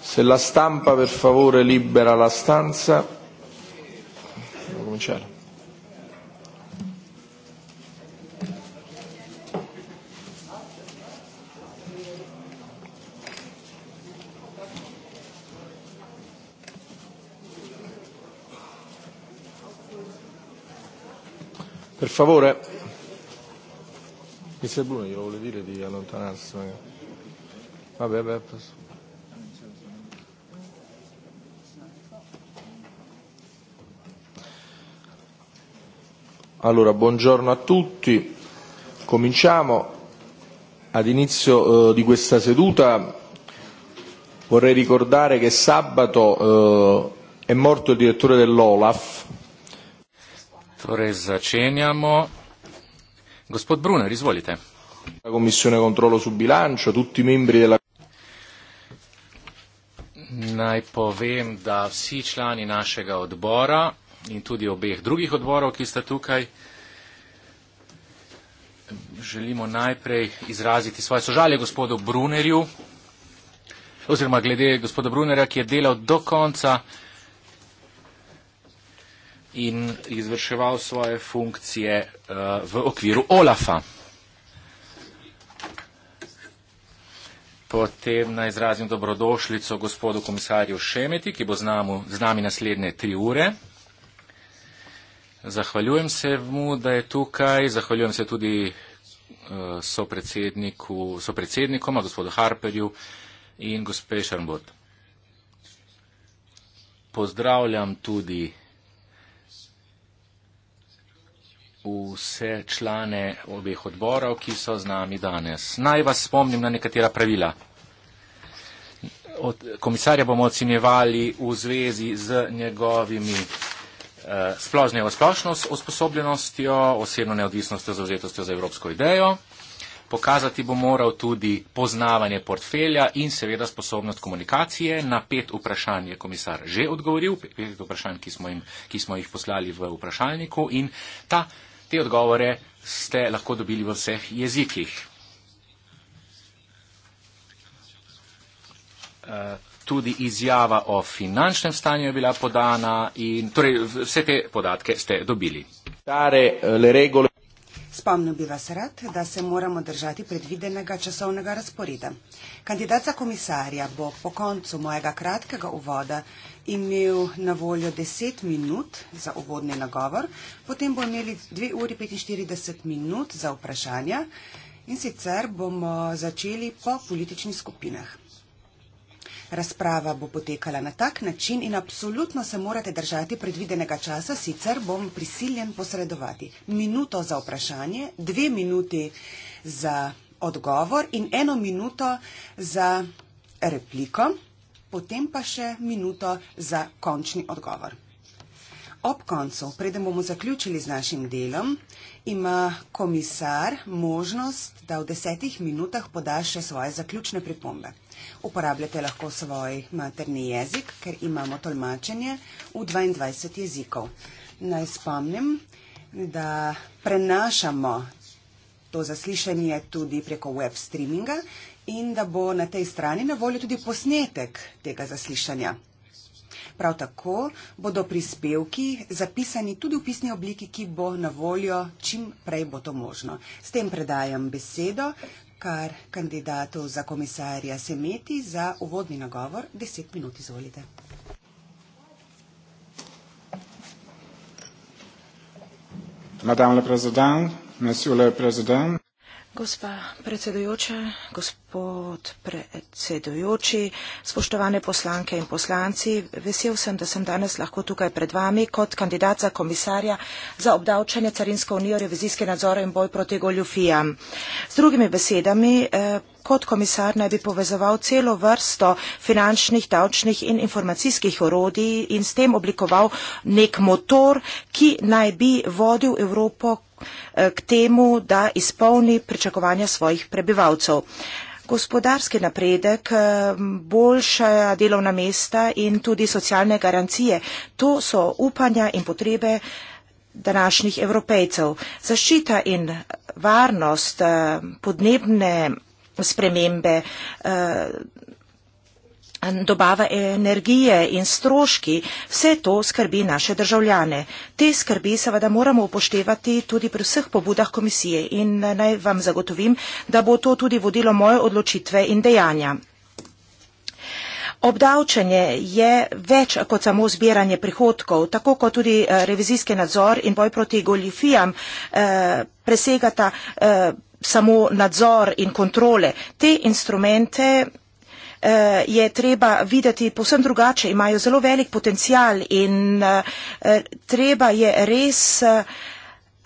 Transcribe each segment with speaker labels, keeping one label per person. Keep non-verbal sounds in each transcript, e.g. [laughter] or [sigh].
Speaker 1: Se la stampa per favore libera la stanza. Cominciare. Per favore, mi sembra io volevo dire di allontanarsi. Magari. Vabbè, vabbè, posso. Allora, buongiorno a tutti. Cominciamo. Ad inizio eh, di questa seduta vorrei ricordare che sabato eh, è morto il direttore dell'Olaf. Torresa Ceniamo. Gospod Brune, risvolite. La Commissione Controllo su Bilancio, tutti i membri della
Speaker 2: naj povem, da vsi člani našega odbora in tudi obeh drugih odborov, ki sta tukaj, želimo najprej izraziti svoje sožalje gospodu Brunerju, oziroma glede gospoda Brunerja, ki je delal do konca in izvrševal svoje funkcije uh, v okviru OLAFA. Potem naj izrazim dobrodošljico gospodu komisarju Šemeti, ki bo z, namu, z nami naslednje tri ure. Zahvaljujem se mu, da je tukaj. Zahvaljujem se tudi eh, sopredsednikoma, gospodu Harperju in gospe Šarnbot. Pozdravljam tudi vse člane obeh odborov, ki so z nami danes. Naj vas spomnim na nekatera pravila. Od komisarja bomo ocenjevali v zvezi z njegovimi eh, splošnjo splošnost, osposobljenostjo, osebno neodvisnostjo, zauzetostjo za evropsko idejo. Pokazati bo moral tudi poznavanje portfelja in seveda sposobnost komunikacije. Na pet vprašanj je komisar že odgovoril, pet vprašanj, ki smo, jim, ki smo jih poslali v vprašalniku in ta Te odgovore ste lahko dobili v vseh jezikih. Eh, tudi izjava o finančnem stanju je bila podana in torej vse te podatke ste dobili.
Speaker 1: Eh,
Speaker 3: Spomnil bi vas rad, da se moramo držati predvidenega časovnega razporeda. Kandidat za komisarja bo po koncu mojega kratkega uvoda imel na voljo 10 minut za uvodni nagovor, potem bomo imeli 2 uri 45 minut za vprašanja in sicer bomo začeli po političnih skupinah. Razprava bo potekala na tak način in absolutno se morate držati predvidenega časa, sicer bom prisiljen posredovati minuto za vprašanje, dve minuti za odgovor in eno minuto za repliko potem pa še minuto za končni odgovor. Ob koncu, preden bomo zaključili z našim delom, ima komisar možnost, da v desetih minutah poda še svoje zaključne pripombe. Uporabljate lahko svoj materni jezik, ker imamo tolmačenje v 22 jezikov. Naj spomnim, da prenašamo to zaslišanje tudi preko web streaminga in da bo na tej strani na voljo tudi posnetek tega zaslišanja. Prav tako bodo prispevki zapisani tudi v pisni obliki, ki bo na voljo čim prej bo to možno. S tem predajam besedo kar kandidatu za komisarja Semeti za uvodni nagovor. Deset minut izvolite.
Speaker 4: Madame la Président, Monsieur le Président,
Speaker 5: Gospa predsedujoča, gospod predsedujoči, spoštovane poslanke in poslanci, vesel sem, da sem danes lahko tukaj pred vami kot kandidat za komisarja za obdavčanje Carinske unije, revizijske nadzore in boj proti goljufijam. Z drugimi besedami, eh, kot komisar naj bi povezoval celo vrsto finančnih, davčnih in informacijskih orodij in s tem oblikoval nek motor, ki naj bi vodil Evropo k temu, da izpolni pričakovanja svojih prebivalcev. Gospodarski napredek, eh, boljša delovna mesta in tudi socialne garancije, to so upanja in potrebe današnjih evropejcev. Zaščita in varnost eh, podnebne spremembe, eh, dobava energije in stroški, vse to skrbi naše državljane. Te skrbi seveda moramo upoštevati tudi pri vseh pobudah komisije in eh, naj vam zagotovim, da bo to tudi vodilo moje odločitve in dejanja. Obdavčenje je več kot samo zbiranje prihodkov, tako kot tudi eh, revizijski nadzor in boj proti goljufijam eh, presegata eh, samo nadzor in kontrole. Te instrumente Eh, je treba videti posebno drugače, imajo zelo velik potencial in eh, eh, treba je res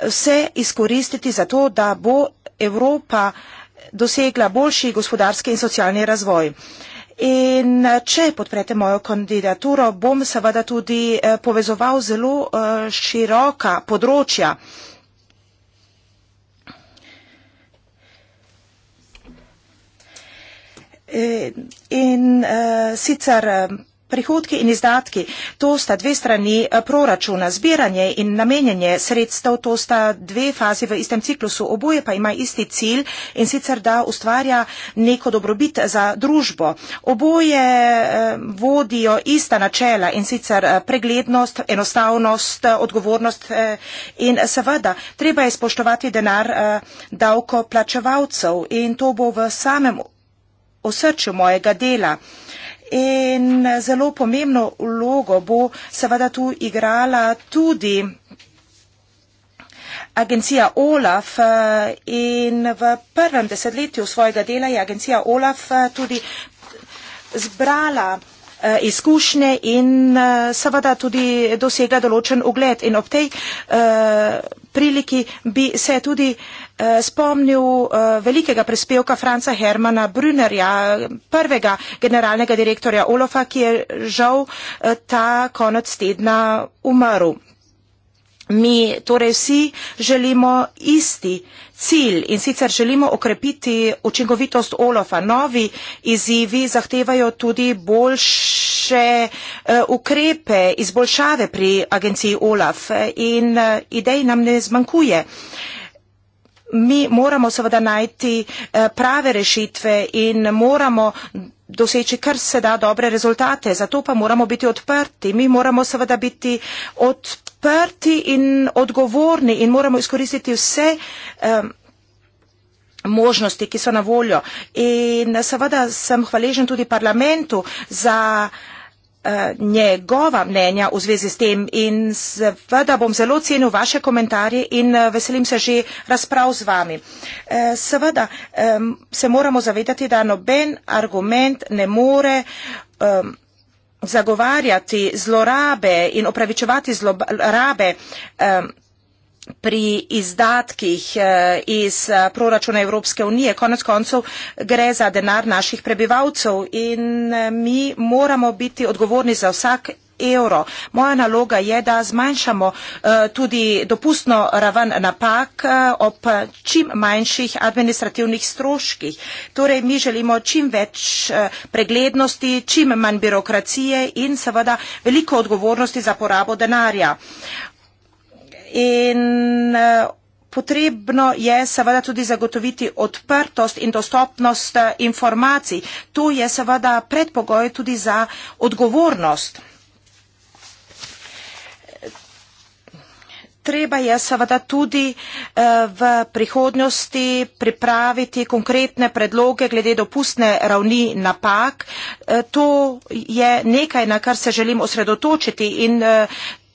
Speaker 5: vse izkoristiti za to, da bo Evropa dosegla boljši gospodarski in socialni razvoj. In če podprete mojo kandidaturo, bom seveda tudi povezoval zelo široka področja. Eh, in uh, sicer eh, prihodki in izdatki, to sta dve strani proračuna. Zbiranje in namenjanje sredstev, to sta dve fazi v istem ciklusu, oboje pa ima isti cilj in sicer, da ustvarja neko dobrobit za družbo. Oboje vodijo ista načela in sicer preglednost, enostavnost, odgovornost in seveda treba je spoštovati denar davkoplačevalcev in to bo v samem osrčju mojega dela. In zelo pomembno vlogo bo seveda tu igrala tudi agencija OLAF eh, in v prvem desetletju svojega dela je agencija OLAF eh, tudi zbrala eh, izkušnje in seveda tudi dosega določen ugled. In ob tej uh, priliki bi se tudi uh, Eh, spomnil eh, velikega prispevka Franca Hermana Brunerja, prvega generalnega direktorja Olofa, ki je žal eh, ta konec tedna umrl. Mi torej vsi želimo isti cilj in sicer želimo okrepiti učinkovitost Olofa. Novi izzivi zahtevajo tudi boljše ukrepe, izboljšave pri agenciji Olaf in idej nam ne zmanjkuje mi moramo seveda najti eh, prave rešitve in moramo doseči kar se da dobre rezultate. Zato pa moramo biti odprti. Mi moramo seveda biti odprti in odgovorni in moramo izkoristiti vse eh, možnosti, ki so na voljo. In seveda sem hvaležen tudi parlamentu za Eh, njegova mnenja v zvezi s tem in seveda bom zelo cenil vaše komentarje in eh, veselim se že razprav z vami. Eh, seveda se moramo zavedati, da noben argument ne more zagovarjati zlorabe in opravičevati zlorabe pri izdatkih eh, iz eh, proračuna Evropske unije. Konec koncev gre za denar naših prebivalcev in eh, mi moramo biti odgovorni za vsak evro. Moja naloga je, da zmanjšamo tudi dopustno raven napak ob čim manjših administrativnih stroških. Torej, mi želimo čim več preglednosti, čim manj birokracije in seveda veliko odgovornosti za porabo denarja in eh, potrebno je seveda tudi zagotoviti odprtost in dostopnost eh, informacij. To je seveda predpogoj tudi za odgovornost. Treba je seveda tudi eh, v prihodnosti pripraviti konkretne predloge glede dopustne ravni napak. To je nekaj, na kar se želim osredotočiti in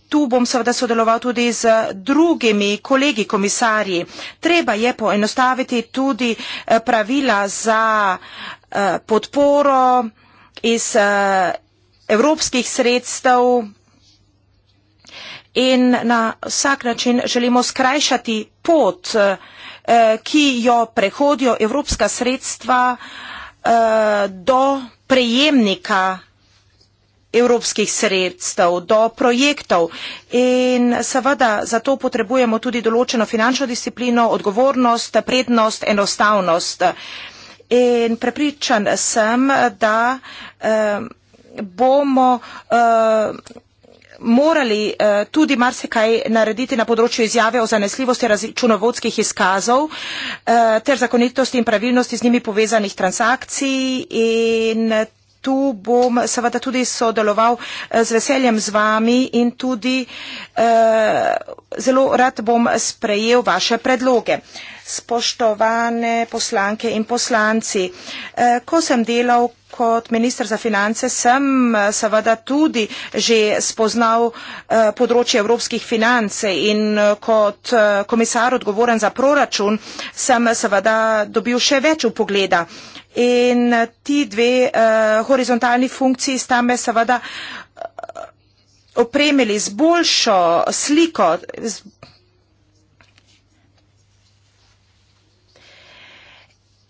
Speaker 5: Tu bom seveda sodeloval tudi z drugimi kolegi komisarji. Treba je poenostaviti tudi eh, pravila za eh, podporo iz eh, evropskih sredstev in na vsak način želimo skrajšati pot, ki jo prehodijo evropska sredstva do prejemnika evropskih sredstev, do projektov. In seveda zato potrebujemo tudi določeno finančno disciplino, odgovornost, prednost, enostavnost. In prepričan sem, da eh, bomo. Eh, morali uh, tudi marsikaj narediti na področju izjave o zanesljivosti računovodskih izkazov uh, ter zakonitosti in pravilnosti z njimi povezanih transakcij in uh, tu bom seveda tudi sodeloval eh, z veseljem z vami in tudi eh, zelo rad bom sprejel vaše predloge. Spoštovane poslanke in poslanci, eh, ko sem delal kot minister za finance sem seveda tudi že spoznal področje evropskih financ in kot komisar odgovoren za proračun sem seveda dobil še več upogleda In eh, ti dve uh, horizontalni funkciji sta me seveda eh, opremili z boljšo sliko. Z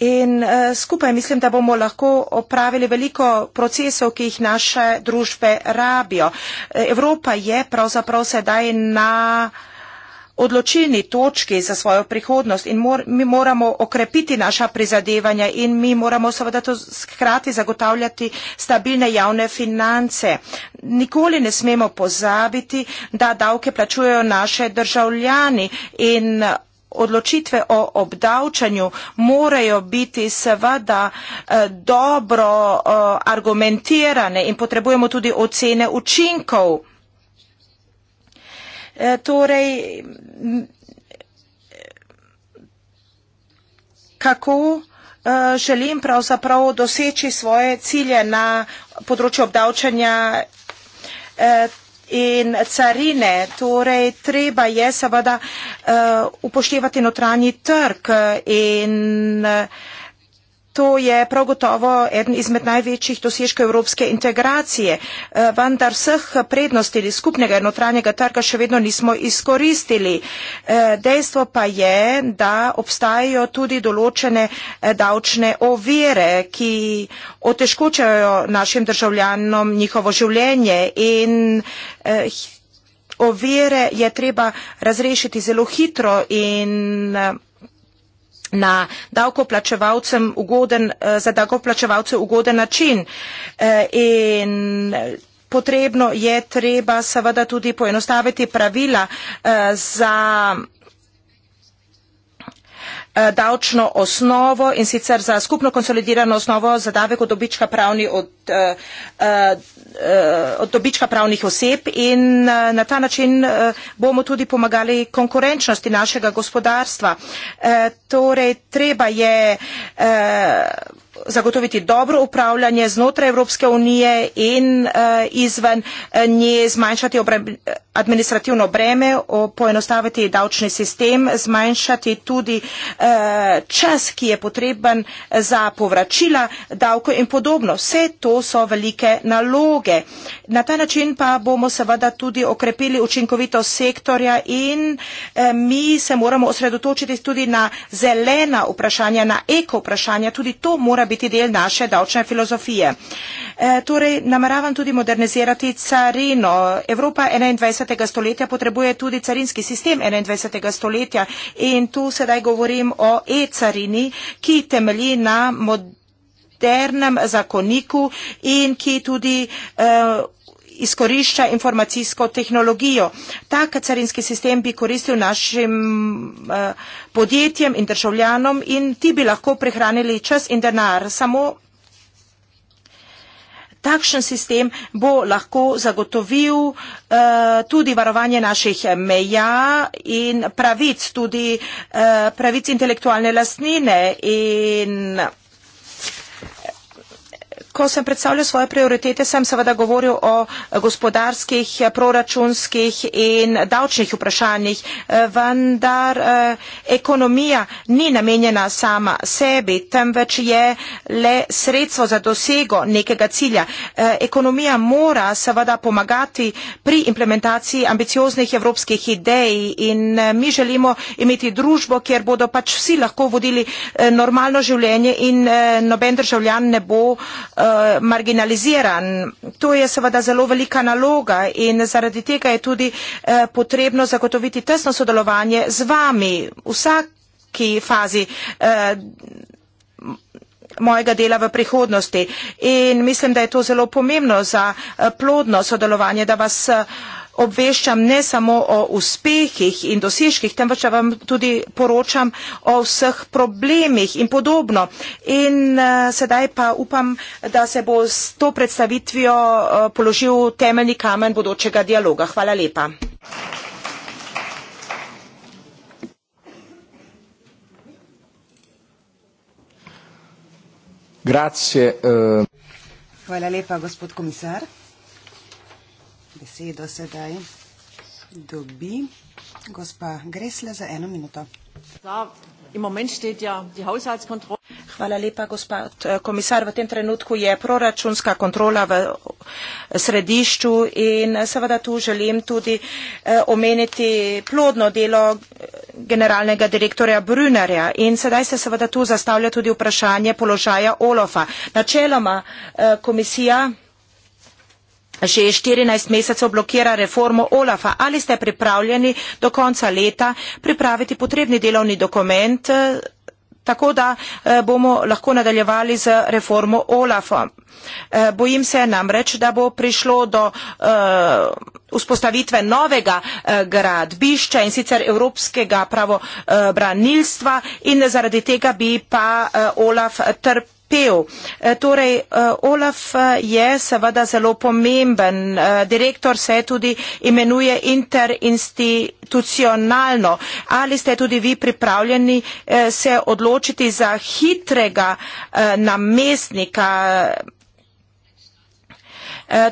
Speaker 5: In uh, skupaj mislim, da bomo lahko opravili veliko procesov, ki jih naše družbe rabijo. Evropa je pravzaprav sedaj na uh, odločilni točki za svojo prihodnost in mor, mi moramo okrepiti naša prizadevanja in mi moramo seveda to hkrati zagotavljati stabilne javne finance. Nikoli ne smemo pozabiti, da davke plačujejo naše državljani in odločitve o obdavčanju morajo biti seveda eh, dobro eh, argumentirane in potrebujemo tudi ocene učinkov Eh, torej, kako eh, želim pravzaprav doseči svoje cilje na področju obdavčanja eh, in carine. Torej, treba je seveda upoštevati notranji trg in To je prav gotovo eden izmed največjih dosežkov evropske integracije, eh, vendar vseh prednosti ali skupnega notranjega trga še vedno nismo izkoristili. Eh, dejstvo pa je, da obstajajo tudi določene eh, davčne ovire, ki otežkočajo našim državljanom njihovo življenje in ovire je treba razrešiti zelo hitro in na davkoplačevalcem ugoden, eh, za davkoplačevalce ugoden način. Eh, in potrebno je treba seveda tudi poenostaviti pravila eh, za Eh, davčno osnovo in sicer za skupno konsolidirano osnovo za davek od dobička, pravni od, eh, eh, od dobička pravnih oseb in na ta način bomo tudi pomagali konkurenčnosti našega gospodarstva. Torej, treba je zagotoviti dobro upravljanje znotraj Evropske unije in eh, izven eh, nje, zmanjšati administrativno breme, poenostaviti davčni sistem, zmanjšati tudi eh, čas, ki je potreben za povračila davko in podobno. Vse to so velike naloge. Na ta način pa bomo seveda tudi okrepili učinkovito sektorja in mi se moramo osredotočiti tudi na zelena vprašanja, na eko vprašanja. Tudi to mora biti del naše davčne filozofije. E, torej, nameravam tudi modernizirati carino. Evropa 21. stoletja potrebuje tudi carinski sistem 21. stoletja in tu sedaj govorim o e-carini, ki temelji na modernem zakoniku in ki tudi uh, izkorišča informacijsko tehnologijo. Tak carinski sistem bi koristil našim uh, podjetjem in državljanom in ti bi lahko prihranili čas in denar. Samo takšen sistem bo lahko zagotovil uh, tudi varovanje naših meja in pravic, tudi uh, pravic intelektualne lastnine. In, uh, ko sem predstavljal svoje prioritete, sem seveda govoril o eh, gospodarskih, eh, proračunskih in davčnih vprašanjih, eh, vendar ekonomija ni namenjena sama sebi, temveč je le sredstvo za dosego nekega cilja. Ekonomija mora seveda pomagati pri implementaciji ambicioznih evropskih idej in mi želimo imeti družbo, kjer bodo pač vsi lahko vodili normalno življenje in noben državljan ne bo uh, Eh, marginaliziran. To je seveda zelo velika naloga in zaradi tega je tudi eh, potrebno zagotoviti tesno sodelovanje z vami v vsaki fazi eh, mojega dela v prihodnosti. In mislim, da je to zelo pomembno za plodno sodelovanje, da vas obveščam ne samo o uspehih in dosežkih, temveč ja vam tudi poročam o vseh problemih in podobno. In uh, sedaj pa upam, da se bo s to predstavitvijo uh, položil temeljni kamen bodočega dialoga. Hvala lepa.
Speaker 1: Grazie, uh...
Speaker 3: Hvala lepa, gospod komisar besedo sedaj dobi gospa Gresle za eno minuto.
Speaker 5: Ja, ja Hvala lepa, gospod eh, komisar. V tem trenutku je proračunska kontrola v eh, središču in eh, seveda tu želim tudi omeniti plodno delo generalnega direktorja Brunarja. In sedaj se seveda tu zastavlja tudi vprašanje položaja Olofa. Načeloma komisija Že 14 mesecev blokira reformo OLAFA. Ali ste pripravljeni do konca leta pripraviti potrebni delovni dokument, eh, tako da eh, bomo lahko nadaljevali z reformo OLAFA? Eh, bojim se namreč, da bo prišlo do uh, vzpostavitve novega uh, gradbišča in sicer Evropskega pravobranilstva uh, in zaradi tega bi pa uh, OLAF trpel uspel. E, torej, e, Olaf e, je seveda zelo pomemben. Direktor se tudi imenuje interinstitucionalno. Ali ste tudi vi pripravljeni se odločiti za hitrega namestnika?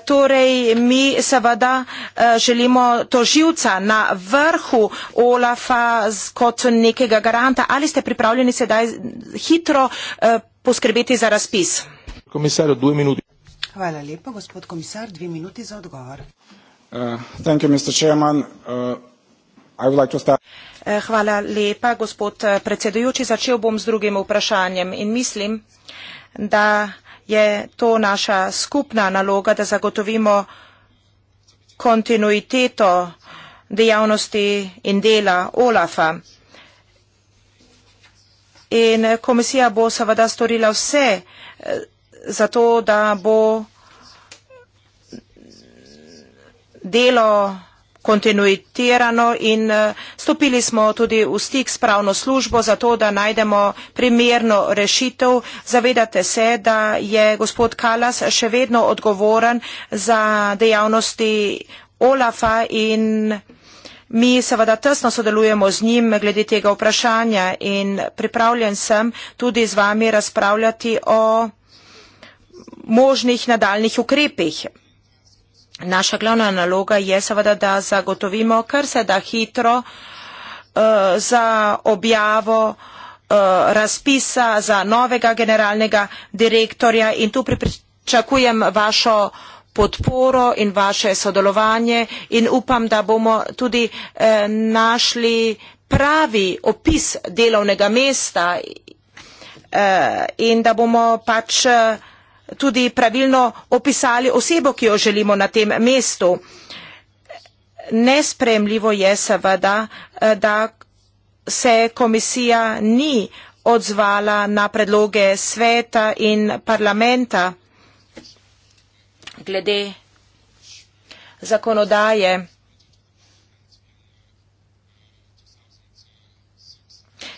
Speaker 5: Torej, mi seveda želimo toživca na vrhu Olafa kot nekega garanta. Ali ste pripravljeni sedaj hitro poskrbeti za razpis.
Speaker 3: Hvala lepa, gospod komisar, dve minuti za odgovor.
Speaker 1: Uh,
Speaker 4: uh,
Speaker 5: eh, hvala lepa, gospod eh, predsedujoči. Začel bom s drugim vprašanjem in mislim, da je to naša skupna naloga, da zagotovimo kontinuiteto dejavnosti in dela OLAFA in komisija bo seveda storila vse eh, za to, da bo delo kontinuitirano in eh, stopili smo tudi v stik s pravno službo za to, da najdemo primerno rešitev. Zavedate se, da je gospod Kalas še vedno odgovoren za dejavnosti Olafa in Mi seveda tesno sodelujemo z njim glede tega vprašanja in pripravljen sem tudi z vami razpravljati o možnih nadaljnih ukrepih. Naša glavna naloga je seveda, da zagotovimo kar se da hitro eh, za objavo eh, razpisa za novega generalnega direktorja in tu pričakujem vašo podporo in vaše sodelovanje in upam, da bomo tudi eh, našli pravi opis delovnega mesta eh, in da bomo pač eh, tudi pravilno opisali osebo, ki jo želimo na tem mestu. Nespremljivo je seveda, da se komisija ni odzvala na predloge sveta in parlamenta glede zakonodaje.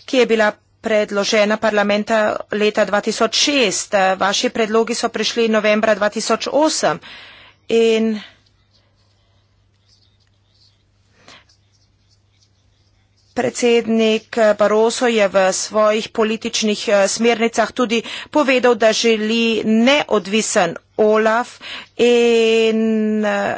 Speaker 5: ki je bila predložena parlamenta leta 2006. Vaši predlogi so prišli novembra 2008 in Predsednik eh, Barroso je v svojih političnih eh, smernicah tudi povedal, da želi neodvisen Olaf in eh,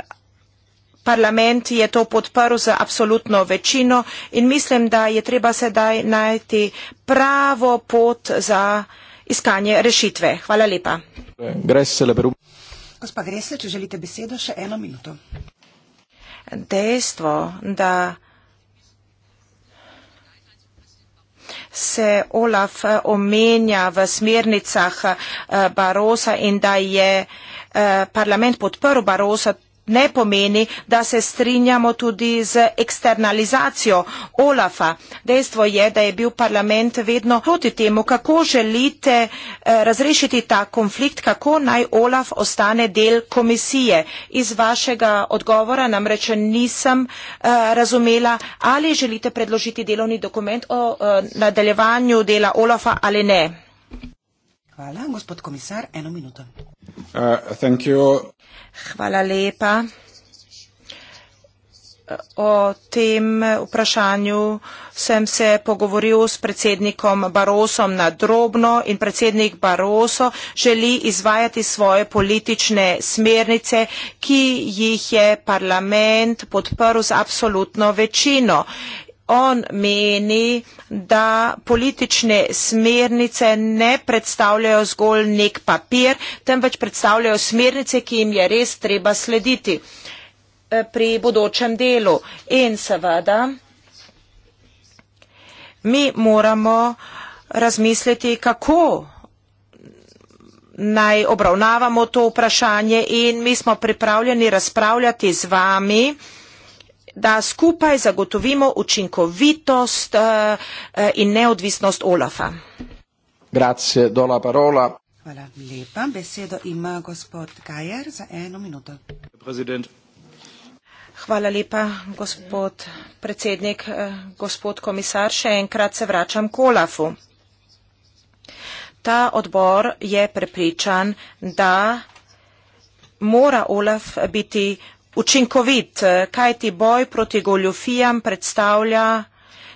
Speaker 5: parlament je to podprl z absolutno večino in mislim, da je treba sedaj najti pravo pot za iskanje rešitve. Hvala lepa. Gospa Gresle, če želite besedo, še eno minuto. Dejstvo, da se Olaf eh, omenja v smernicah eh, Barosa in da je eh, parlament podprl Barosa, ne pomeni, da se strinjamo tudi z eksternalizacijo Olafa. Dejstvo je, da je bil parlament vedno proti temu, kako želite eh, razrešiti ta konflikt, kako naj Olaf ostane del komisije. Iz vašega odgovora namreč nisem eh, razumela, ali želite predložiti delovni dokument o eh, nadaljevanju dela Olafa ali ne.
Speaker 3: Hvala, gospod komisar, eno
Speaker 4: minuto. Uh,
Speaker 5: Hvala lepa. O tem vprašanju sem se pogovoril s predsednikom Barosom na drobno in predsednik Baroso želi izvajati svoje politične smernice, ki jih je parlament podprl z absolutno večino on meni, da politične smernice ne predstavljajo zgolj nek papir, temveč predstavljajo smernice, ki jim je res treba slediti eh, pri bodočem delu. In seveda, mi moramo razmisliti, kako naj obravnavamo to vprašanje in mi smo pripravljeni razpravljati z vami da skupaj zagotovimo učinkovitost eh, eh, in neodvisnost OLAFA.
Speaker 1: Grazie, do la parola. Hvala
Speaker 3: lepa.
Speaker 5: Besedo ima gospod Gajer za eno minuto. President. Hvala lepa, gospod predsednik, eh, gospod komisar. Še enkrat se vračam k OLAFu. Ta odbor je prepričan, da mora OLAF biti učinkovit, eh, kajti boj proti goljofijam predstavlja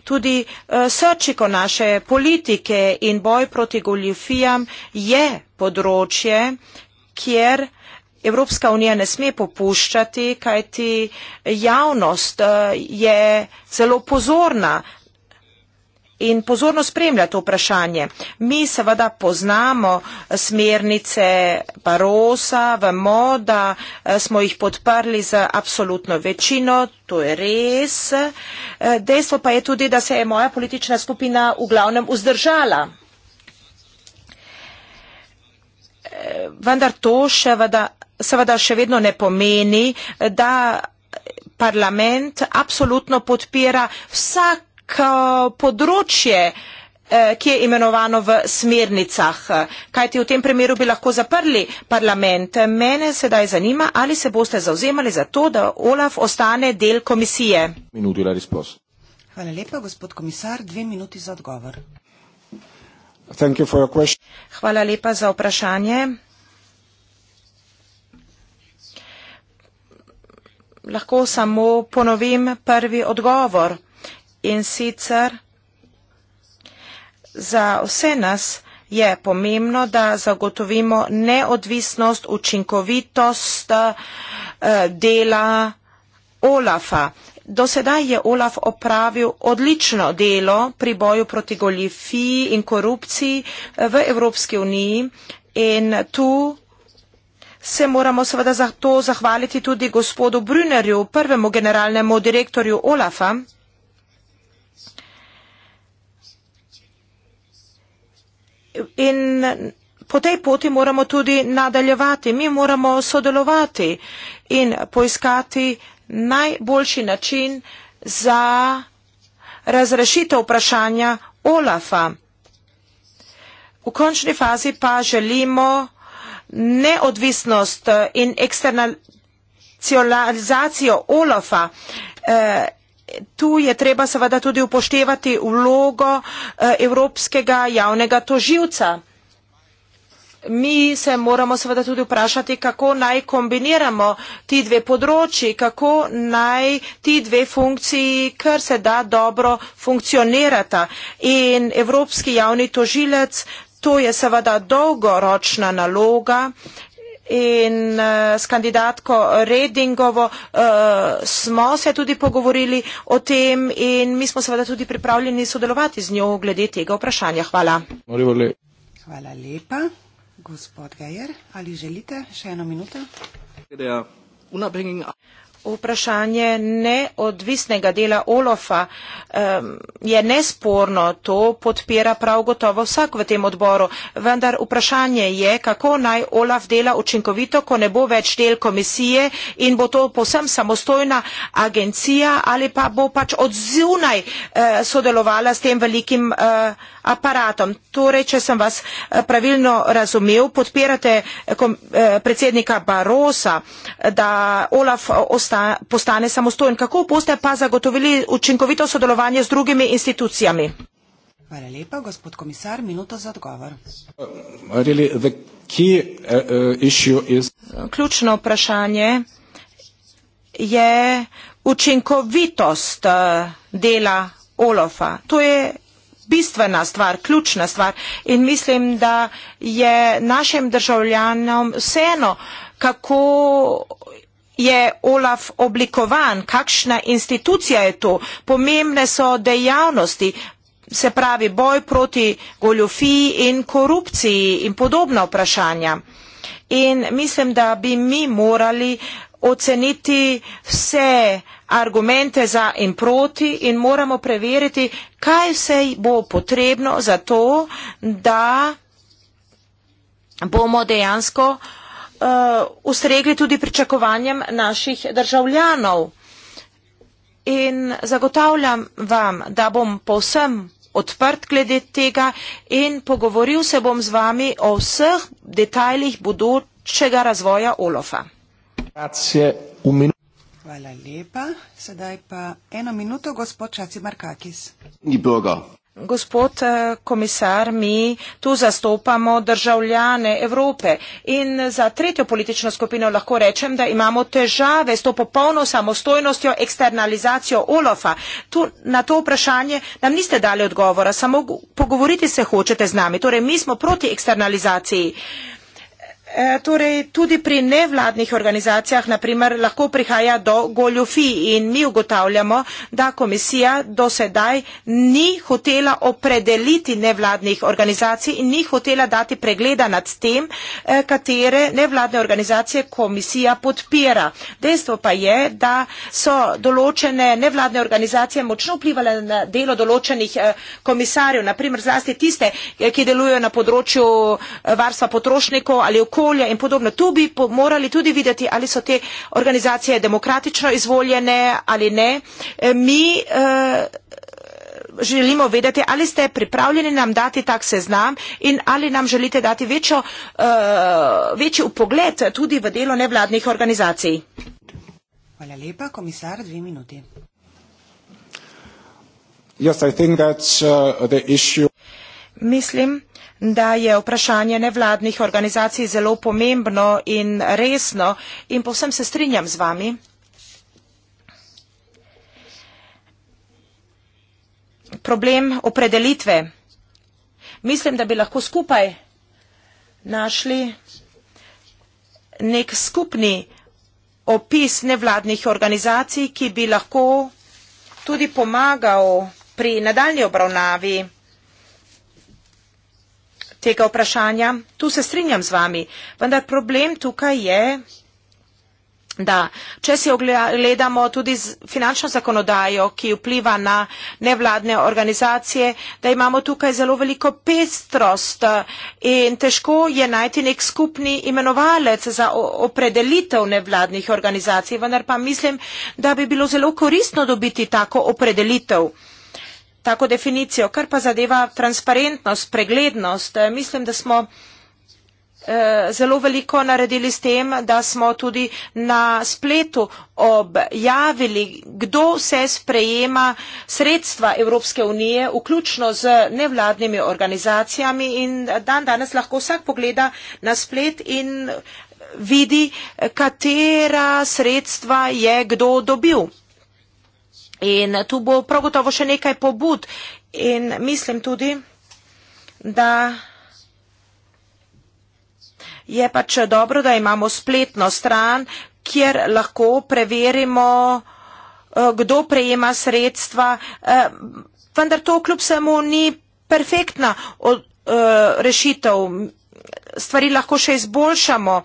Speaker 5: tudi eh, srčiko naše politike in boj proti goljofijam je področje, kjer Evropska unija ne sme popuščati, kajti javnost eh, je zelo pozorna in pozorno spremlja to vprašanje. Mi seveda poznamo smernice Barosa, vemo, da eh, smo jih podprli z absolutno večino, to je res. Eh, dejstvo pa je tudi, da se je moja politična skupina v glavnem vzdržala. Eh, vendar to seveda, seveda še vedno ne pomeni, da parlament absolutno podpira vsak k področje, eh, ki je imenovano v smernicah. Kajti v tem primeru bi lahko zaprli parlament. Mene sedaj zanima, ali se boste zauzemali za to, da Olaf ostane del komisije.
Speaker 3: Hvala lepa, gospod komisar. Dve minuti za
Speaker 5: odgovor. Hvala lepa za vprašanje. Lahko samo ponovim prvi odgovor. In sicer za vse nas je pomembno, da zagotovimo neodvisnost, učinkovitost eh, dela Olafa. Do sedaj je Olaf opravil odlično delo pri boju proti goljifiji in korupciji eh, v Evropski uniji in tu se moramo seveda za to zahvaliti tudi gospodu Brunerju, prvemu generalnemu direktorju Olafa. in po tej poti moramo tudi nadaljevati. Mi moramo sodelovati in poiskati najboljši način za razrešitev vprašanja Olafa. V končni fazi pa želimo neodvisnost in eksternalizacijo Olafa. Eh, tu je treba seveda tudi upoštevati vlogo eh, evropskega javnega toživca. Mi se moramo seveda tudi vprašati, kako naj kombiniramo ti dve področji, kako naj ti dve funkciji kar se da dobro funkcionirata. In evropski javni tožilec, to je seveda dolgoročna naloga in eh, s kandidatko Redingovo eh, smo se tudi pogovorili o tem in mi smo seveda tudi pripravljeni sodelovati z njo glede tega vprašanja. Hvala.
Speaker 3: Hvala lepa. Gospod Gajer,
Speaker 5: ali želite še eno minuto? vprašanje neodvisnega dela Olofa je nesporno, to podpira prav gotovo vsak v tem odboru, vendar vprašanje je, kako naj Olaf dela učinkovito, ko ne bo več del komisije in bo to posem samostojna agencija ali pa bo pač odzunaj eh, sodelovala s tem velikim eh, aparatom. Torej, če sem vas eh, pravilno razumel, podpirate predsednika Barosa, da Olaf ostane postane samostojen. Kako boste pa zagotovili učinkovito sodelovanje z drugimi institucijami?
Speaker 4: Hvala
Speaker 3: lepa, gospod komisar, minuto za odgovor. Uh,
Speaker 5: uh, uh, Ključno vprašanje je učinkovitost dela OLOFA. To je bistvena stvar, ključna stvar in mislim, da je našim državljanom vseeno, kako je OLAF oblikovan, kakšna institucija je to, pomembne so dejavnosti, se pravi boj proti goljofiji in korupciji in podobna vprašanja. In mislim, da bi mi morali oceniti vse argumente za in proti in moramo preveriti, kaj se bo potrebno za to, da bomo dejansko uh, uh, ustregli tudi pričakovanjem naših državljanov. In zagotavljam vam, da bom povsem odprt glede tega in pogovoril se bom z vami o vseh detajlih budučega razvoja Olofa. Hvala lepa. Sedaj pa eno minuto, gospod Čaci Markakis. Gospod eh, komisar, mi tu zastopamo državljane Evrope in za tretjo politično skupino lahko rečem, da imamo težave s to popolno samostojnostjo, eksternalizacijo Olofa. Tu na to vprašanje nam niste dali odgovora, samo pogovoriti se hočete z nami. Torej, mi smo proti eksternalizaciji. E, torej, tudi pri nevladnih organizacijah, naprimer, lahko prihaja do goljofi in mi ugotavljamo, da komisija do sedaj ni hotela opredeliti nevladnih organizacij in ni hotela dati pregleda nad tem, e, katere nevladne organizacije komisija podpira. Dejstvo pa je, da so določene nevladne organizacije močno vplivale na delo določenih e, komisarjev, naprimer zlasti tiste, ki delujejo na področju varstva potrošnikov ali okolja okolja in podobno. Tu bi morali tudi videti, ali so te organizacije demokratično izvoljene ali ne. E, mi e, želimo vedeti, ali ste pripravljeni nam dati tak seznam in ali nam želite dati večjo, e, večji upogled tudi v delo nevladnih organizacij.
Speaker 3: Hvala lepa, komisar,
Speaker 5: dve minuti.
Speaker 4: Yes, I think that uh, the
Speaker 5: issue. Mislim da je vprašanje nevladnih organizacij zelo pomembno in resno in povsem se strinjam z vami. Problem opredelitve. Mislim, da bi lahko skupaj našli nek skupni opis nevladnih organizacij, ki bi lahko tudi pomagal pri nadaljni obravnavi tega vprašanja. Tu se strinjam z vami, vendar problem tukaj je, da če si ogledamo tudi finančno zakonodajo, ki vpliva na nevladne organizacije, da imamo tukaj zelo veliko pestrost eh, in težko je najti nek skupni imenovalec za opredelitev nevladnih organizacij, vendar pa mislim, da bi bilo zelo koristno dobiti tako opredelitev tako definicijo. Kar pa zadeva transparentnost, preglednost, eh, mislim, da smo eh, zelo veliko naredili s tem, da smo tudi na spletu objavili, kdo se sprejema sredstva Evropske unije, vključno z nevladnimi organizacijami in dan danes lahko vsak pogleda na splet in vidi, katera sredstva je kdo dobil. In tu bo prav gotovo še nekaj pobud in mislim tudi, da je pač dobro, da imamo spletno stran, kjer lahko preverimo, eh, kdo prejema sredstva, eh, vendar to kljub samo ni perfektna eh, rešitev. Stvari lahko še izboljšamo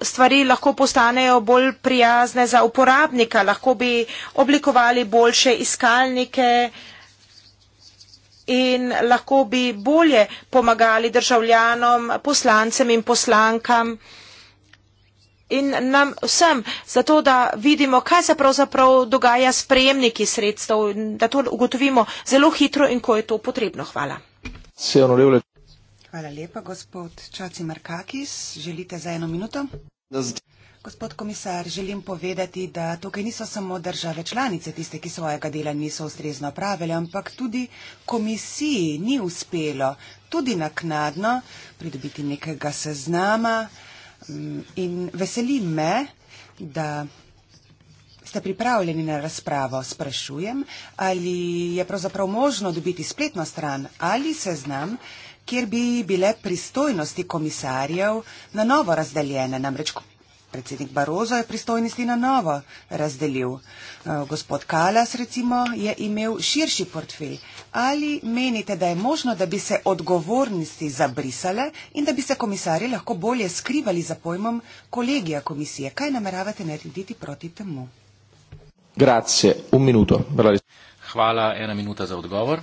Speaker 5: stvari lahko postanejo bolj prijazne za uporabnika, lahko bi oblikovali boljše iskalnike in lahko bi bolje pomagali državljanom, poslancem in poslankam in nam vsem, zato da vidimo, kaj se pravzaprav dogaja s prejemniki sredstev, da to ugotovimo zelo hitro in ko je to potrebno. Hvala. Se, Hvala lepa, gospod Čaci Markakis. Želite za
Speaker 3: eno minuto? Gospod komisar, želim povedati, da tukaj niso samo države članice tiste, ki svojega dela niso ustrezno pravile, ampak tudi komisiji ni uspelo tudi naknadno pridobiti nekega seznama. Mm, in veseli me, da ste pripravljeni na razpravo. Sprašujem, ali je pravzaprav možno dobiti spletno stran ali seznam, kjer bi bile pristojnosti komisarjev na novo razdeljene. Namreč predsednik Barozo je pristojnosti na novo razdelil. Eh, gospod Kalas, recimo, je imel širši portfelj. Ali menite, da je možno, da bi se odgovornosti zabrisale in da bi se komisarji lahko bolje skrivali za pojmom kolegija komisije? Kaj nameravate narediti proti temu?
Speaker 2: Grazie, un minuto. Hvala, ena minuta za odgovor.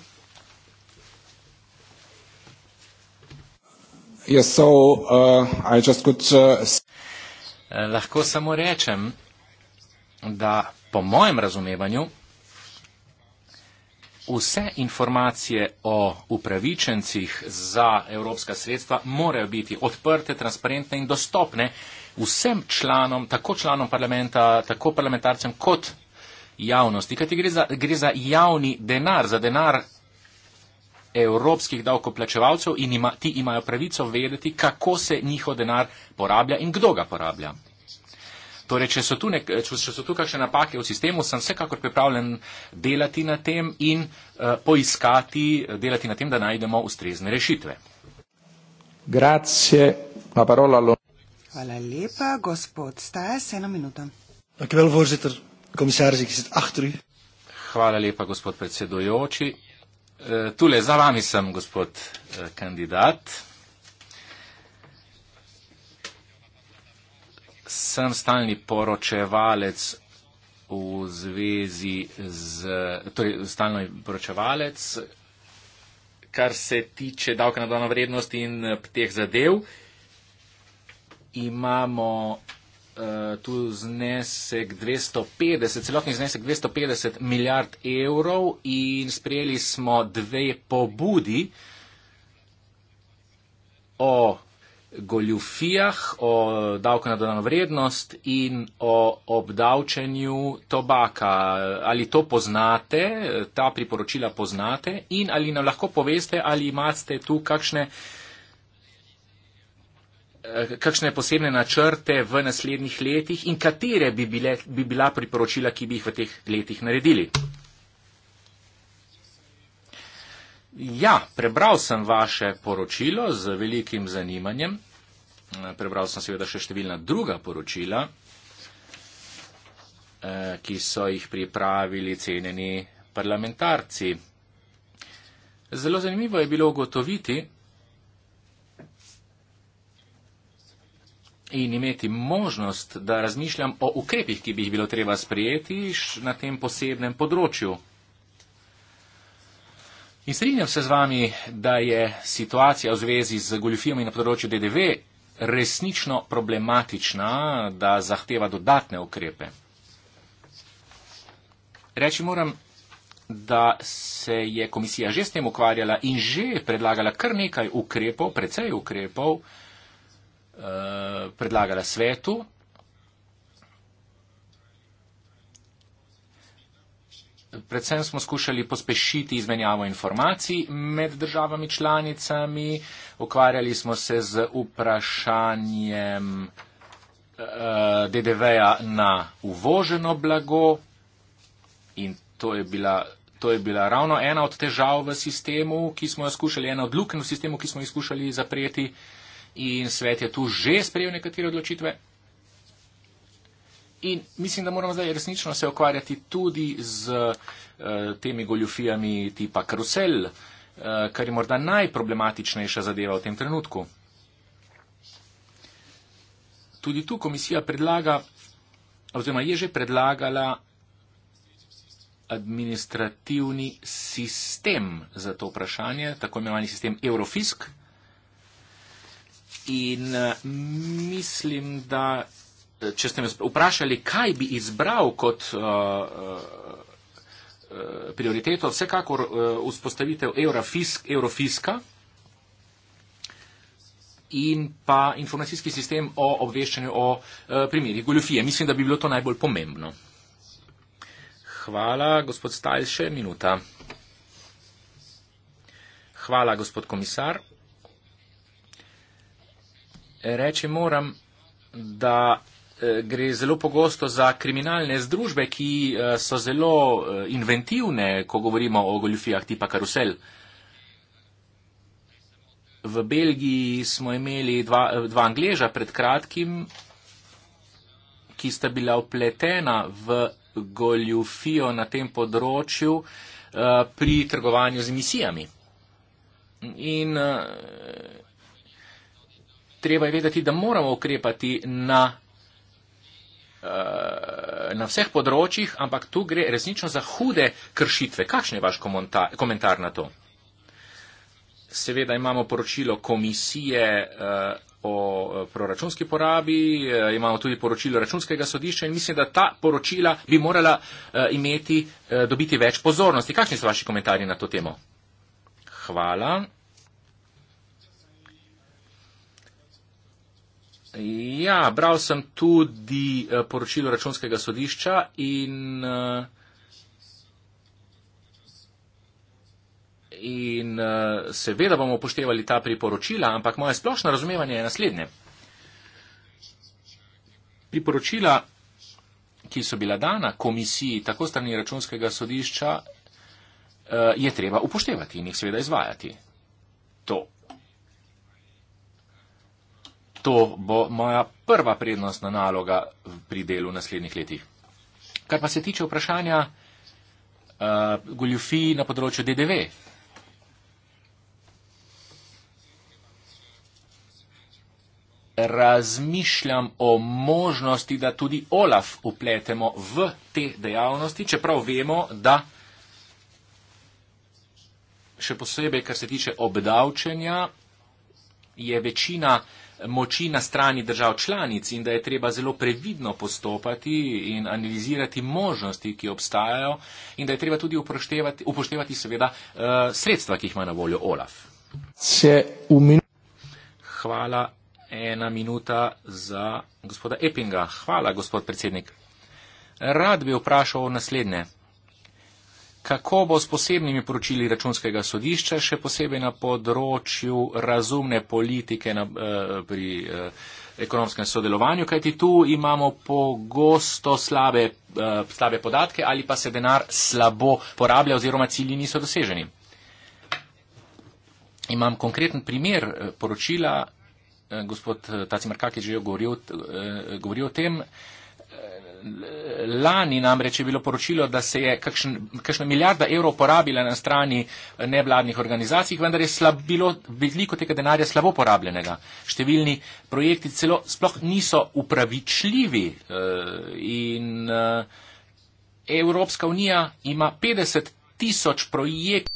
Speaker 4: Uh, uh,
Speaker 2: eh, lahko samo rečem, da po mojem razumevanju vse informacije o upravičencih za evropska sredstva morajo biti odprte, transparentne in dostopne vsem članom, tako članom parlamenta, tako parlamentarcem kot javnosti, kajti gre, gre za javni denar, za denar evropskih davkoplačevalcev in ima, ti imajo pravico vedeti, kako se njihov denar porablja in kdo ga porablja. Torej, če so, tu nek, če so tu kakšne napake v sistemu, sem vsekakor pripravljen delati na tem in uh, poiskati, eh, delati na tem, da najdemo ustrezne rešitve.
Speaker 1: Grazie. La parola lo...
Speaker 3: Hvala lepa, gospod Stajas, eno minuto.
Speaker 2: Hvala lepa, gospod predsedujoči. Eh, tule, za vami sem, gospod eh, kandidat. Sem stalni poročevalec v zvezi z, torej stalni poročevalec, kar se tiče davka na dano vrednost in eh, teh zadev. Imamo Eh, tu znesek 250, celotni znesek 250 milijard evrov in sprejeli smo dve pobudi o goljufijah, o davku na dodano vrednost in o obdavčenju tobaka. Ali to poznate, ta priporočila poznate in ali nam lahko poveste, ali imate tu kakšne uh, Eh, kakšne posebne načrte v naslednjih letih in katere bi, bile, bi bila priporočila, ki bi jih v teh letih naredili. Ja, prebral sem vaše poročilo z velikim zanimanjem. Eh, prebral sem seveda še številna druga poročila, eh, ki so jih pripravili ceneni parlamentarci. Zelo zanimivo je bilo ugotoviti, in imeti možnost, da razmišljam o ukrepih, ki bi jih bilo treba sprejeti na tem posebnem področju. In strinjam se z vami, da je situacija v zvezi z goljufijami na področju DDV resnično problematična, da zahteva dodatne ukrepe. Reči moram, da se je komisija že s tem ukvarjala in že predlagala kar nekaj ukrepov, precej ukrepov, Eh, predlagala svetu. Predvsem smo skušali pospešiti izmenjavo informacij med državami članicami, ukvarjali smo se z vprašanjem uh, eh, DDV-ja na uvoženo blago in to je, bila, to je bila ravno ena od težav v sistemu, ki smo jo skušali, ena od luken v sistemu, ki smo jo skušali zapreti. Uh, in svet je tu že sprejel nekatere odločitve. In mislim, da moramo zdaj resnično se ukvarjati tudi z uh, temi goljufijami tipa karusel, uh, kar je morda najproblematičnejša zadeva v tem trenutku. Tudi tu komisija predlaga, oziroma je že predlagala administrativni sistem za to vprašanje, tako imenovani sistem Eurofisk, uh, In eh, mislim, da eh, če ste me vprašali, kaj bi izbral kot uh, uh, prioriteto, vsekakor uh, vzpostavitev eurofisk, eurofiska in pa informacijski sistem o obveščanju o uh, primerih goljofije. Mislim, da bi bilo to najbolj pomembno. Hvala, gospod Stajl, še minuta. Hvala, gospod komisar reči moram, da eh, gre zelo pogosto za kriminalne združbe, ki eh, so zelo eh, inventivne, ko govorimo o goljufijah tipa karusel. V Belgiji smo imeli dva, dva angleža pred kratkim, ki sta bila upletena v goljufijo na tem področju pri trgovanju z emisijami. In treba je vedeti, da moramo ukrepati na, eh, na vseh področjih, ampak tu gre resnično za hude kršitve. Kakšen je vaš komentar na to? Seveda imamo poročilo komisije eh, o eh, proračunski porabi, imamo tudi poročilo računskega sodišča in mislim, da ta poročila bi morala imeti, dobiti več pozornosti. Kakšni so vaši komentarji na to temo? Hvala. Ja, bral sem tudi eh, poročilo računskega sodišča in, eh, in eh, seveda bomo upoštevali ta priporočila, ampak moje splošno razumevanje je naslednje. Priporočila, ki so bila dana komisiji tako strani računskega sodišča, je treba upoštevati in jih seveda izvajati. To to bo moja prva prednostna naloga pri delu v naslednjih letih. Kar pa se tiče vprašanja uh, eh, goljufij na področju DDV. Razmišljam o možnosti, da tudi OLAF upletemo v te dejavnosti, čeprav vemo, da še posebej, kar se tiče obdavčenja, je večina uh, moči na strani držav članic in da je treba zelo previdno postopati in analizirati možnosti, ki obstajajo in da je treba tudi upoštevati, upoštevati seveda eh, sredstva, ki jih ima na voljo Olaf. Hvala. Ena minuta za gospoda Epinga. Hvala, gospod predsednik. Rad bi vprašal naslednje kako bo s posebnimi poročili računskega sodišča, še posebej na področju razumne politike na, eh, pri eh, ekonomskem sodelovanju, kajti tu imamo pogosto slabe, eh, slabe podatke ali pa se denar slabo porablja oziroma cilji niso doseženi. Imam konkreten primer poročila, gospod Tacimarkak je že govoril, govoril o tem lani namreč je bilo poročilo, da se je kakšen, kakšna milijarda evrov porabila na strani eh, nevladnih organizacij, vendar je slab, bilo veliko tega denarja slabo porabljenega. Številni projekti celo sploh niso upravičljivi eh, in eh, Evropska unija ima 50 tisoč projektov.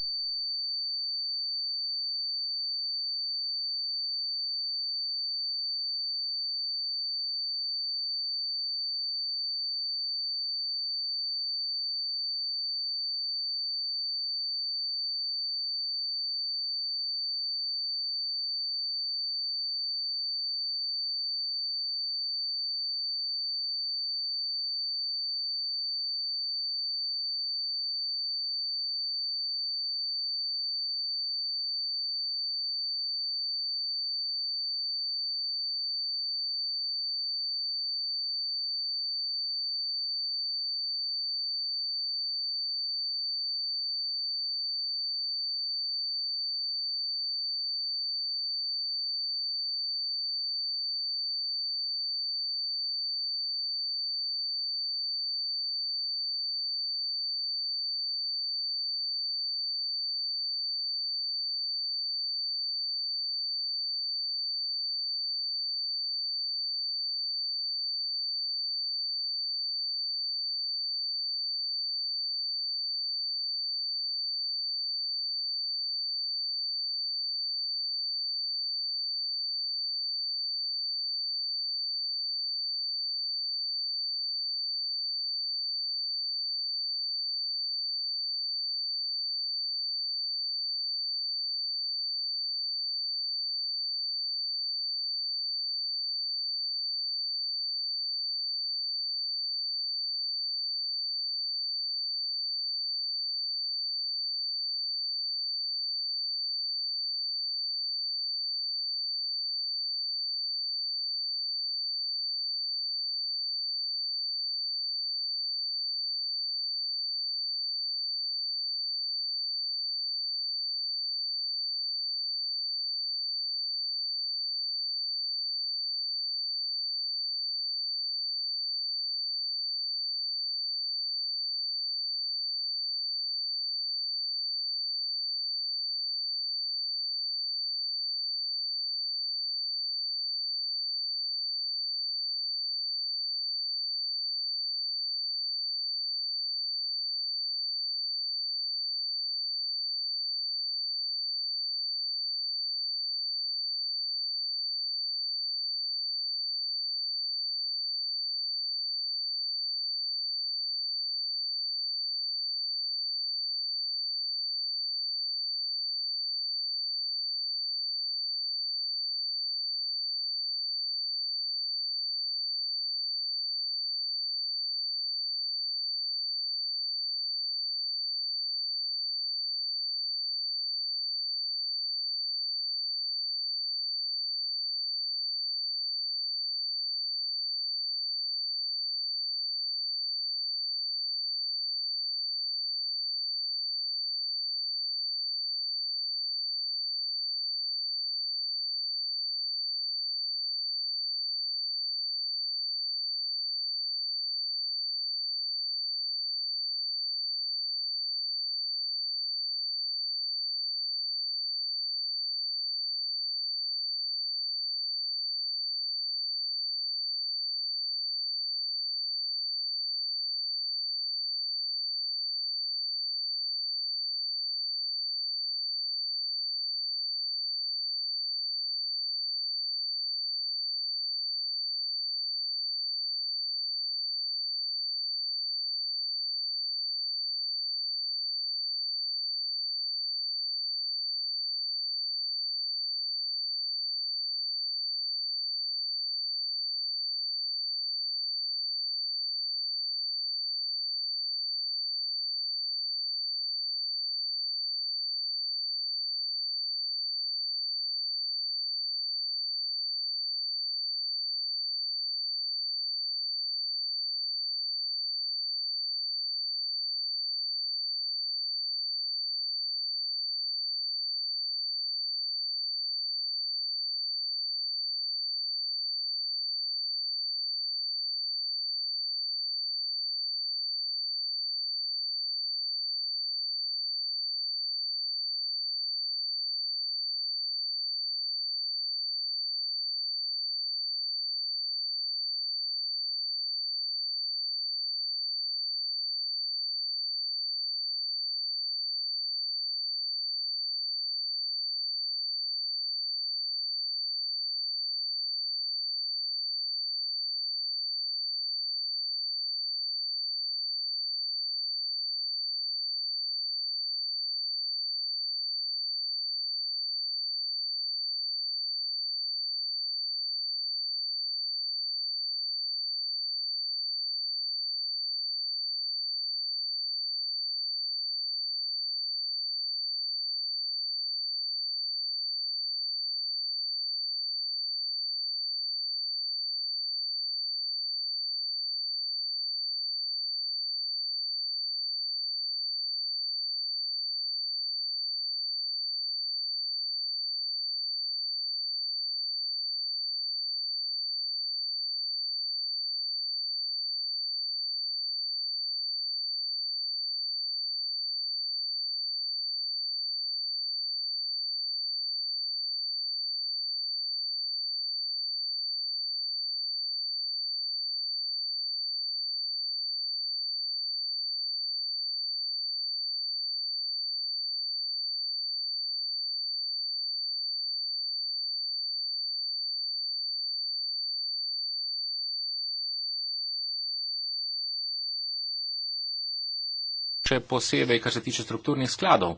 Speaker 2: še posebej, kar se tiče strukturnih skladov.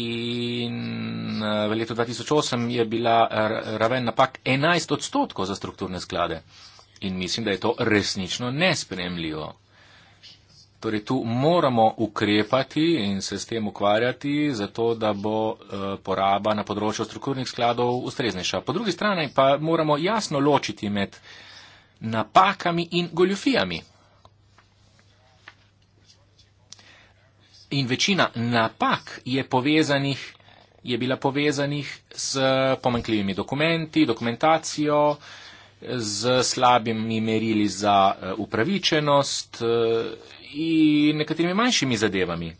Speaker 2: In eh, v letu 2008 je bila raven napak 11 odstotkov za strukturne sklade. In mislim, da je to resnično nespremljivo. Torej, tu moramo ukrepati in se s tem ukvarjati, zato da bo eh, poraba na področju strukturnih skladov ustreznejša. Po drugi strani pa moramo jasno ločiti med napakami in goljufijami. in večina napak je povezanih je bila povezanih s pomankljivimi dokumenti, dokumentacijo, z slabimi merili za eh, upravičenost eh, in nekaterimi manjšimi zadevami.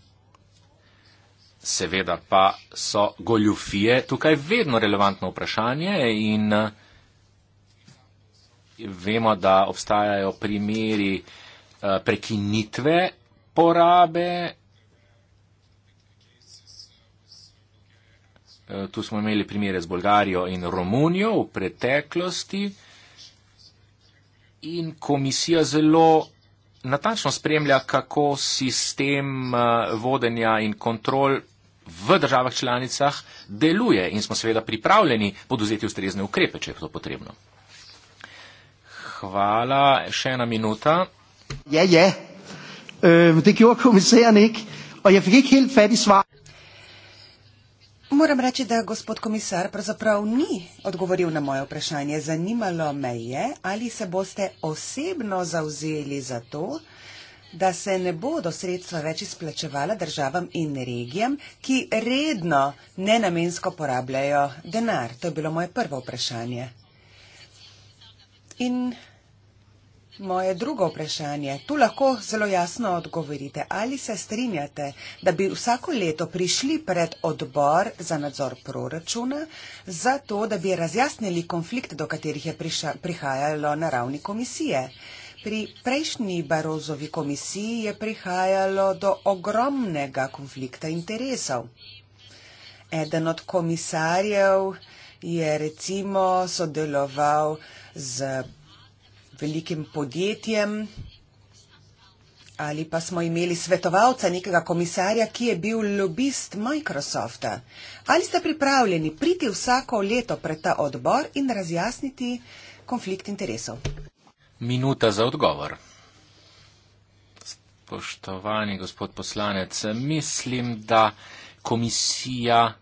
Speaker 2: Seveda pa so goljufije tukaj vedno relevantno vprašanje in eh, vemo, da obstajajo primeri prekinitve porabe Eh, tu smo imeli primere z Bolgarijo in Romunijo v preteklosti in komisija zelo natančno spremlja, kako sistem eh, vodenja in kontrol v državah članicah deluje in smo seveda pripravljeni poduzeti ustrezne ukrepe, če je to potrebno. Hvala, še ena minuta.
Speaker 1: Ja, ja, to je komisija, ne? In jaz nisem helt fati svar. Moram reči, da
Speaker 3: gospod komisar pravzaprav ni odgovoril na moje vprašanje. Zanimalo me je, ali se boste osebno zauzeli za to, da se ne bodo sredstva več izplačevala državam in regijam, ki redno nenamensko porabljajo denar. To je bilo moje prvo vprašanje. In Moje drugo vprašanje. Tu lahko zelo jasno odgovorite. Ali se strinjate, da bi vsako leto prišli pred odbor za nadzor proračuna, zato da bi razjasnili konflikt, do katerih je priša, prihajalo na ravni komisije? Pri prejšnji Barozovi komisiji je prihajalo do ogromnega konflikta interesov. Eden od komisarjev je recimo sodeloval z velikim podjetjem ali pa smo imeli svetovalca nekega komisarja, ki je bil lobist Microsofta. Ali ste pripravljeni priti vsako leto pred ta odbor in razjasniti konflikt interesov?
Speaker 2: Minuta za odgovor. Spoštovani gospod poslanec, mislim, da komisija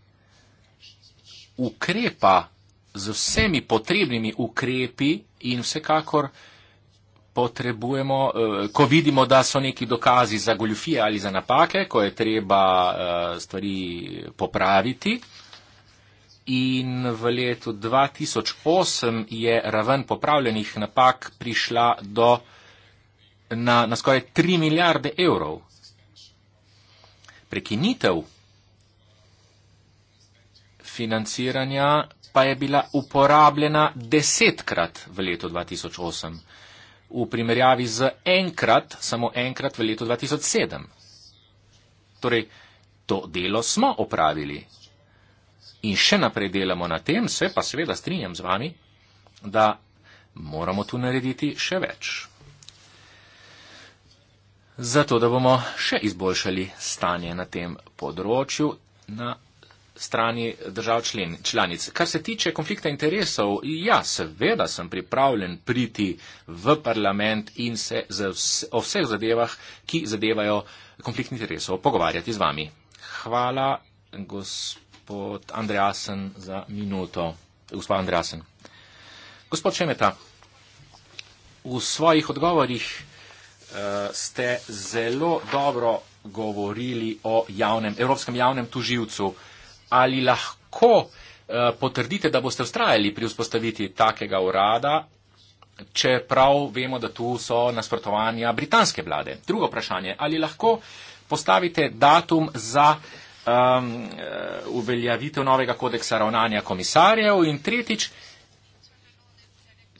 Speaker 2: ukrepa z vsemi potrebnimi ukrepi in vsekakor potrebujemo, eh, ko vidimo, da so neki dokazi za goljufije ali za napake, ko je treba eh, stvari popraviti. In v letu 2008 je raven popravljenih napak prišla do, na, na skoraj 3 milijarde evrov. Prekinitev financiranja pa je bila uporabljena desetkrat v letu 2008 v primerjavi z enkrat, samo enkrat v letu 2007. Torej, to delo smo opravili in še naprej delamo na tem, se pa seveda strinjam z vami, da moramo tu narediti še več. Zato, da bomo še izboljšali stanje na tem področju, na strani držav člen, članic. Kar se tiče konflikta interesov, ja, seveda sem pripravljen priti v parlament in se vse, o vseh zadevah, ki zadevajo konflikt interesov, pogovarjati z vami. Hvala, gospod Andreasen, za minuto. Gospod Andreasen. Gospod Šemeta, v svojih odgovorih uh, ste zelo dobro govorili o javnem, evropskem javnem tužilcu. Uh, ali lahko eh, potrdite, da boste ustrajali pri vzpostavitvi takega urada, čeprav vemo, da tu so nasprotovanja britanske vlade. Drugo vprašanje, ali lahko postavite datum za um, uveljavitev novega kodeksa ravnanja komisarjev in tretjič,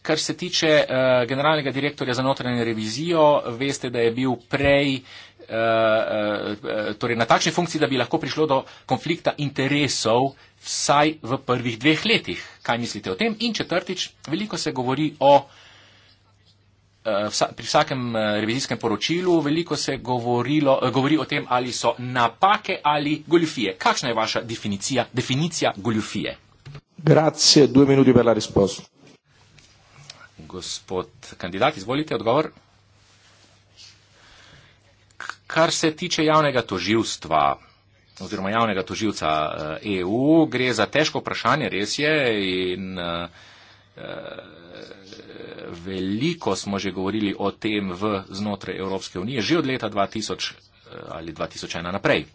Speaker 2: Kar se tiče uh, generalnega direktorja za notranje revizijo, veste, da je bil prej uh, uh, torej na takšni funkciji, da bi lahko prišlo do konflikta interesov vsaj v prvih dveh letih. Kaj mislite o tem? In četrtič, veliko se govori o. Pri vsakem revizijskem poročilu veliko se govorilo, govori o tem, ali so napake ali goljufije. Kakšna je vaša definicija, definicija goljufije?
Speaker 1: Grazie, dve minuti per la risposta.
Speaker 2: Gospod kandidat, izvolite odgovor. Kar se tiče javnega toživstva oziroma javnega toživca EU, eh, e gre za težko vprašanje, res je, in eh, eh, veliko smo že govorili o tem v znotraj Evropske unije, že od leta 2000 ali 2001 naprej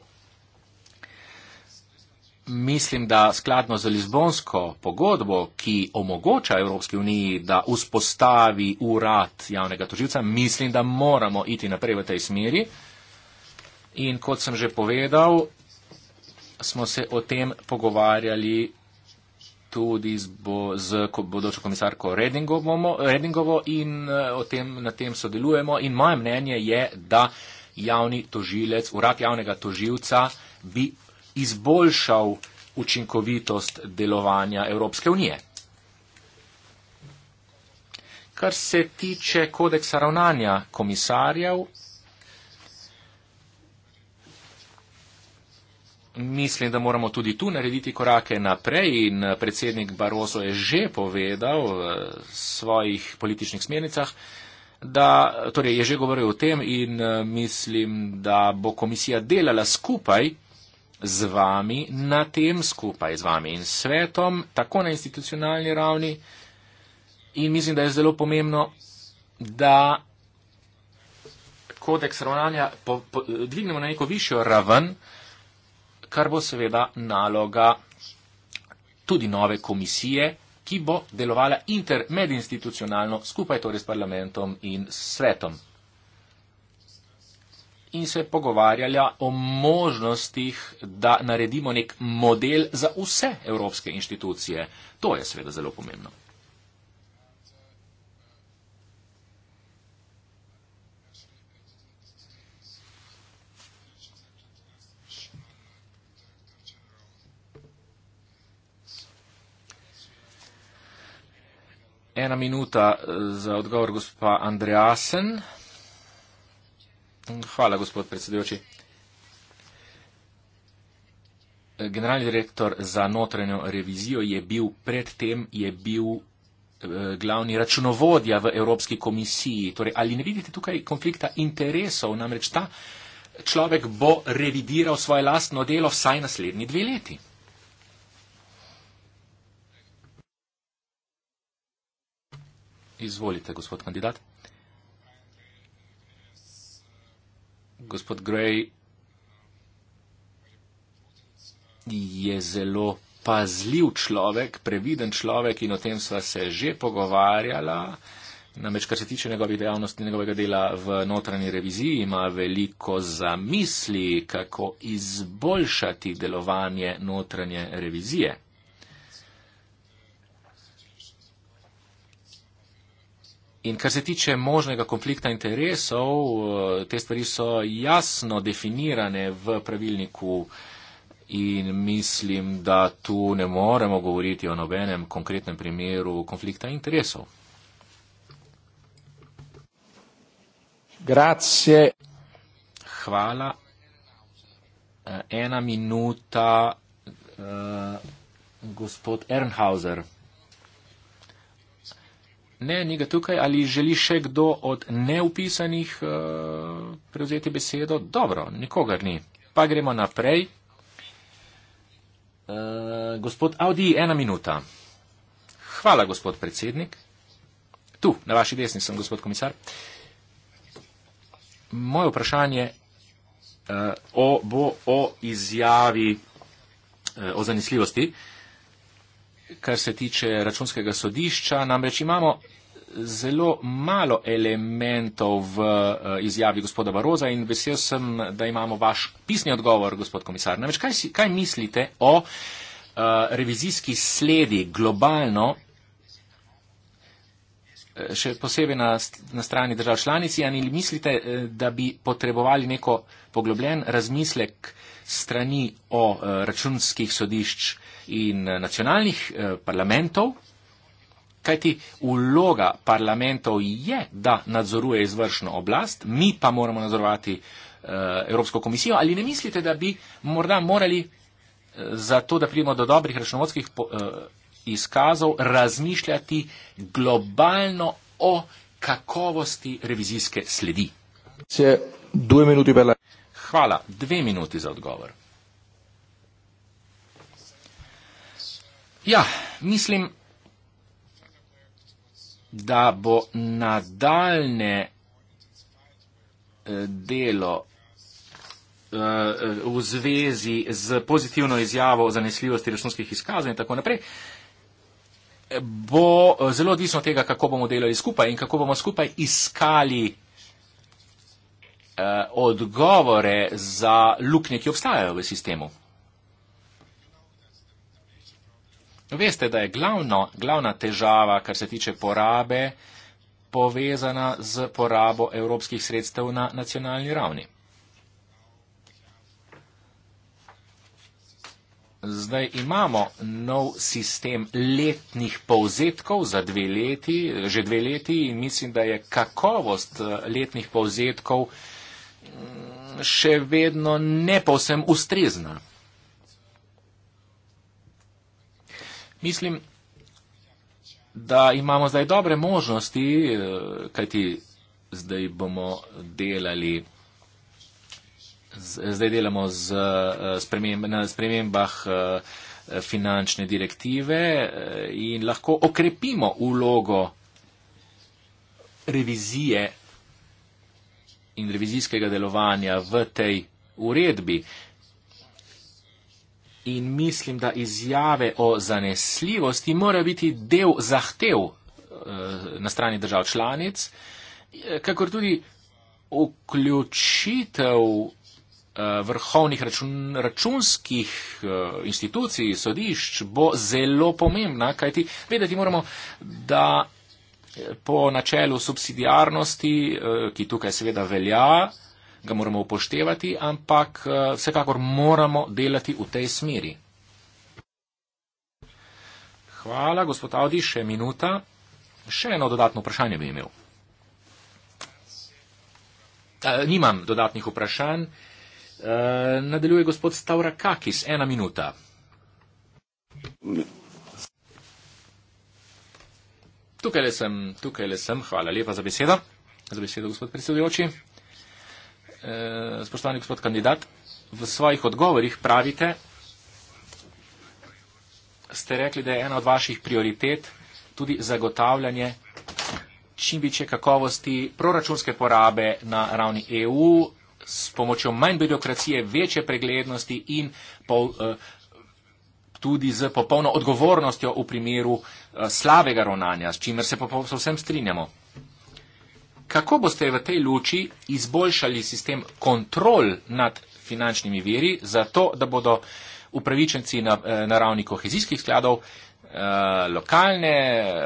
Speaker 2: mislim, da skladno z Lizbonsko pogodbo, ki omogoča Evropski uniji, da vzpostavi urad javnega toživca, mislim, da moramo iti naprej v tej smeri. In kot sem že povedal, smo se o tem pogovarjali tudi z, bo, z bodočo komisarko Redingovo in eh, o tem, na tem sodelujemo. In moje mnenje je, da javni tožilec, urad javnega toživca bi izboljšal učinkovitost delovanja Evropske unije. Kar se tiče kodeksa ravnanja komisarjev, mislim, da moramo tudi tu narediti korake naprej in predsednik Barroso je že povedal v svojih političnih smernicah, da torej je že govoril o tem in eh, mislim, da bo komisija delala skupaj z vami na tem, skupaj z vami in svetom, tako na institucionalni ravni. In mislim, da je zelo pomembno, da kodeks ravnanja po, po, dvignemo na neko višjo raven, kar bo seveda naloga tudi nove komisije, ki bo delovala intermedinstitucionalno skupaj torej s parlamentom in svetom in se pogovarjala o možnostih, da naredimo nek model za vse evropske inštitucije. To je seveda zelo pomembno. Ena minuta eh, za odgovor gospa Andreasen. Hvala, gospod predsedujoči. Generalni direktor za notranjo revizijo je bil predtem, je bil eh, glavni računovodja v Evropski komisiji. Torej, ali ne vidite tukaj konflikta interesov? Namreč ta človek bo revidiral svoje lastno delo vsaj naslednji dve leti. Izvolite, gospod kandidat. gospod Gray je zelo pazljiv človek, previden človek in o tem sva se že pogovarjala. Namreč, kar se tiče njegovih dejavnosti, njegovega dela v notranji reviziji, ima veliko zamisli, kako izboljšati delovanje notranje revizije. In kar se tiče možnega konflikta interesov, eh, te stvari so jasno definirane v pravilniku in mislim, da tu ne moremo govoriti o nobenem konkretnem primeru konflikta interesov. Grazie. Hvala. Eh, ena minuta. Uh, gospod Ernhauser. Ne, ni ga tukaj. Ali želi še kdo od neupisanih uh, prevzeti besedo? Dobro, nikogar ni. Pa gremo naprej. Uh, gospod Audi, ena minuta. Hvala, gospod predsednik. Tu, na vaši desni sem, gospod komisar. Moje vprašanje uh, o, bo o izjavi uh, o zanesljivosti. Uh, kar se tiče računskega sodišča, namreč imamo zelo malo elementov v eh, izjavi gospoda Baroza in vesel sem, da imamo vaš pisni odgovor, gospod komisar. Namreč kaj, si, kaj mislite o uh, revizijski sledi globalno, eh, še posebej na, na strani držav članici, ali mislite, da bi potrebovali neko poglobljen razmislek uh, strani o eh, računskih sodišč in eh, nacionalnih eh, parlamentov, kajti vloga parlamentov je, da nadzoruje izvršno oblast, mi pa moramo nadzorovati Evropsko komisijo. Ali ne mislite, da bi morda morali za to, da pridemo do dobrih računovodskih izkazov, razmišljati globalno o kakovosti revizijske sledi?
Speaker 1: Dve minuti bela.
Speaker 2: Hvala. Dve minuti za odgovor. Ja, mislim, da bo nadaljne eh, delo eh, v zvezi z pozitivno izjavo o zanesljivosti računskih izkazov in tako naprej, bo eh, zelo odvisno od tega, kako bomo delali skupaj in kako bomo skupaj iskali eh, odgovore za luknje, ki obstajajo v sistemu. Veste, da je glavno, glavna težava, kar se tiče porabe, povezana z porabo evropskih sredstev na nacionalni ravni. Zdaj imamo nov sistem letnih povzetkov za dve leti, že dve leti in mislim, da je kakovost eh, letnih povzetkov uh, še vedno ne povsem ustrezna. Mislim, da imamo zdaj dobre možnosti, eh, kajti zdaj bomo delali, zdaj delamo z eh, sprememb, na spremembah eh, finančne direktive in lahko okrepimo ulogo revizije in revizijskega delovanja v tej uredbi. In mislim, da izjave o zanesljivosti mora biti del zahtev eh, na strani držav članic, eh, kakor tudi vključitev eh, vrhovnih račun, računskih institucij, sodišč bo zelo pomembna, kajti vedeti moramo, da po načelu subsidiarnosti, eh, ki tukaj seveda velja, ga moramo upoštevati, ampak eh, vsekakor moramo delati v tej smeri. Hvala, gospod Audi, še minuta. Še eno dodatno vprašanje bi imel. E, nimam dodatnih vprašanj. E, nadaljuje gospod Stavra Kakis, ena minuta. Tukaj le sem, tukaj le sem, hvala lepa za besedo. Za besedo, gospod predsedujoči. E, spoštovani gospod kandidat, v svojih odgovorih pravite, ste rekli, da je ena od vaših prioritet tudi zagotavljanje čim večje kakovosti proračunske porabe na ravni EU s pomočjo manj birokracije, večje preglednosti in pol, eh, tudi z popolno odgovornostjo v primeru eh, Eh, slabega ravnanja, s čimer se povsem strinjamo. Kako boste v tej luči izboljšali sistem kontrol nad finančnimi veri, zato da bodo upravičenci na, eh, na ravni kohezijskih skladov, eh, lokalne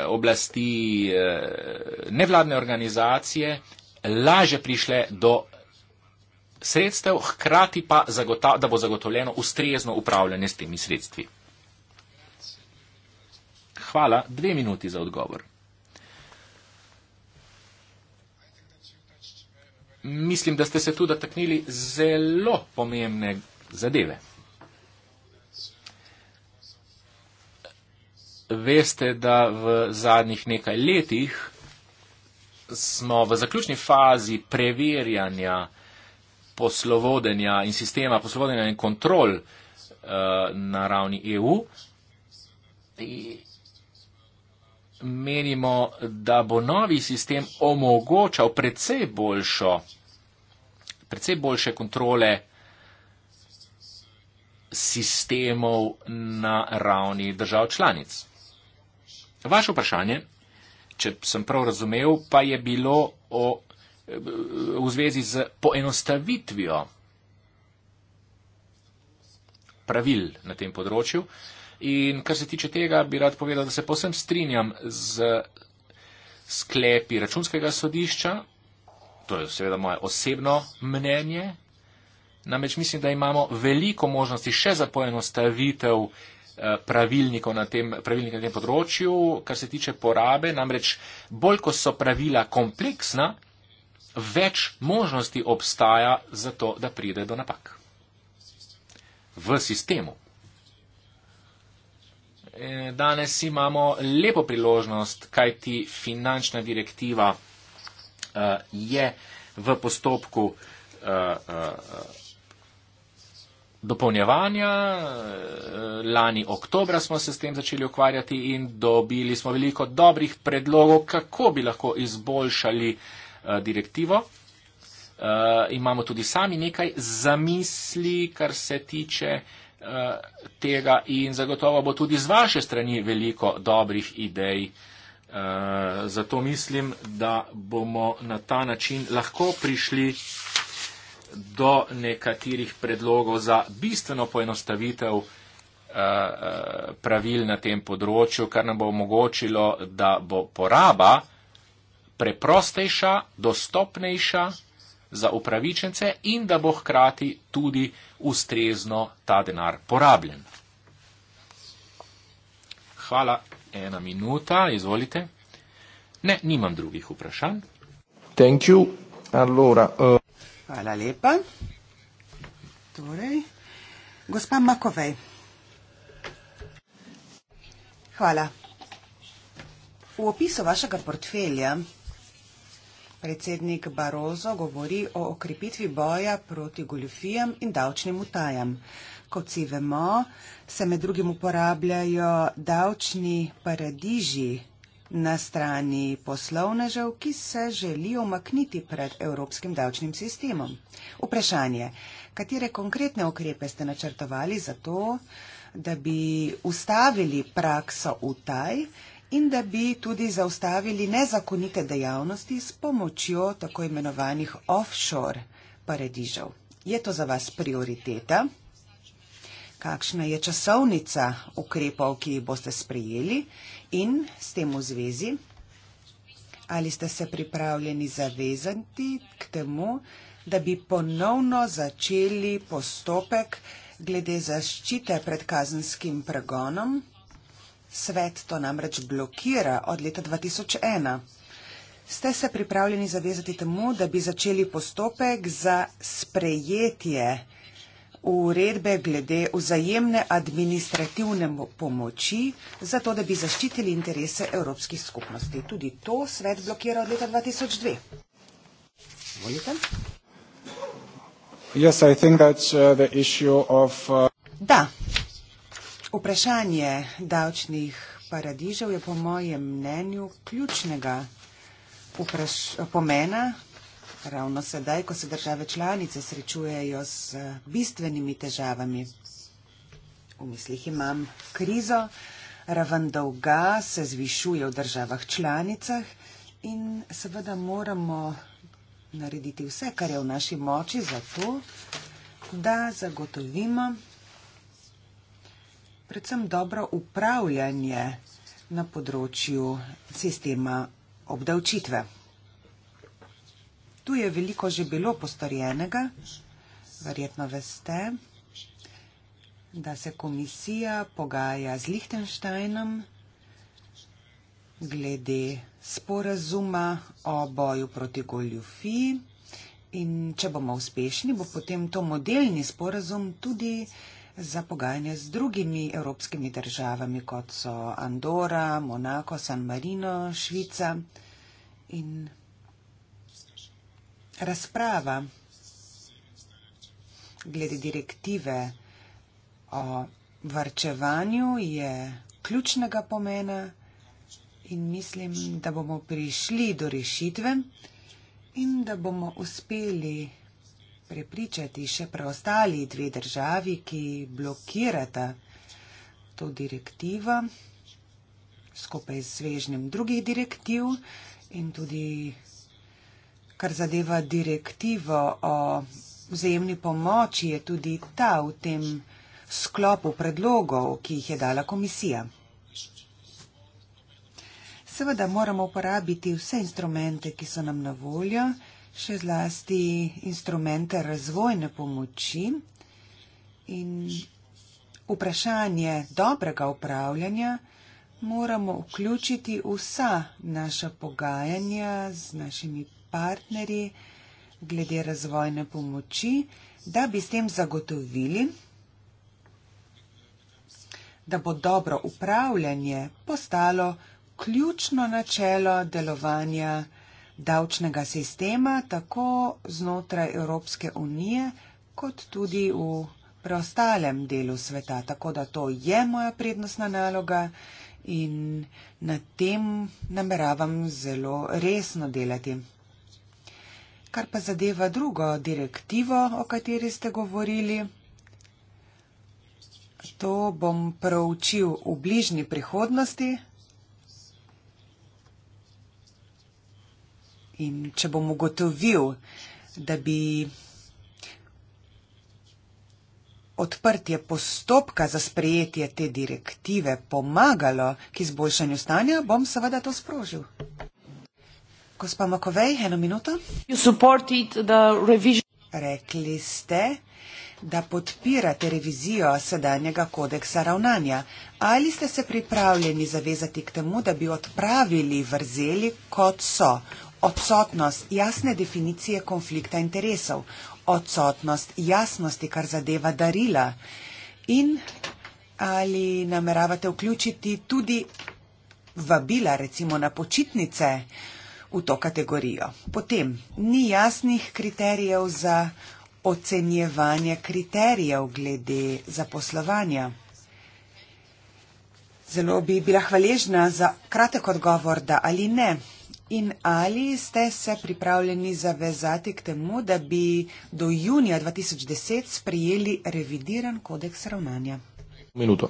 Speaker 2: oblasti, nevladne organizacije laže prišle do sredstev, hkrati pa, da bo zagotovljeno ustrezno upravljanje s temi sredstvi? hvala, dve minuti za odgovor. Mislim, da ste se tu dotaknili zelo pomembne zadeve. Veste, da v zadnjih nekaj letih smo v zaključni fazi preverjanja poslovodenja in sistema poslovodenja in kontrol uh, na ravni EU menimo, da bo novi sistem omogočal precej, boljšo, precej boljše kontrole sistemov na ravni držav članic. Vaše vprašanje, če sem prav razumel, pa je bilo o, v zvezi z poenostavitvijo pravil na tem področju. In kar se tiče tega, bi rad povedal, da se posem strinjam z sklepi računskega sodišča, to je seveda moje osebno mnenje, namreč mislim, da imamo veliko možnosti še za poenostavitev eh, pravilnikov na tem, pravilnik na tem področju, kar se tiče porabe, namreč bolj, ko so pravila kompleksna, več možnosti obstaja za to, da pride do napak. V sistemu. Eh, danes imamo lepo priložnost, kaj ti finančna direktiva eh, je v postopku eh, dopolnjevanja. Lani oktobra smo se s tem začeli ukvarjati in dobili smo veliko dobrih predlogov, kako bi lahko izboljšali direktivo. Uh, imamo tudi sami nekaj zamisli, kar se tiče uh, Eh, tega in zagotovo bo tudi z vaše strani veliko dobrih idej. Eh, zato mislim, da bomo na ta način lahko prišli do nekaterih predlogov za bistveno poenostavitev eh, pravil na tem področju, kar nam bo omogočilo, da bo poraba preprostejša, dostopnejša, za upravičence in da bo hkrati tudi ustrezno ta denar porabljen. Hvala, ena minuta, izvolite. Ne, nimam drugih vprašanj.
Speaker 1: Thank you. Allora, uh... Hvala lepa.
Speaker 3: Torej, gospa Makovej. Hvala. V opisu vašega portfelja Predsednik Barozo govori o okrepitvi boja proti goljufijam in davčnim utajam. Kot si vemo, se med drugim uporabljajo davčni paradiži na strani poslovnežev, ki se želijo umakniti pred evropskim davčnim sistemom. Vprašanje, katere konkretne okrepe ste načrtovali za to, da bi ustavili prakso utaj? in da bi tudi zaustavili nezakonite dejavnosti s pomočjo tako imenovanih offshore paradižev. Je to za vas prioriteta? Kakšna je časovnica ukrepov, ki jih boste sprejeli in s tem v zvezi? Ali ste se pripravljeni zavezati k temu, da bi ponovno začeli postopek glede zaščite pred kazenskim pregonom Svet to namreč blokira od leta 2001. Ste se pripravljeni zavezati temu, da bi začeli postopek za sprejetje uredbe glede vzajemne administrativne pomoči, zato da bi zaščitili interese evropskih skupnosti? Tudi to svet blokira od leta 2002.
Speaker 4: Volite? Uh, uh,
Speaker 3: da. Vprašanje davčnih paradižev je po mojem mnenju ključnega vpraš, pomena ravno sedaj, ko se države članice srečujejo z bistvenimi težavami. V mislih imam krizo, raven dolga se zvišuje v državah članicah in seveda moramo narediti vse, kar je v naši moči, zato da zagotovimo, predvsem dobro upravljanje na področju sistema obdavčitve. Tu je veliko že bilo postorjenega, verjetno veste, da se komisija pogaja z Lihtensteinom glede sporazuma o boju proti goljufiji in če bomo uspešni, bo potem to modelni sporazum tudi za pogajanje z drugimi evropskimi državami, kot so Andora, Monako, San Marino, Švica in razprava glede direktive o varčevanju je ključnega pomena in mislim, da bomo prišli do rešitve in da bomo uspeli prepričati še preostali dve državi, ki blokirata to direktivo skupaj z svežnjem drugih direktiv in tudi kar zadeva direktivo o vzajemni pomoči, je tudi ta v tem sklopu predlogov, ki jih je dala komisija. Seveda moramo uporabiti vse instrumente, ki so nam na voljo še zlasti instrumente razvojne pomoči in vprašanje dobrega upravljanja moramo vključiti vsa naša pogajanja z našimi partnerji glede razvojne pomoči, da bi s tem zagotovili, da bo dobro upravljanje postalo ključno načelo delovanja davčnega sistema tako znotraj Evropske unije, kot tudi v preostalem delu sveta. Tako da to je moja prednostna naloga in na tem nameravam zelo resno delati. Kar pa zadeva drugo direktivo, o kateri ste govorili, to bom proučil v bližnji prihodnosti. In če bom ugotovil, da bi odprtje postopka za sprejetje te direktive pomagalo k izboljšanju stanja, bom seveda to sprožil. Gospa Makovej, eno minuto. Rekli ste, da podpirate revizijo sedanjega kodeksa ravnanja. Ali ste se pripravljeni zavezati k temu, da bi odpravili vrzeli, kot so odsotnost jasne definicije konflikta interesov, odsotnost jasnosti, kar zadeva darila in ali nameravate vključiti tudi vabila, recimo na počitnice, v to kategorijo. Potem ni jasnih kriterijev za ocenjevanje kriterijev glede zaposlovanja. Zelo bi bila hvaležna za kratek odgovor, da ali ne. In ali ste se pripravljeni zavezati k temu, da bi do junija 2010 sprejeli revidiran kodeks ravnanja? Minuto.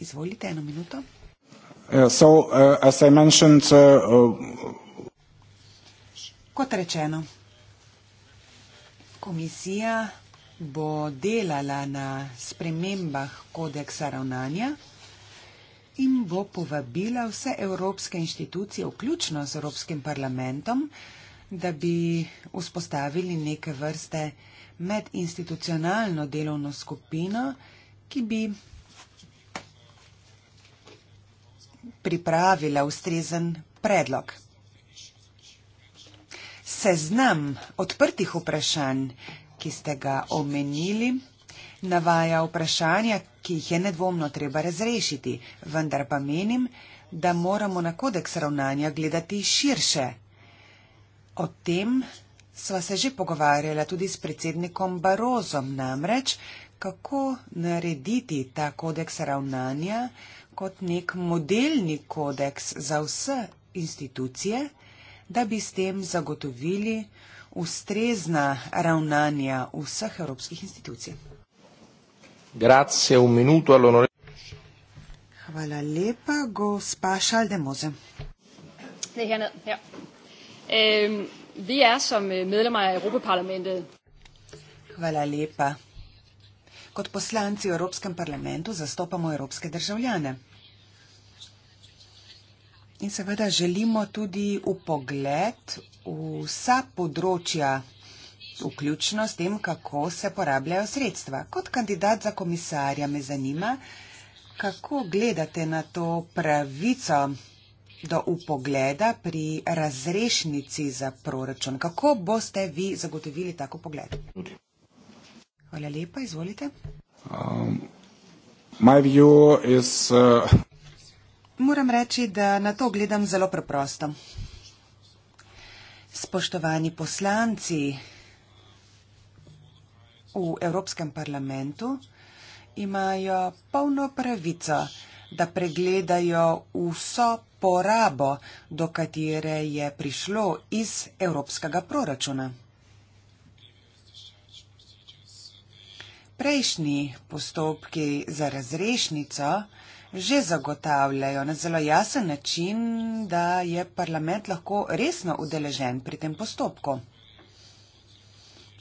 Speaker 3: Izvolite eno minuto.
Speaker 4: Ja, so, uh, as I mentioned, uh,
Speaker 3: Kot rečeno, komisija bo delala na spremembah kodeksa ravnanja in bo povabila vse evropske institucije, vključno z Evropskim parlamentom, da bi vzpostavili neke vrste medinstitucionalno delovno skupino, ki bi pripravila ustrezen predlog. Seznam odprtih vprašanj, ki ste ga omenili, navaja vprašanja, ki jih je nedvomno treba razrešiti, vendar pa menim, da moramo na kodeks ravnanja gledati širše. O tem sva se že pogovarjala tudi s predsednikom Barozom, namreč kako narediti ta kodeks ravnanja kot nek modelni kodeks za vse institucije, da bi s tem zagotovili ustrezna ravnanja vseh evropskih institucij.
Speaker 1: Grazie, un minuto all'onorevole.
Speaker 3: Hvala lepa, gospa Šaldemoze.
Speaker 1: Det er hernede, her. Øh, vi er som øh, medlemmer af Europaparlamentet.
Speaker 3: Hvala lepa. Kot poslanci v Evropskem parlamentu zastopamo evropske državljane. In seveda želimo tudi upogled v vsa področja vključno s tem, kako se porabljajo sredstva. Kot kandidat za komisarja me zanima, kako gledate na to pravico do upogleda pri razrešnici za proračun. Kako boste vi zagotovili tako pogled? Hvala lepa, izvolite.
Speaker 4: Um, is, uh...
Speaker 3: Moram reči, da na to gledam zelo preprosto. Spoštovani poslanci, v Evropskem parlamentu imajo polno pravico, da pregledajo vso porabo, do katere je prišlo iz evropskega proračuna. Prejšnji postopki za razrešnico že zagotavljajo na zelo jasen način, da je parlament lahko resno udeležen pri tem postopku.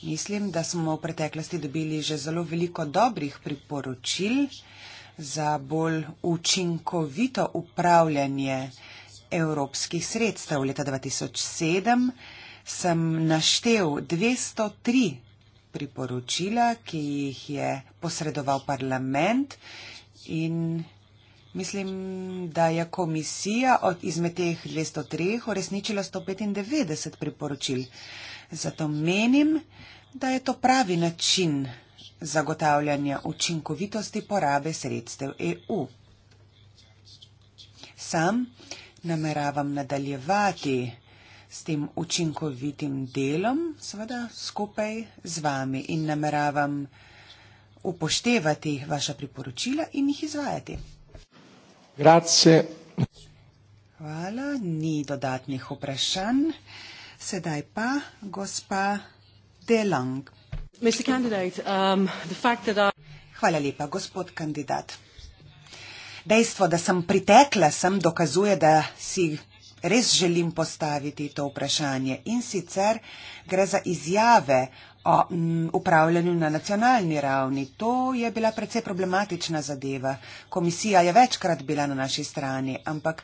Speaker 3: Mislim, da smo v preteklosti dobili že zelo veliko dobrih priporočil za bolj učinkovito upravljanje evropskih sredstev. Leta 2007 sem naštel 203 priporočila, ki jih je posredoval parlament in mislim, da je komisija od izmed teh 203 uresničila 195 priporočil. Zato menim, da je to pravi način zagotavljanja učinkovitosti porabe sredstev EU. Sam nameravam nadaljevati s tem učinkovitim delom, seveda skupaj z vami in nameravam upoštevati vaša priporočila in jih izvajati.
Speaker 1: Grazie.
Speaker 3: Hvala, ni dodatnih vprašanj. Sedaj pa gospa Delang. Um, I... Hvala lepa, gospod kandidat. Dejstvo, da sem pritekla sem, dokazuje, da si res želim postaviti to vprašanje. In sicer gre za izjave o m, upravljanju na nacionalni ravni. To je bila precej problematična zadeva. Komisija je večkrat bila na naši strani, ampak.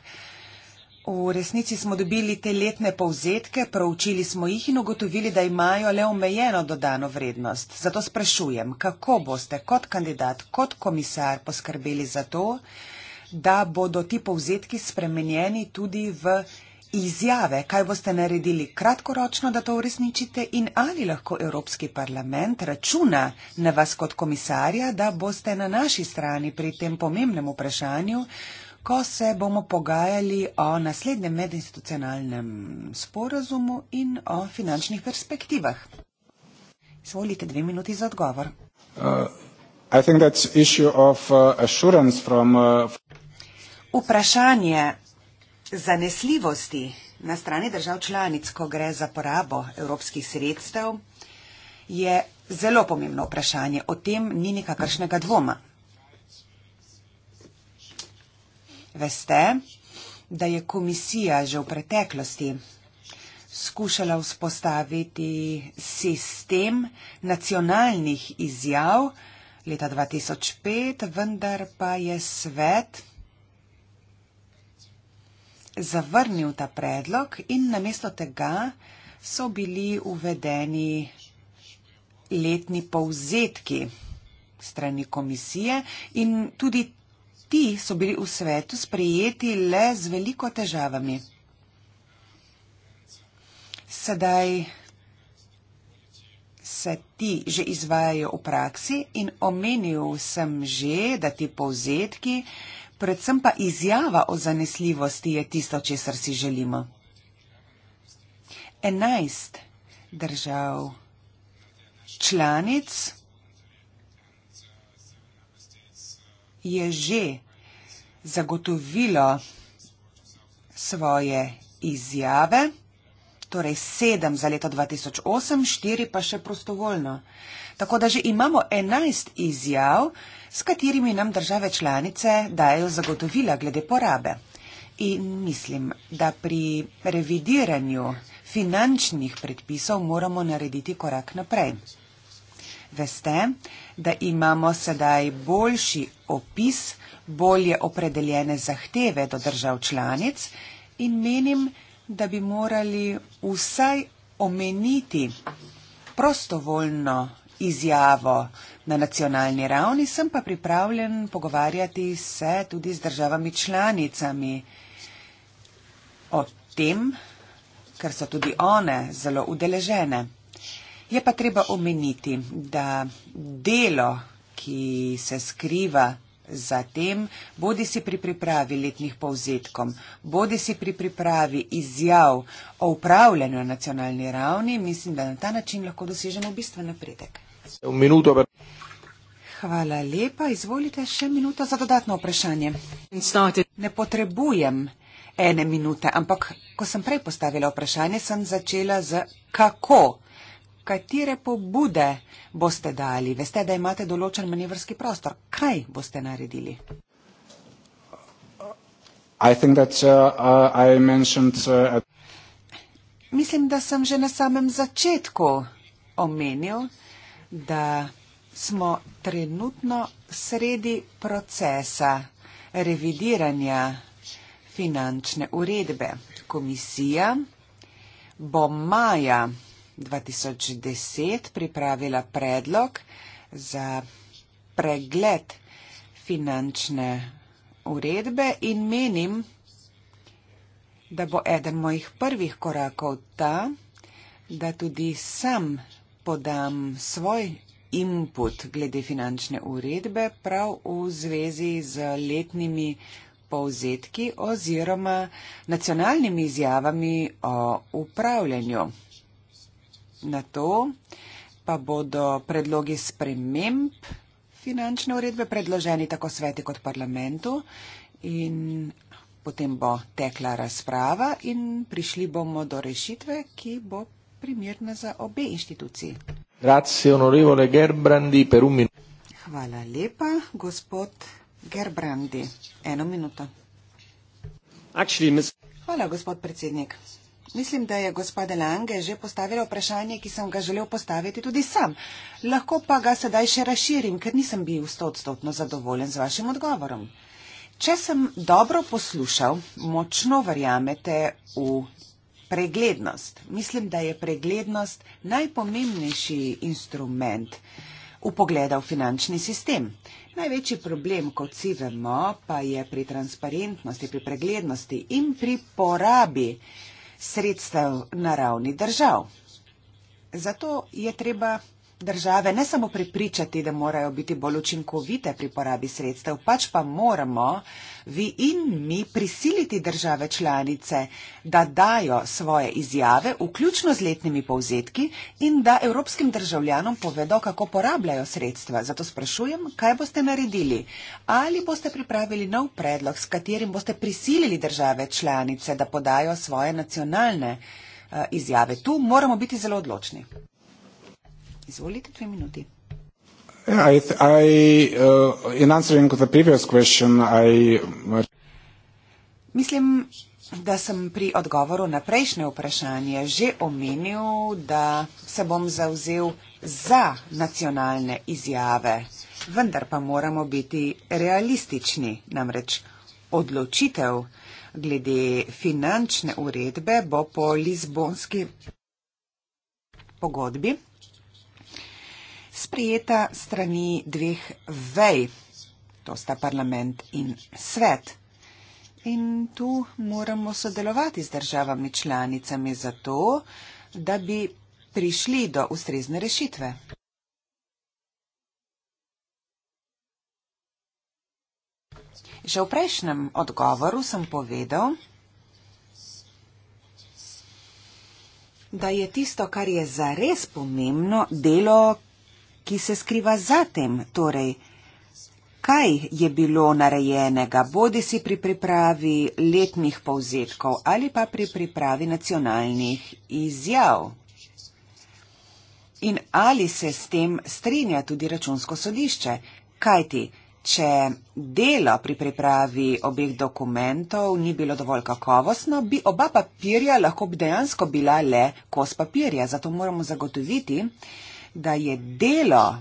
Speaker 3: V resnici smo dobili te letne povzetke, proučili smo jih in ugotovili, da imajo le omejeno dodano vrednost. Zato sprašujem, kako boste kot kandidat, kot komisar poskrbeli za to, da bodo ti povzetki spremenjeni tudi v izjave, kaj boste naredili kratkoročno, da to uresničite in ali lahko Evropski parlament računa na vas kot komisarja, da boste na naši strani pri tem pomembnem vprašanju ko se bomo pogajali o naslednjem medinstitucionalnem sporazumu in o finančnih perspektivah. Izvolite dve minuti za odgovor.
Speaker 4: Uh, uh from, uh,
Speaker 3: Vprašanje zanesljivosti na strani držav članic, ko gre za porabo evropskih sredstev, je. Zelo pomembno vprašanje, o tem ni nikakršnega dvoma. Veste, da je komisija že v preteklosti skušala vzpostaviti sistem nacionalnih izjav leta 2005, vendar pa je svet zavrnil ta predlog in namesto tega so bili uvedeni letni povzetki strani komisije in tudi ti so bili v svetu sprejeti le z veliko težavami. Sedaj se ti že izvajajo v praksi in omenil sem že, da ti povzetki, predvsem pa izjava o zanesljivosti je tisto, česar si želimo. Enajst držav članic je že zagotovilo svoje izjave, torej sedem za leto 2008, štiri pa še prostovoljno. Tako da že imamo enajst izjav, s katerimi nam države članice dajo zagotovila glede porabe. In mislim, da pri revidiranju finančnih predpisov moramo narediti korak naprej veste, da imamo sedaj boljši opis, bolje opredeljene zahteve do držav članic in menim, da bi morali vsaj omeniti prostovoljno izjavo na nacionalni ravni, sem pa pripravljen pogovarjati se tudi z državami članicami o tem, ker so tudi one zelo udeležene. Je pa treba omeniti, da delo, ki se skriva za tem, bodi si pri pripravi letnih povzetkom, bodi si pri pripravi izjav o upravljanju na nacionalni ravni, mislim, da na ta način lahko dosežemo bistven napredek. Hvala lepa. Izvolite še minuto za dodatno vprašanje. Ne potrebujem ene minute, ampak ko sem prej postavila vprašanje, sem začela z kako katere pobude boste dali? Veste, da imate določen manevrski prostor. Kaj boste naredili?
Speaker 4: That, uh, uh, uh, Mislim,
Speaker 3: da sem že na samem začetku omenil, da smo trenutno sredi procesa revidiranja finančne uredbe. Komisija bo maja 2010 pripravila predlog za pregled finančne uredbe in menim, da bo eden mojih prvih korakov ta, da tudi sam podam svoj input glede finančne uredbe prav v zvezi z letnimi povzetki oziroma nacionalnimi izjavami o upravljanju. Na to pa bodo predlogi sprememb finančne uredbe predloženi tako sveti kot parlamentu in potem bo tekla razprava in prišli bomo do rešitve, ki bo primerna za obe inštituciji. Hvala lepa, gospod Gerbrandi. Eno minuto. Hvala, gospod predsednik. Mislim, da je gospod Lange že postavil vprašanje, ki sem ga želel postaviti tudi sam. Lahko pa ga sedaj še razširim, ker nisem bil stotstotno zadovoljen z vašim odgovorom. Če sem dobro poslušal, močno verjamete v preglednost. Mislim, da je preglednost najpomembnejši instrument v pogleda v finančni sistem. Največji problem, kot vsi vemo, pa je pri transparentnosti, pri preglednosti in pri porabi sredstev na ravni držav. Zato je treba države ne samo prepričati, da morajo biti bolj učinkovite pri porabi sredstev, pač pa moramo vi in mi prisiliti države članice, da dajo svoje izjave, vključno z letnimi povzetki in da evropskim državljanom povedo, kako porabljajo sredstva. Zato sprašujem, kaj boste naredili? Ali boste pripravili nov predlog, s katerim boste prisilili države članice, da podajo svoje nacionalne eh, izjave. Tu moramo biti zelo odločni. Izvolite, dve minuti.
Speaker 4: I th I, uh, in answering the previous question, I... Uh,
Speaker 3: Mislim, da sem pri odgovoru na prejšnje vprašanje že omenil, da se bom zauzel za nacionalne izjave. Vendar pa moramo biti realistični, namreč odločitev glede finančne uredbe bo po Lizbonski pogodbi sprijeta strani dveh vej, to sta parlament in svet. In tu moramo sodelovati z državami članicami zato, da bi prišli do ustrezne rešitve. Že v prejšnjem odgovoru sem povedal, da je tisto, kar je zares pomembno, delo, ki se skriva za tem, torej, kaj je bilo narejenega, bodi si pri pripravi letnih povzetkov ali pa pri pripravi nacionalnih izjav. In ali se s tem strinja tudi računsko sodišče? Kaj ti, če delo pri pripravi obeh dokumentov ni bilo dovolj kakovostno, bi oba papirja lahko dejansko bila le kos papirja. Zato moramo zagotoviti, da je delo,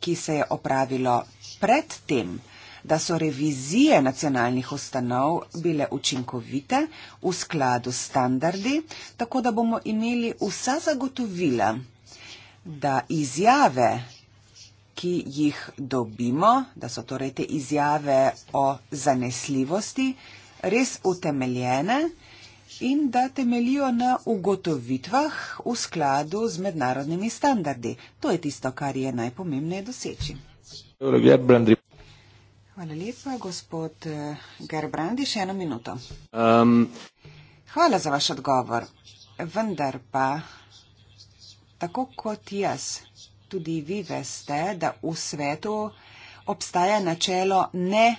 Speaker 3: ki se je opravilo pred tem, da so revizije nacionalnih ustanov bile učinkovite v skladu s standardi, tako da bomo imeli vsa zagotovila, da izjave, ki jih dobimo, da so torej te izjave o zanesljivosti res utemeljene in da temelijo na ugotovitvah v skladu z mednarodnimi standardi. To je tisto, kar je najpomembneje doseči. Torej, Hvala lepa, gospod eh, Gerbrandi. Še eno minuto. Um, Hvala za vaš odgovor. Vendar pa, tako kot jaz, tudi vi veste, da v svetu obstaja načelo ne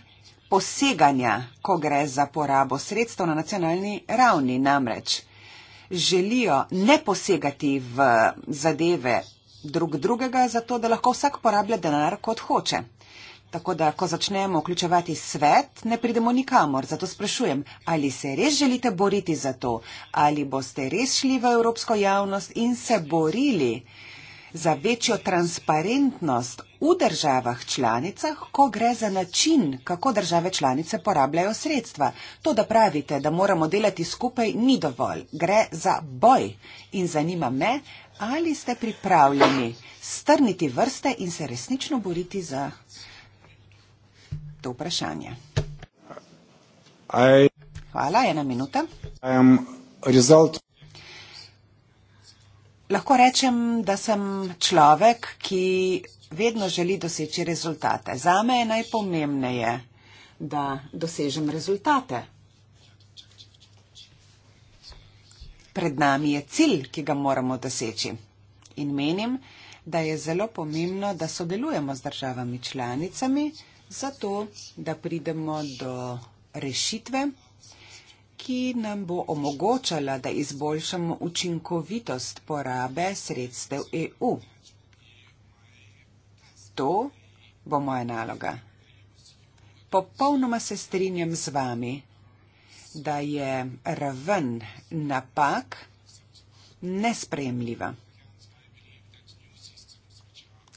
Speaker 3: poseganja, ko gre za porabo sredstev na nacionalni ravni. Namreč želijo ne posegati v zadeve drug drugega, zato da lahko vsak porablja denar, kot hoče. Tako da, ko začnemo vključevati svet, ne pridemo nikamor. Zato sprašujem, ali se res želite boriti za to, ali boste res šli v evropsko javnost in se borili za večjo transparentnost v državah članicah, ko gre za način, kako države članice porabljajo sredstva. To, da pravite, da moramo delati skupaj, ni dovolj. Gre za boj. In zanima me, ali ste pripravljeni strniti vrste in se resnično boriti za to vprašanje. Hvala, ena minuta. Lahko rečem, da sem človek, ki vedno želi doseči rezultate. Za me je najpomembnejše, da dosežem rezultate. Pred nami je cilj, ki ga moramo doseči. In menim, da je zelo pomembno, da sodelujemo z državami članicami, zato da pridemo do rešitve ki nam bo omogočala, da izboljšamo učinkovitost porabe sredstev EU. To bo moja naloga. Popolnoma se strinjam z vami, da je raven napak nesprejemljiva.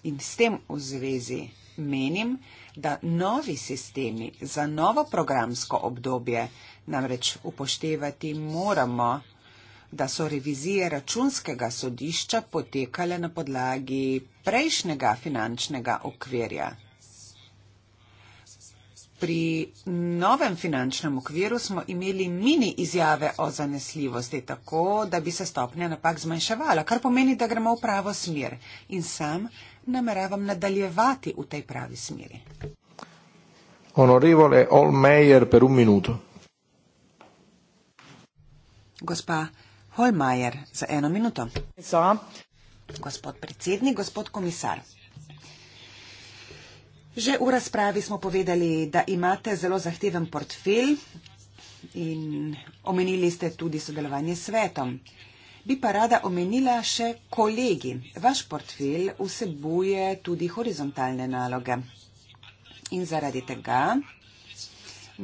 Speaker 3: In s tem v zvezi menim, da novi sistemi za novo programsko obdobje Namreč upoštevati moramo, da so revizije računskega sodišča potekale na podlagi prejšnjega finančnega okvirja. Pri novem finančnem okviru smo imeli mini izjave o zanesljivosti, tako da bi se stopnja napak zmanjševala, kar pomeni, da gremo v pravo smer in sam nameravam nadaljevati v tej pravi smeri.
Speaker 1: Honorevole Olmejer per un minuto.
Speaker 3: Gospa Holmajer za eno minuto. Za. Gospod predsednik, gospod komisar. Že v razpravi smo povedali, da imate zelo zahteven portfelj in omenili ste tudi sodelovanje s svetom. Bi pa rada omenila še kolegi. Vaš portfelj vsebuje tudi horizontalne naloge. In zaradi tega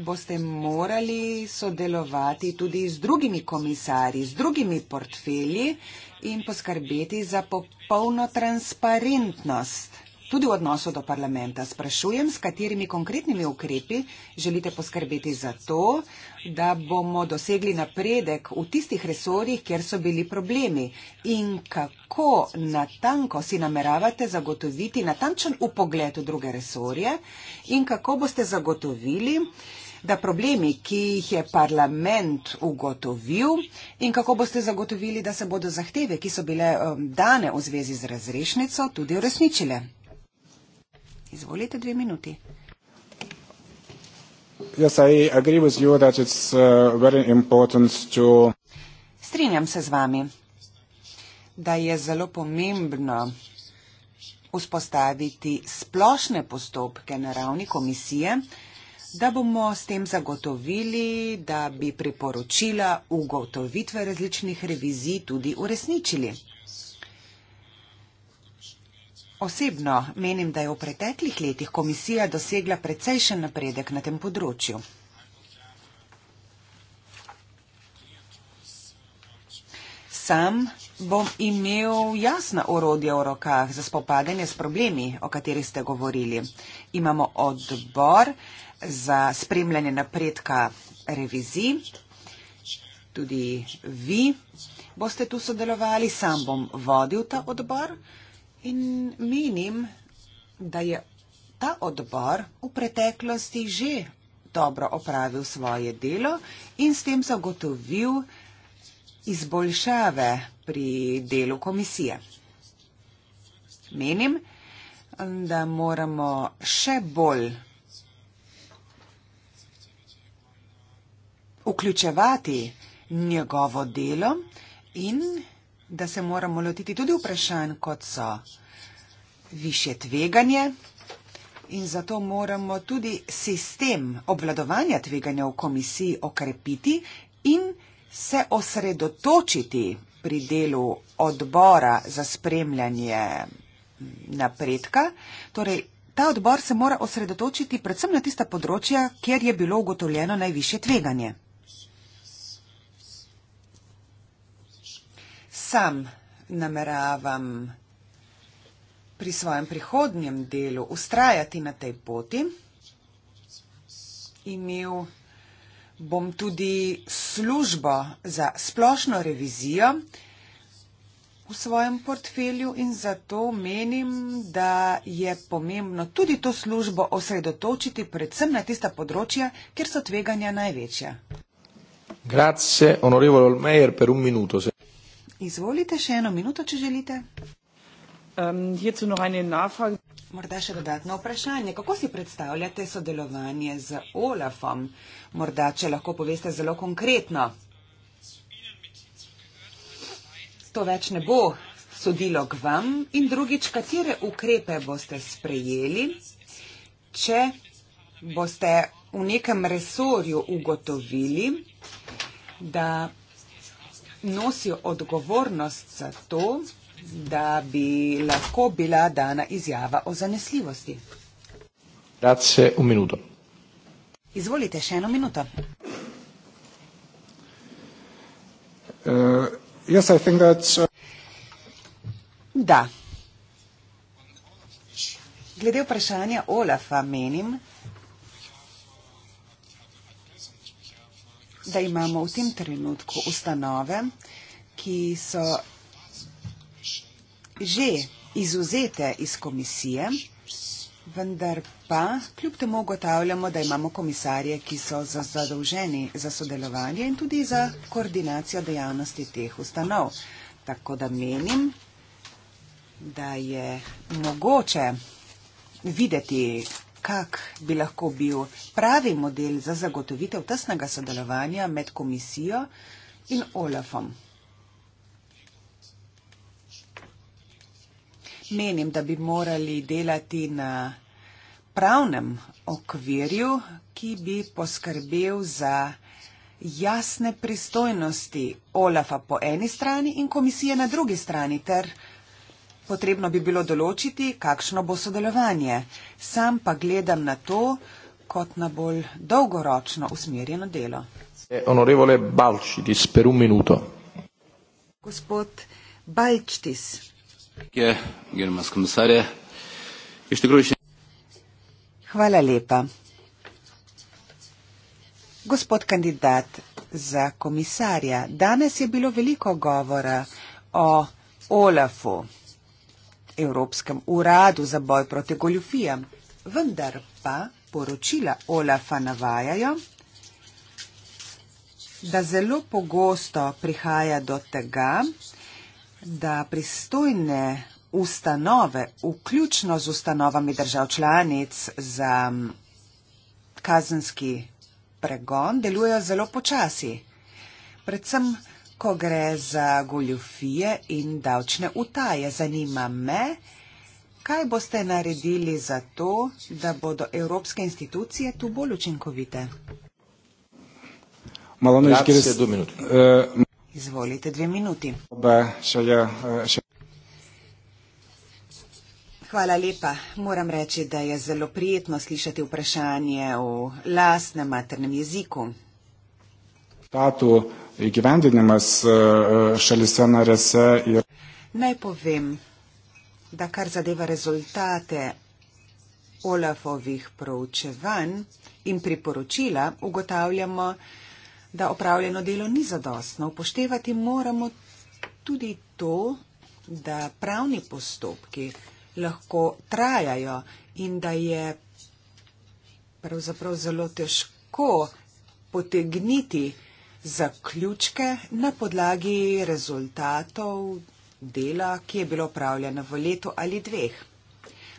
Speaker 3: boste morali sodelovati tudi z drugimi komisarji, z drugimi portfelji in poskrbeti za popolno transparentnost. Tudi v odnosu do parlamenta sprašujem, s katerimi konkretnimi ukrepi želite poskrbeti za to, da bomo dosegli napredek v tistih resorjih, kjer so bili problemi in kako natanko si nameravate zagotoviti natančen upogled v druge resorje in kako boste zagotovili, da problemi, ki jih je parlament ugotovil in kako boste zagotovili, da se bodo zahteve, ki so bile um, dane v zvezi z razrešnico, tudi uresničile. Izvolite dve minuti.
Speaker 4: Yes, you, uh,
Speaker 3: Strinjam se z vami, da je zelo pomembno vzpostaviti splošne postopke na ravni komisije, da bomo s tem zagotovili, da bi priporočila ugotovitve različnih revizij tudi uresničili. Osebno menim, da je v preteklih letih komisija dosegla precejšen napredek na tem področju. Sam bom imel jasna orodja v rokah za spopadanje s problemi, o katerih ste govorili. Imamo odbor, za spremljanje napredka revizij. Tudi vi boste tu sodelovali, sam bom vodil ta odbor in menim, da je ta odbor v preteklosti že dobro opravil svoje delo in s tem zagotovil izboljšave pri delu komisije. Menim, da moramo še bolj vključevati njegovo delo in da se moramo lotiti tudi vprašanj, kot so više tveganje in zato moramo tudi sistem obvladovanja tveganja v komisiji okrepiti in se osredotočiti pri delu odbora za spremljanje napredka. Torej, ta odbor se mora osredotočiti predvsem na tista področja, kjer je bilo ugotovljeno najviše tveganje. sam nameravam pri svojem prihodnjem delu ustrajati na tej poti. Imel bom tudi službo za splošno revizijo v svojem portfelju in zato menim, da je pomembno tudi to službo osredotočiti predvsem na tista področja, kjer so tveganja največja.
Speaker 1: Grazie, onorevole Olmeier, per un minuto.
Speaker 3: Izvolite še eno minuto, če želite. Ehm, Morda še dodatno vprašanje. Kako si predstavljate sodelovanje z Olafom? Morda, če lahko poveste zelo konkretno. To več ne bo sodilo k vam. In drugič, katere ukrepe boste sprejeli, če boste v nekem resorju ugotovili, da nosijo odgovornost za to, da bi lahko bila dana izjava o zanesljivosti.
Speaker 1: Grazie, un minuto.
Speaker 3: Izvolite še eno minuto.
Speaker 1: Uh, yes, I think that's, uh...
Speaker 3: Da. Glede vprašanja Olafa menim, da imamo v tem trenutku ustanove, ki so že izuzete iz komisije, vendar pa kljub temu ugotavljamo, da imamo komisarje, ki so zadolženi za sodelovanje in tudi za koordinacijo dejavnosti teh ustanov. Tako da menim, da je mogoče videti kak bi lahko bil pravi model za zagotovitev tesnega sodelovanja med komisijo in OLAFom. Menim, da bi morali delati na pravnem okvirju, ki bi poskrbel za jasne pristojnosti OLAFa po eni strani in komisije na drugi strani ter Potrebno bi bilo določiti, kakšno bo sodelovanje. Sam pa gledam na to kot na bolj dolgoročno usmerjeno delo.
Speaker 1: Eh, onorevole Balčitis, per un minuto.
Speaker 3: Gospod Balčitis. Hvala lepa. Gospod kandidat za komisarja, danes je bilo veliko govora o Olafu. Evropskem uradu za boj proti goljufijam. Vendar pa poročila Olafa navajajo, da zelo pogosto prihaja do tega, da pristojne ustanove, vključno z ustanovami držav članic za kazenski pregon, delujejo zelo počasi. Predvsem ko gre za goljofije in davčne utaje. Zanima me, kaj boste naredili za to, da bodo evropske institucije tu bolj učinkovite?
Speaker 4: Malo ne izkiriš dve minuti. Eh, Izvolite dve minuti. Eh,
Speaker 3: Hvala lepa. Moram reči, da je zelo prijetno slišati vprašanje v lastnem maternem jeziku
Speaker 4: įgyvendinimas e, e, šalise narėse. Ir...
Speaker 3: Najpovim, da kar zadeva rezultate Olafovih proučevanj in priporočila, ugotavljamo, da opravljeno delo ni zadostno. Upoštevati moramo tudi to, da pravni postopki lahko trajajo in da je pravzaprav zelo težko potegniti zaključke na podlagi rezultatov dela, ki je bilo opravljeno v letu ali dveh.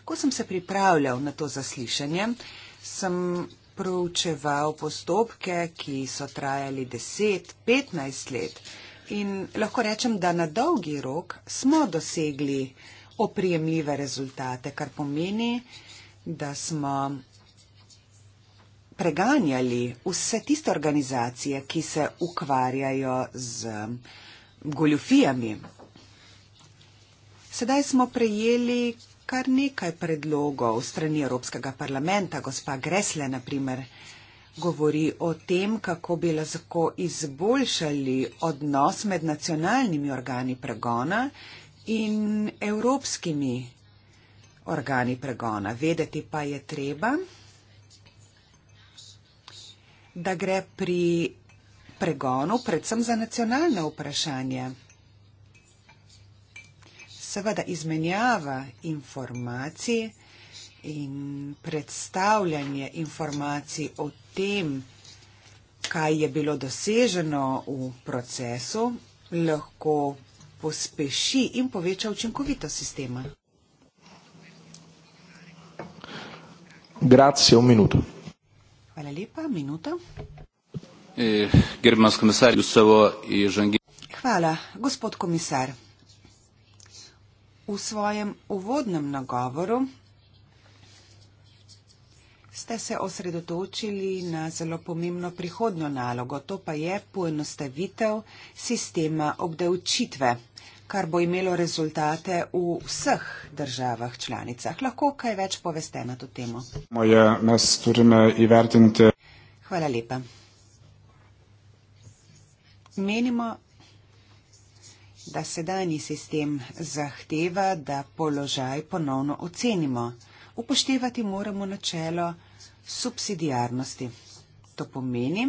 Speaker 3: Ko sem se pripravljal na to zaslišanje, sem proučeval postopke, ki so trajali 10-15 let in lahko rečem, da na dolgi rok smo dosegli oprijemljive rezultate, kar pomeni, da smo preganjali vse tiste organizacije, ki se ukvarjajo z um, goljufijami. Sedaj smo prejeli kar nekaj predlogov strani Evropskega parlamenta. Gospa Gresle, na primer, govori o tem, kako bi lahko izboljšali odnos med nacionalnimi organi pregona in evropskimi organi pregona. Vedeti pa je treba, da gre pri pregonu predvsem za nacionalne vprašanje. Seveda izmenjava informacij in predstavljanje informacij o tem, kaj je bilo doseženo v procesu, lahko pospeši in poveča učinkovitost sistema.
Speaker 1: Grazie, un minuto.
Speaker 3: Hvala lepa. Minuta. E, Hvala. Gospod komisar, v svojem uvodnem nagovoru ste se osredotočili na zelo pomembno prihodnjo nalogo, to pa je poenostavitev sistema obdavčitve kar bo imelo rezultate v vseh državah članicah. Lahko kaj več poveste na to temo?
Speaker 4: Moje nas turime i vertinite.
Speaker 3: Hvala lepa. Menimo, da sedajni sistem zahteva, da položaj ponovno ocenimo. Upoštevati moramo načelo subsidijarnosti. To pomeni,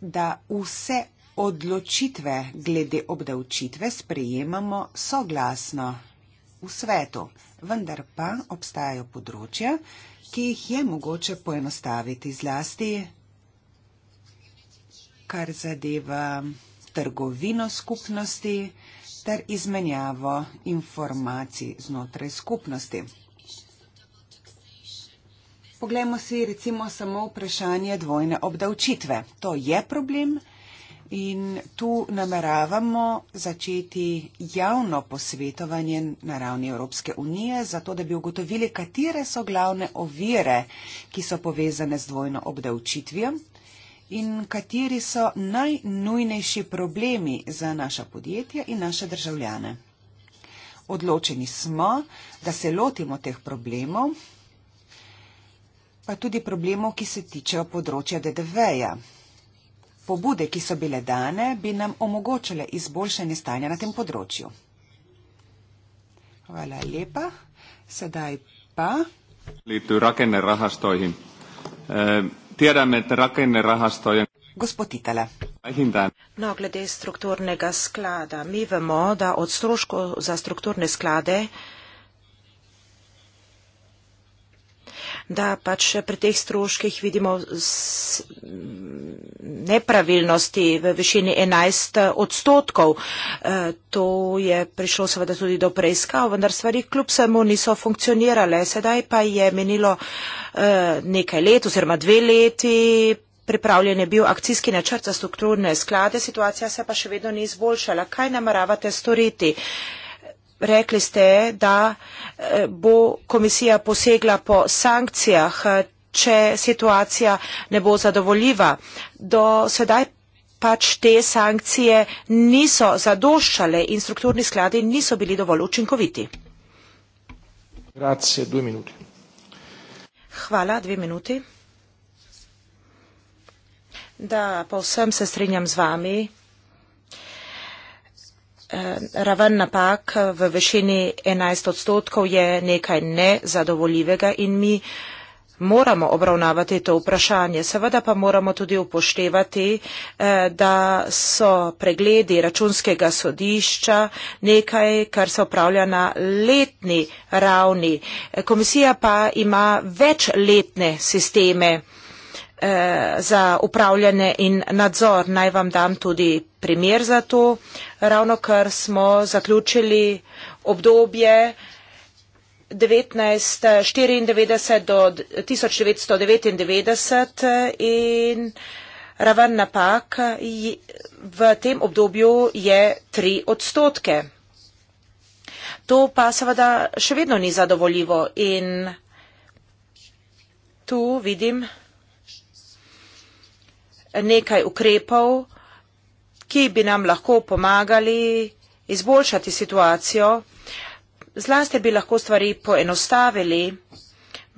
Speaker 3: da vse odločitve glede obdavčitve sprejemamo soglasno v svetu, vendar pa obstajajo področja, ki jih je mogoče poenostaviti zlasti, kar zadeva trgovino skupnosti ter izmenjavo informacij znotraj skupnosti. Poglejmo si recimo samo vprašanje dvojne obdavčitve. To je problem, ki je problem. In tu nameravamo začeti javno posvetovanje na ravni Evropske unije, zato da bi ugotovili, katere so glavne ovire, ki so povezane z dvojno obdavčitvijo in kateri so najnujnejši problemi za naša podjetja in naše državljane. Odločeni smo, da se lotimo teh problemov, pa tudi problemov, ki se tičejo področja DDV-ja. Pobude, ki so bile dane, bi nam omogočile izboljšanje stanja na tem področju. Hvala lepa. Sedaj pa.
Speaker 2: Liti rakene raha stoji. Tjera med rakene raha stoji.
Speaker 3: Gospod Itala.
Speaker 5: No, glede strukturnega sklada. Mi vemo, da od stroškov za strukturne sklade. da pač pri teh stroških vidimo nepravilnosti v višini 11 odstotkov. E, to je prišlo seveda tudi do preiskav, vendar stvari kljub samo niso funkcionirale. Sedaj pa je menilo e, nekaj let oziroma dve leti. Pripravljen je bil akcijski načrt za strukturne sklade, situacija se pa še vedno ni izboljšala. Kaj nameravate storiti? rekli ste, da eh, bo komisija posegla po sankcijah, če situacija ne bo zadovoljiva. Do sedaj pač te sankcije niso zadoščale in strukturni skladi niso bili dovolj učinkoviti.
Speaker 1: Grazie, dve minuti.
Speaker 5: Hvala, dve minuti. Da, povsem se strinjam z vami. Eh, raven napak eh, v višini 11 odstotkov je nekaj nezadovoljivega in mi moramo obravnavati to vprašanje. Seveda pa moramo tudi upoštevati, eh, da so pregledi računskega sodišča nekaj, kar se upravlja na letni ravni. Komisija pa ima večletne sisteme za upravljanje in nadzor. Naj vam dam tudi primer za to. Ravno kar smo zaključili obdobje 1994 do 1999 in raven napak v tem obdobju je 3 odstotke. To pa seveda še vedno ni zadovoljivo in tu vidim nekaj ukrepov, ki bi nam lahko pomagali izboljšati situacijo. Zlasti bi lahko stvari poenostavili.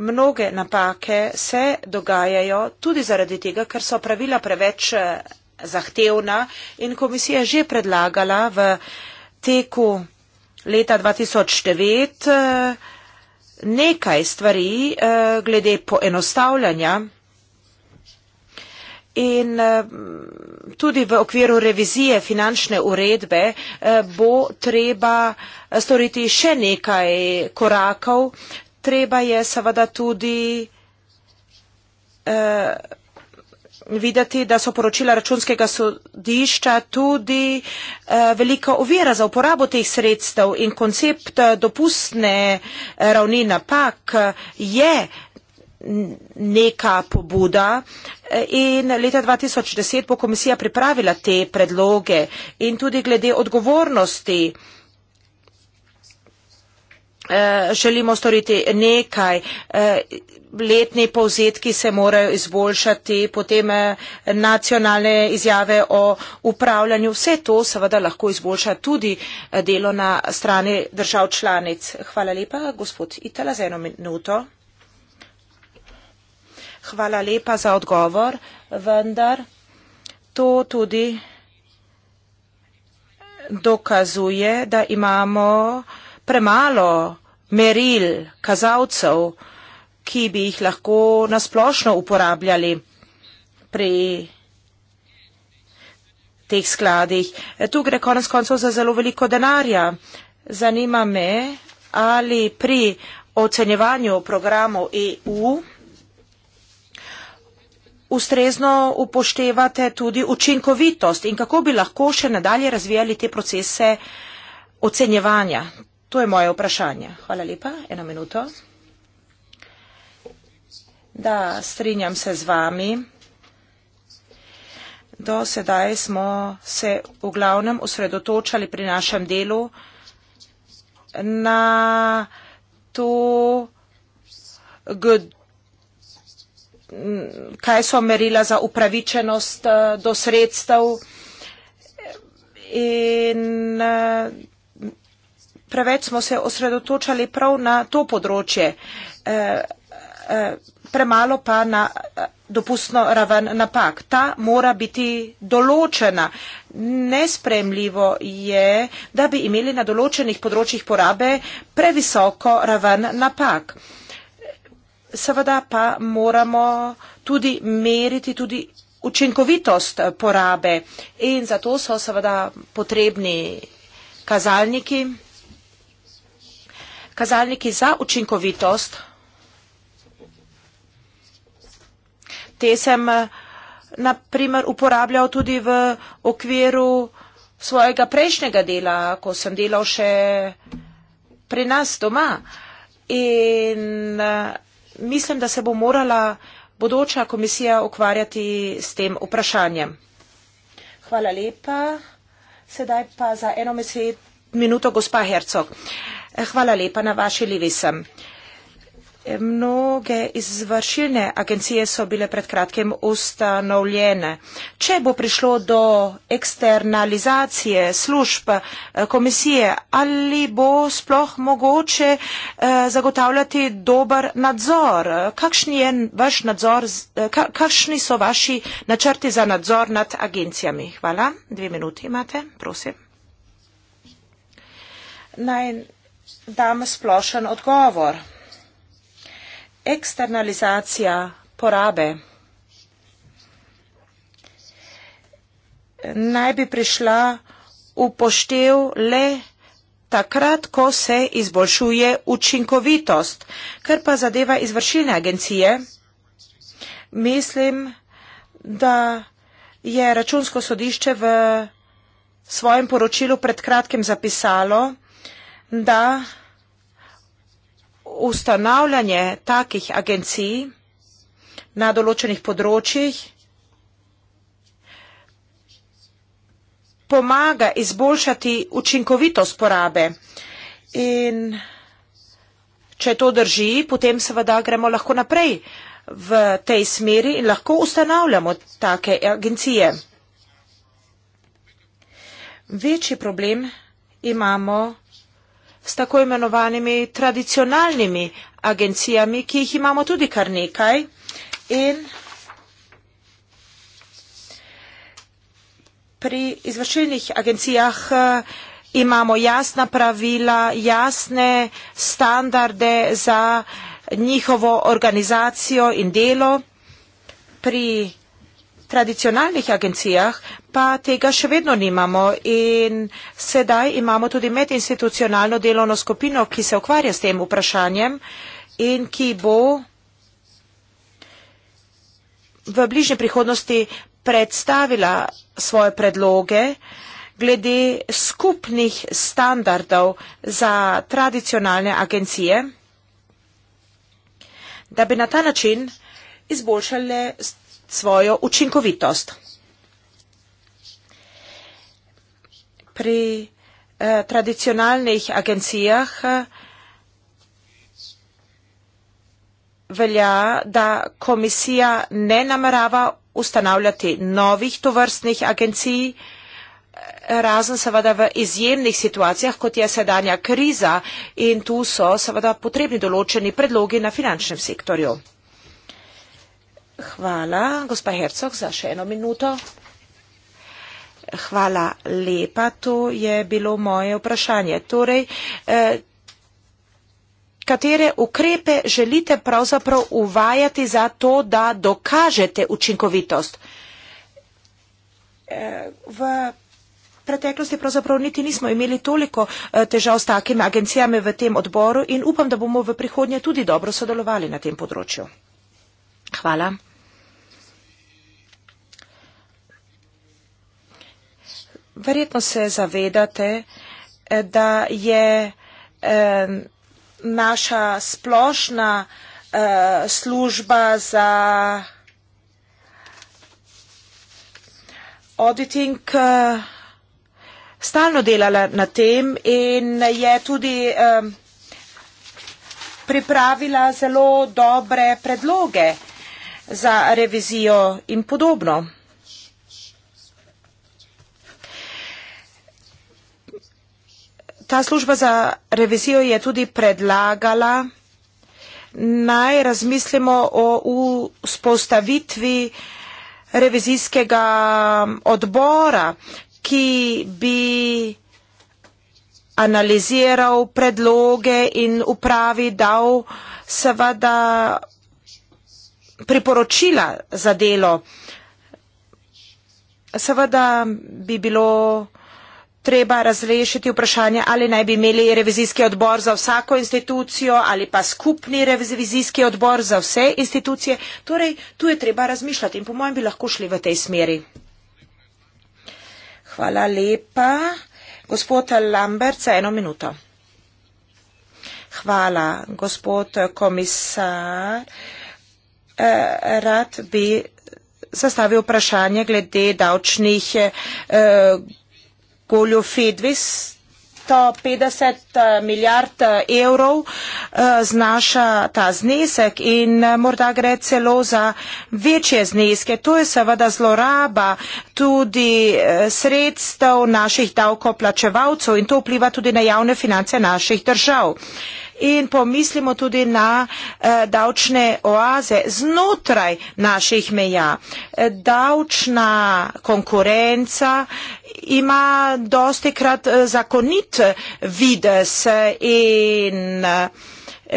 Speaker 5: Mnoge napake se dogajajo tudi zaradi tega, ker so pravila preveč eh, zahtevna in komisija je že predlagala v teku leta 2009 eh, nekaj stvari eh, glede poenostavljanja In eh, tudi v okviru revizije finančne uredbe eh, bo treba eh, storiti še nekaj korakov. Treba je seveda tudi videti, da so poročila računskega sodišča tudi velika ovira za uporabo teh sredstev in koncept dopustne ravni napak je neka pobuda in leta 2010 bo komisija pripravila te predloge in tudi glede odgovornosti eh, želimo storiti nekaj. Eh, letni povzetki se morajo izboljšati, potem eh, nacionalne izjave o upravljanju. Vse to seveda lahko izboljša tudi delo na strani držav članic. Hvala lepa, gospod Itala, za eno minuto. Hvala lepa za odgovor, vendar to tudi dokazuje, da imamo premalo meril, kazalcev, ki bi jih lahko nasplošno uporabljali pri teh skladih. Tu gre konec koncev za zelo veliko denarja. Zanima me, ali pri ocenjevanju programov EU ustrezno upoštevate tudi učinkovitost in kako bi lahko še nadalje razvijali te procese ocenjevanja? To je moje vprašanje. Hvala lepa. Eno minuto. Da, strinjam se z vami. Do sedaj smo se v glavnem osredotočali pri našem delu na to, kdo kaj so merila za upravičenost eh, do sredstev. In eh, preveč smo se osredotočali prav na to področje, eh, premalo pa na dopustno raven napak. Ta mora biti določena. Nespremljivo je, da bi imeli na določenih področjih porabe previsoko raven napak seveda pa moramo tudi meriti tudi učinkovitost porabe in zato so seveda potrebni kazalniki, kazalniki za učinkovitost. Te sem naprimer uporabljal tudi v okviru svojega prejšnjega dela, ko sem delal še pri nas doma. In mislim, da se bo morala bodoča komisija ukvarjati s tem vprašanjem. Hvala lepa. Sedaj pa za eno minuto gospa Hercog. Hvala lepa na vaši levi sem. Uh, Mnoge izvršilne agencije so bile pred kratkim ustanovljene. Če bo prišlo do eksternalizacije služb eh, komisije, ali bo sploh mogoče eh, zagotavljati dober nadzor? Kakšni, vaš nadzor, eh, kakšni so vaši načrti za nadzor nad agencijami? Hvala. Dve minuti imate, prosim. Naj dam splošen odgovor eksternalizacija porabe naj bi prišla upoštev le takrat, ko se izboljšuje učinkovitost. Ker pa zadeva izvršilne agencije, mislim, da je računsko sodišče v svojem poročilu pred kratkim zapisalo, da ustanavljanje takih agencij na določenih področjih pomaga izboljšati učinkovitost porabe. In če to drži, potem seveda gremo lahko naprej v tej smeri in lahko ustanavljamo take agencije. Večji problem imamo s tako imenovanimi tradicionalnimi agencijami, ki jih imamo tudi kar nekaj. In pri izvršilnih agencijah eh, imamo jasna pravila, jasne standarde za njihovo organizacijo in delo. Pri tradicionalnih agencijah pa tega še vedno nimamo in sedaj imamo tudi medinstitucionalno delovno skupino, ki se ukvarja s tem vprašanjem in ki bo v bližnji prihodnosti predstavila svoje predloge glede skupnih standardov za tradicionalne agencije, da bi na ta način izboljšale standarde svojo učinkovitost. Pri eh, tradicionalnih agencijah eh, velja, da komisija ne namerava ustanavljati novih tovrstnih agencij, eh, razen seveda v izjemnih situacijah, kot je sedanja kriza in tu so seveda potrebni določeni predlogi na finančnem sektorju. Hvala, gospa Hercog, za še eno minuto. Hvala lepa, to je bilo moje vprašanje. Torej, eh, katere ukrepe želite pravzaprav uvajati za to, da dokažete učinkovitost? Eh, v preteklosti pravzaprav niti nismo imeli toliko eh, težav s takimi agencijami v tem odboru in upam, da bomo v prihodnje tudi dobro sodelovali na tem področju. Hvala. Verjetno se zavedate, eh, da je naša splošna eh, služba za auditing eh, stalno delala na tem in je tudi pripravila zelo dobre predloge za revizijo in podobno. ta služba za revizijo je tudi predlagala, naj razmislimo o vzpostavitvi revizijskega odbora, ki bi analiziral predloge in upravi dal seveda priporočila za delo. Seveda bi bilo treba razrešiti vprašanje, ali naj bi imeli revizijski odbor za vsako institucijo ali pa skupni revizijski odbor za vse institucije. Torej, tu je treba razmišljati in po mojem bi lahko šli v tej smeri. Hvala lepa. Gospod Lambert, za eno minuto. Hvala, gospod komisar. Eh, rad bi zastavil vprašanje glede davčnih eh, portfolio FEDVIS. 150 eh, milijard eh, evrov eh, znaša ta znesek in morda gre celo za večje zneske. To je seveda zloraba tudi sredstev naših davkoplačevalcev in to vpliva tudi na javne finance naših držav in pomislimo tudi na eh, davčne oaze znotraj naših meja. Eh, davčna konkurenca ima dosti krat eh, zakonit vides in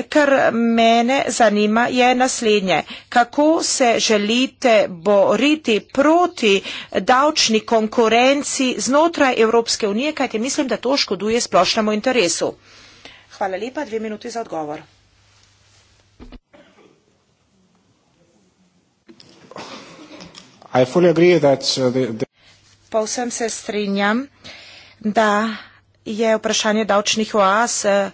Speaker 5: Kar mene zanima je naslednje, kako se želite boriti proti davčni konkurenci znotraj Evropske unije, kajti mislim, da to škoduje splošnemu interesu. Hvala lepa, dve minuti za odgovor. Uh, Povsem se strinjam, da je vprašanje davčnih oaz eh,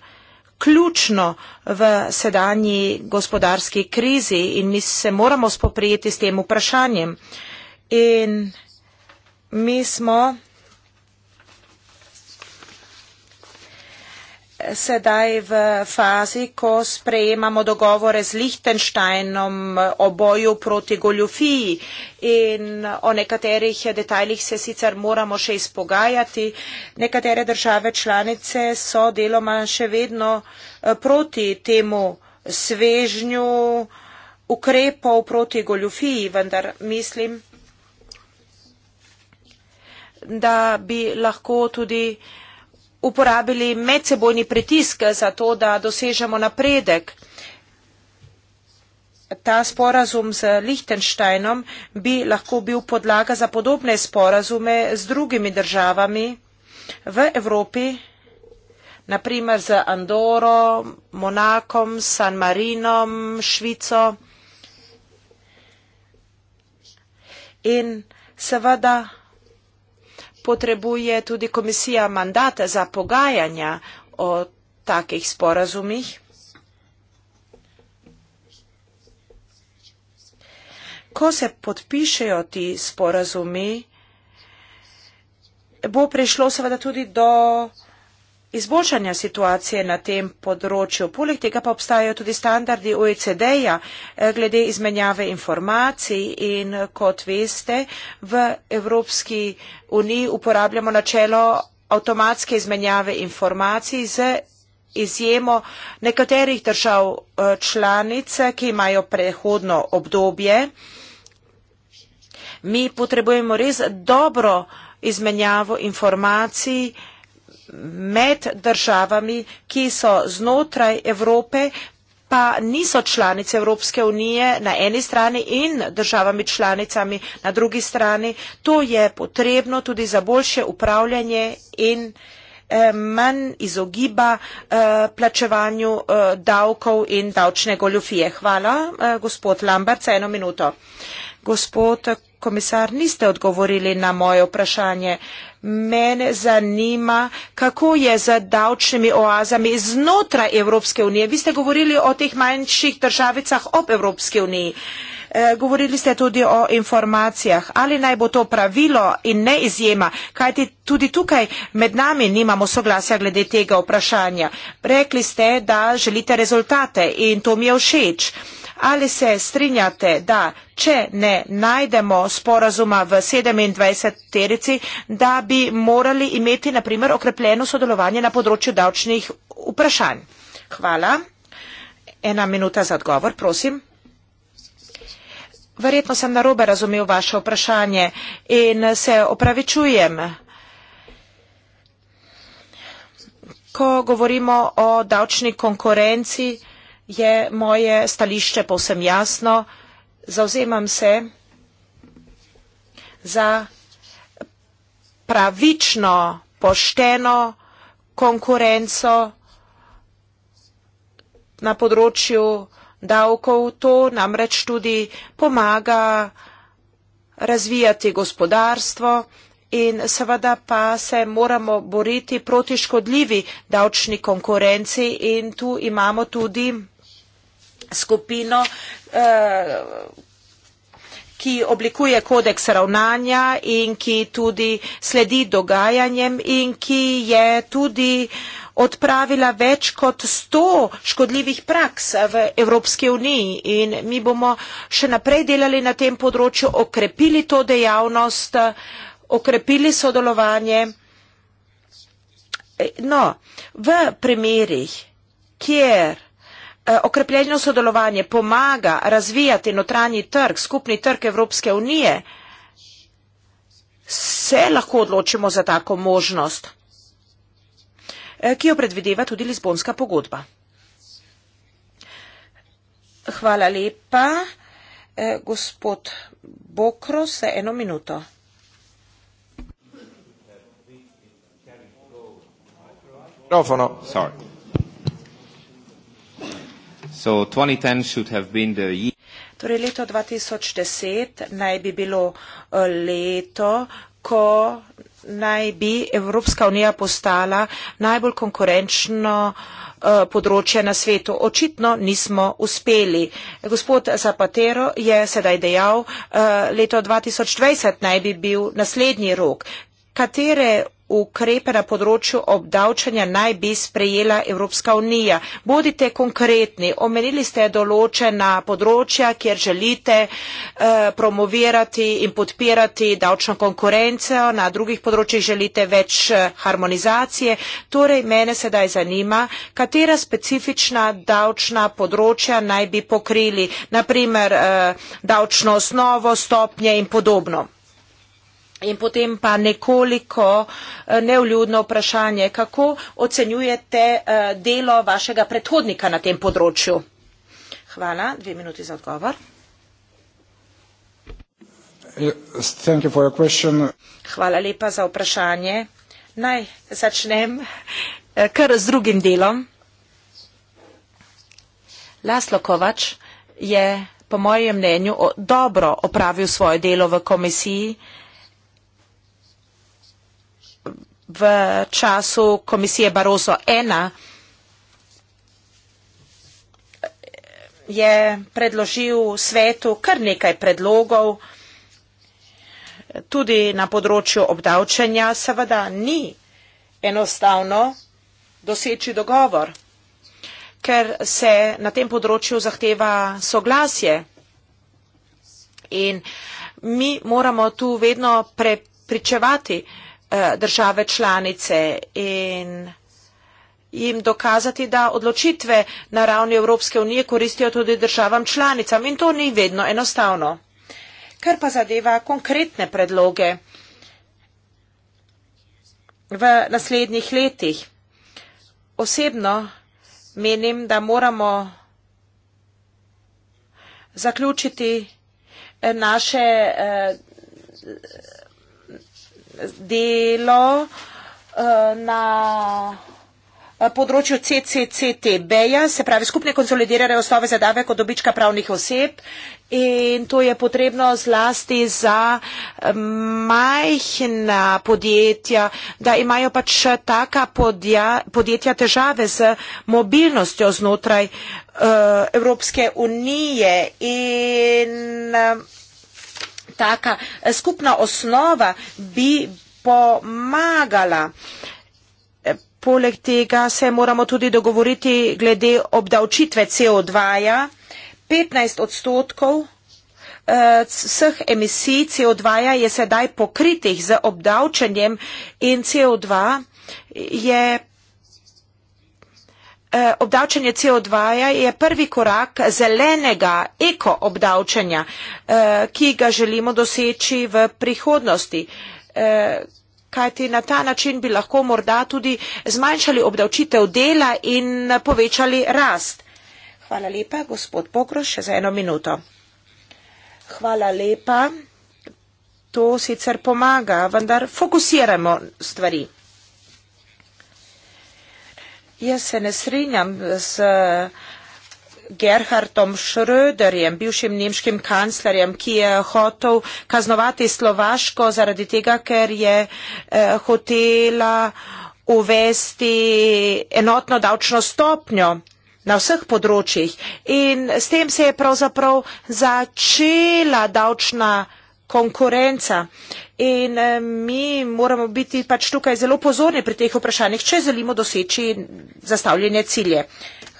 Speaker 5: ključno v sedanji gospodarski krizi in mi se moramo spoprijeti s tem vprašanjem. In mi smo sedaj v fazi, ko sprejemamo dogovore z Lichtensteinom o boju proti goljufiji in o nekaterih detaljih se sicer moramo še izpogajati. Nekatere države članice so deloma še vedno eh, proti temu svežnju ukrepov proti goljufiji, vendar mislim, da bi lahko tudi uporabili medsebojni pritisk za to, da dosežemo napredek. Ta sporazum z Lichtensteinom bi lahko bil podlaga za podobne sporazume z drugimi državami v Evropi, naprimer z Andoro, Monakom, San Marinom, Švico. In seveda potrebuje tudi komisija mandata za pogajanja o takih sporazumih. Ko se podpišejo ti sporazumi, bo prišlo seveda tudi do izboljšanja situacije na tem področju. Poleg tega pa obstajajo tudi standardi OECD-ja eh, glede izmenjave informacij in eh, kot veste, v Evropski uniji uporabljamo načelo avtomatske izmenjave informacij z izjemo nekaterih držav eh, članic, ki imajo prehodno obdobje. Mi potrebujemo res dobro izmenjavo informacij, med državami, ki so znotraj Evrope, pa niso članice Evropske unije na eni strani in državami članicami na drugi strani. To je potrebno tudi za boljše upravljanje in eh, manj izogiba eh, plačevanju eh, davkov in davčne goljofije. Hvala, gospod Lambert, za eno minuto. Gospod komisar, niste odgovorili na moje vprašanje. Mene zanima, kako je z davčnimi oazami znotraj Evropske unije. Vi ste govorili o teh manjših državicah ob Evropske uniji. E, govorili ste tudi o informacijah. Ali naj bo to pravilo in ne izjema, kajti tudi tukaj med nami nimamo soglasja glede tega vprašanja. Rekli ste, da želite rezultate in to mi je všeč ali se strinjate, da če ne najdemo sporazuma v 27 terici, da bi morali imeti, na primer, okrepljeno sodelovanje na področju davčnih vprašanj? Hvala. Ena minuta za odgovor, prosim. Verjetno sem narobe razumel vaše vprašanje in se opravičujem. Ko govorimo o davčni konkurenci, je moje stališče povsem jasno. Zauzemam se za pravično, pošteno konkurenco na področju davkov. To namreč tudi pomaga razvijati gospodarstvo in seveda pa se moramo boriti proti škodljivi davčni konkurenci in tu imamo tudi skupino, eh, ki oblikuje kodeks ravnanja in ki tudi sledi dogajanjem in ki je tudi odpravila več kot sto škodljivih praks v Evropski uniji in mi bomo še naprej delali na tem področju, okrepili to dejavnost, okrepili sodelovanje. Eh, no, v primerih, kjer Eh, okrepljeno sodelovanje pomaga razvijati notranji trg, skupni trg Evropske unije, se lahko odločimo za tako možnost, eh, ki jo predvideva tudi Lizbonska pogodba. Hvala lepa, eh, gospod Bokro, se eno minuto.
Speaker 1: Mikrofono, sorry.
Speaker 5: Torej leto 2010 naj bi bilo eh, leto, ko naj bi Evropska unija postala najbolj konkurenčno eh, področje na svetu. Očitno nismo uspeli. Gospod Zapatero je sedaj dejal, eh, leto 2020 naj bi bil naslednji rok. Katere ukrepe na področju obdavčanja naj bi sprejela Evropska unija. Bodite konkretni, omenili ste določena področja, kjer želite eh, promovirati in podpirati davčno konkurenco, na drugih področjih želite več eh, harmonizacije. Torej, mene sedaj zanima, katera specifična davčna področja naj bi pokrili, naprimer eh, davčno osnovo, stopnje in podobno. In potem pa nekoliko eh, neuljudno vprašanje, kako ocenjujete eh, delo vašega predhodnika na tem področju? Hvala, dve minuti za odgovor.
Speaker 4: Eh,
Speaker 5: Hvala lepa za vprašanje. Naj začnem kar z drugim delom. Laslo Kovač je po mojem mnenju dobro opravil svoje delo v komisiji. v času komisije Barozo I je predložil svetu kar nekaj predlogov, tudi na področju obdavčenja, seveda ni enostavno doseči dogovor, ker se na tem področju zahteva soglasje. In mi moramo tu vedno prepričevati, Eh, države članice in jim dokazati, da odločitve na ravni Evropske unije koristijo tudi državam članicam in to ni vedno enostavno. Ker pa zadeva konkretne predloge v naslednjih letih. Osebno menim, da moramo zaključiti naše eh, delo eh, na eh, področju CCCTB-ja, se pravi skupne konsolidirane osnove za davek od dobička pravnih oseb in to je potrebno zlasti za eh, majhna podjetja, da imajo pač taka podja, podjetja težave z mobilnostjo znotraj uh, Evropske unije in uh, taka eh, skupna osnova bi pomagala. Eh, poleg tega se moramo tudi dogovoriti glede obdavčitve CO2-ja. 15 odstotkov eh, vseh emisij CO2-ja je sedaj pokritih z obdavčenjem in CO2 je Eh, obdavčenje CO2 je prvi korak zelenega eko obdavčenja, eh, ki ga želimo doseči v prihodnosti. Eh, kajti na ta način bi lahko morda tudi zmanjšali obdavčitev dela in povečali rast. Hvala lepa, gospod Pokroš, še za eno minuto. Hvala lepa. To sicer pomaga, vendar fokusiramo stvari. Jaz se ne strinjam z eh, Gerhardom Schröderjem, bivšim nemškim kanclerjem, ki je hotel kaznovati Slovaško zaradi tega, ker je eh, hotela uvesti enotno davčno stopnjo na vseh področjih. In s tem se je pravzaprav začela davčna konkurenca in eh, mi moramo biti pač tukaj zelo pozorni pri teh vprašanjih, če želimo doseči zastavljene cilje.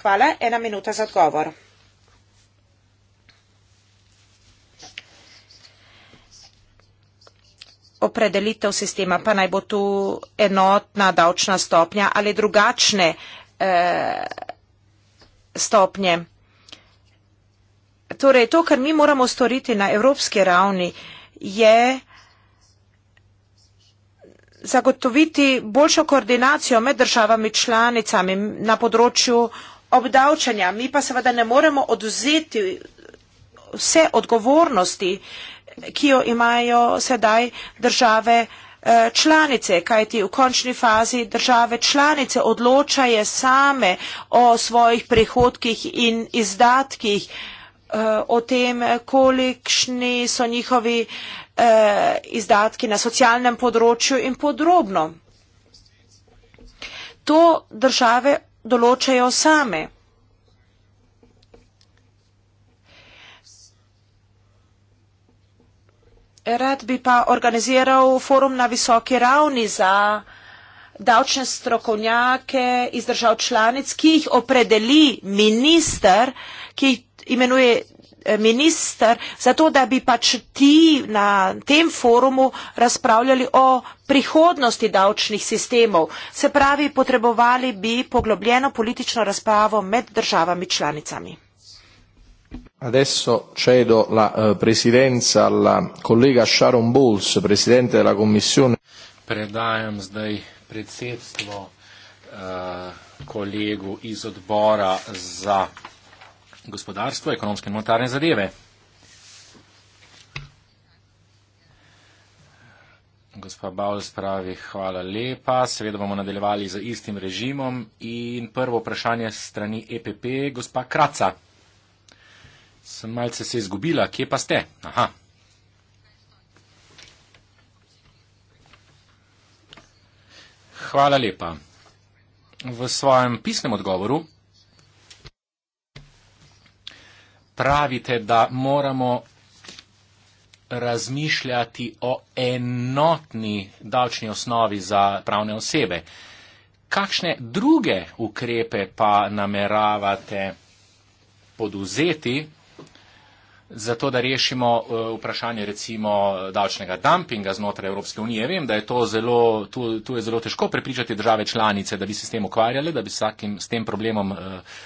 Speaker 5: Hvala, ena minuta za odgovor. Opredelitev sistema pa naj bo tu enotna davčna stopnja ali drugačne eh, stopnje. Torej, to, kar mi moramo storiti na evropski ravni, je eh, zagotoviti boljšo koordinacijo med državami članicami na področju obdavčanja. Mi pa seveda ne moremo oduzeti vse odgovornosti, ki jo imajo sedaj države eh, članice, kajti v končni fazi države članice odločajo same o svojih prihodkih in izdatkih, eh, o tem, kolikšni so njihovi uh, eh, izdatki na socialnem področju in podrobno. To države določajo same. Rad bi pa organiziral forum na visoki ravni za davčne strokovnjake iz držav članic, ki jih opredeli minister, ki imenuje Eh, minister, zato da bi pač ti na tem forumu razpravljali o prihodnosti davčnih sistemov. Se pravi, potrebovali bi poglobljeno politično razpravo med državami članicami.
Speaker 1: Adesso cedo la eh, presidenza alla collega Sharon Bowles, presidente della Commissione. Predajam zdaj
Speaker 2: predsedstvo uh, kolegu iz odbora za gospodarstvo, ekonomske in monetarne zadeve. Gospa Bavls pravi, hvala lepa. Seveda bomo nadaljevali z istim režimom. In prvo vprašanje strani EPP, gospa Kraca. Sem malce se izgubila, kje pa ste? Aha. Hvala lepa. V svojem pisnem odgovoru pravite, da moramo razmišljati o enotni davčni osnovi za pravne osebe. Kakšne druge ukrepe pa nameravate poduzeti, zato da rešimo eh, vprašanje recimo davčnega dumpinga znotraj Evropske unije. Vem, da je to zelo, tu, tu je zelo težko prepričati države članice, da bi se s tem ukvarjale, da bi se vsakim s tem problemom uh,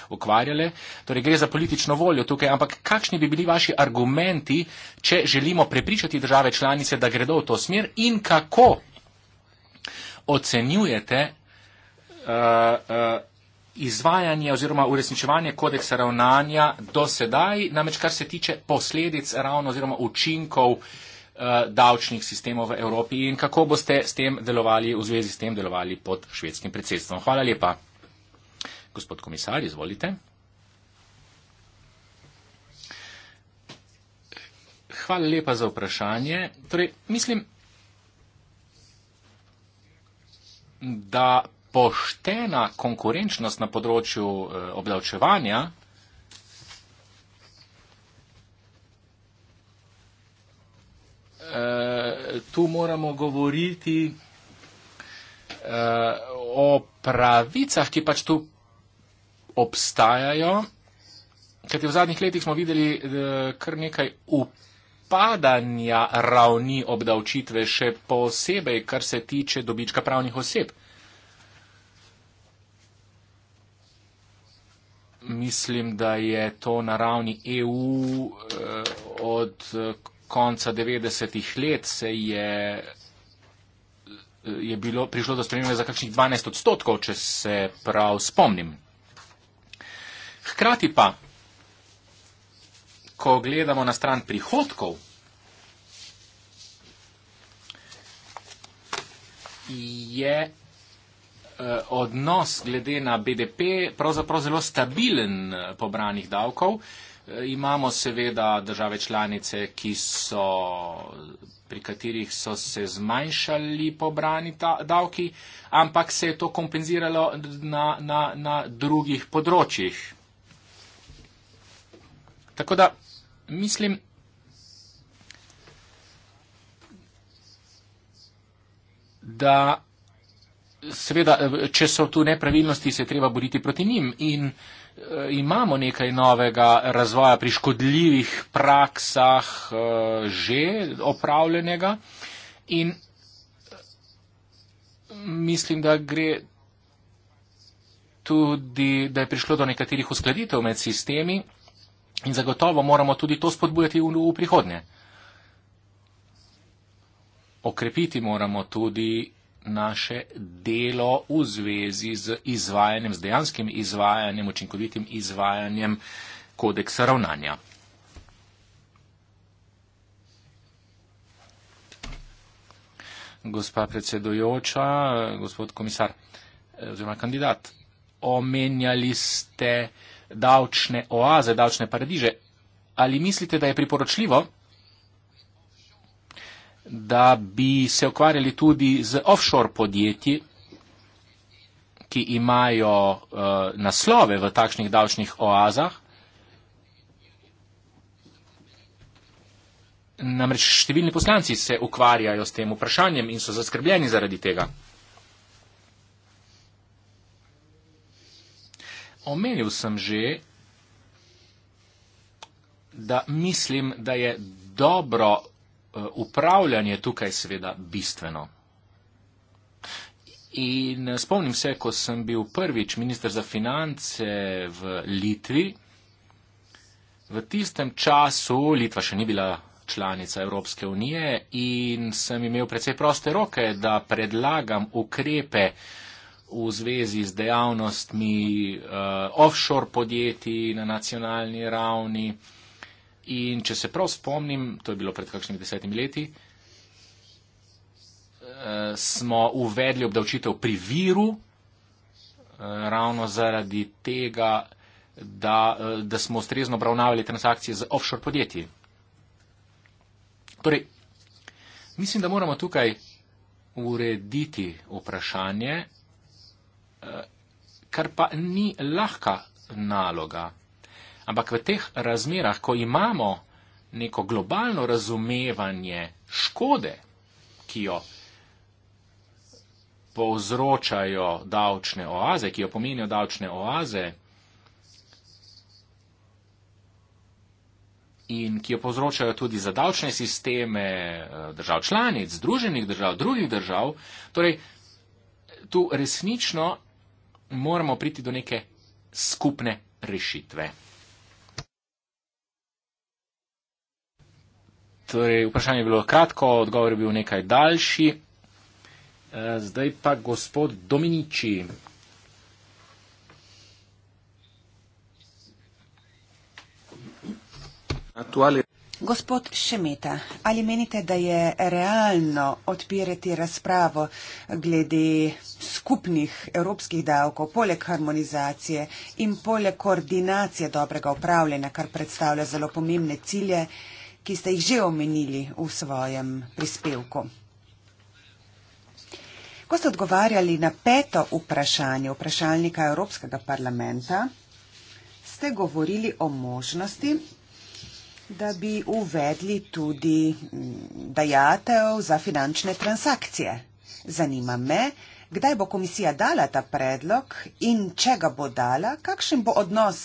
Speaker 2: ukvarjale. Torej gre za politično voljo tukaj, ampak kakšni bi bili vaši argumenti, če želimo prepričati države članice, da gredo v to smer in kako ocenjujete uh, uh, izvajanje oziroma uresničevanje kodeksa ravnanja do sedaj, namreč kar se tiče posledic ravno oziroma učinkov eh, davčnih sistemov v Evropi in kako boste s tem delovali, v zvezi s tem delovali pod švedskim predsedstvom. Hvala lepa. Gospod komisar, izvolite. Hvala lepa za vprašanje. Torej, mislim, da poštena konkurenčnost na področju eh, obdavčevanja, eh, tu moramo govoriti eh, o pravicah, ki pač tu obstajajo. Kajti v zadnjih letih smo videli kar nekaj upadanja ravni obdavčitve, še posebej, kar se tiče dobička pravnih oseb. mislim, da je to na ravni EU eh, od eh, konca 90-ih let se je, eh, je bilo, prišlo do spremembe za kakšnih 12 odstotkov, če se prav spomnim. Hkrati pa, ko gledamo na stran prihodkov, je Eh, odnos glede na BDP pravzaprav zelo stabilen eh, pobranih davkov. Eh, imamo seveda države članice, so, pri katerih so se zmanjšali pobrani ta, davki, ampak se je to kompenziralo na, na, na drugih področjih. Tako da mislim, da seveda, eh, če so tu nepravilnosti, se je treba boriti proti njim. In eh, imamo nekaj novega razvoja pri škodljivih praksah eh, že opravljenega. In mislim, da gre tudi, da je prišlo do nekaterih uskladitev med sistemi in zagotovo moramo tudi to spodbujati v, v prihodnje. Okrepiti moramo tudi naše delo v zvezi z izvajanjem, z dejanskim izvajanjem, učinkovitim izvajanjem kodeksa ravnanja. Gospa predsedujoča, gospod komisar eh, oziroma kandidat, omenjali ste davčne oaze, davčne paradiže. Ali mislite, da je priporočljivo, da bi se ukvarjali tudi z offshore podjetji, ki imajo uh, naslove v takšnih davčnih oazah. Namreč številni poslanci se ukvarjajo s tem vprašanjem in so zaskrbljeni zaradi tega. Omenil sem že, da mislim, da je dobro Eh, upravljanje tukaj seveda bistveno. In eh, spomnim se, ko sem bil prvič ministr za finance v Litvi, v tistem času Litva še ni bila članica Evropske unije in sem imel precej proste roke, da predlagam ukrepe v zvezi z dejavnostmi uh, offshore podjetij na nacionalni ravni. In če se prav spomnim, to je bilo pred kakšnimi desetimi leti, eh, smo uvedli obdavčitev pri viru, eh, ravno zaradi tega, da, eh, da smo ustrezno obravnavali transakcije z offshore podjetji. Torej, mislim, da moramo tukaj urediti vprašanje, kar pa ni lahka naloga. Ampak v teh razmerah, ko imamo neko globalno razumevanje škode, ki jo povzročajo davčne oaze, ki jo pomenijo davčne oaze in ki jo povzročajo tudi za davčne sisteme eh, držav članic, združenih držav, drugih držav, torej tu resnično moramo priti do neke skupne rešitve. Torej, vprašanje je bilo kratko, odgovor je bil nekaj daljši. E, zdaj pa gospod Dominiči.
Speaker 1: Atuali.
Speaker 3: Gospod Šemeta, ali menite, da je realno odpirati razpravo glede skupnih evropskih davkov, poleg harmonizacije in poleg koordinacije dobrega upravljanja, kar predstavlja zelo pomembne cilje? ki ste jih že omenili v svojem prispevku. Ko ste odgovarjali na peto vprašanje vprašalnika Evropskega parlamenta, ste govorili o možnosti, da bi uvedli tudi mm, dajatev za finančne transakcije. Zanima me, kdaj bo komisija dala ta predlog in če ga bo dala, kakšen bo odnos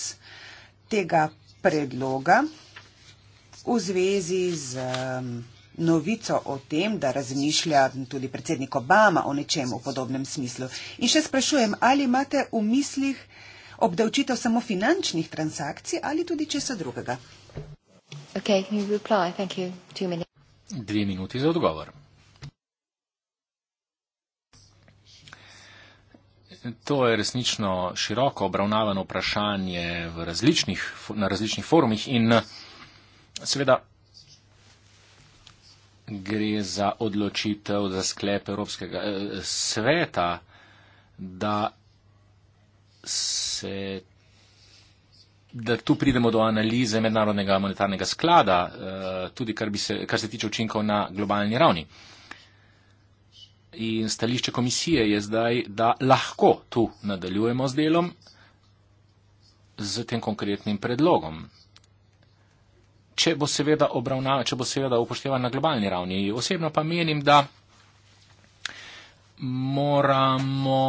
Speaker 3: tega predloga v zvezi z um, novico o tem, da razmišlja tudi predsednik Obama o nečem v podobnem smislu. In še sprašujem, ali imate v mislih obdavčitev samo finančnih transakcij
Speaker 2: ali tudi česa drugega? Okay, Dve minuti za odgovor. To je resnično široko obravnavano vprašanje različnih, na različnih forumih in Seveda gre za odločitev, za sklep Evropskega eh, sveta, da se da tu pridemo do analize mednarodnega monetarnega sklada, eh, tudi kar, se, kar se tiče učinkov na globalni ravni. In stališče komisije je zdaj, da lahko tu nadaljujemo z delom, z tem konkretnim predlogom če bo seveda obravnava, če bo seveda upoštevana na globalni ravni. Osebno pa menim, da moramo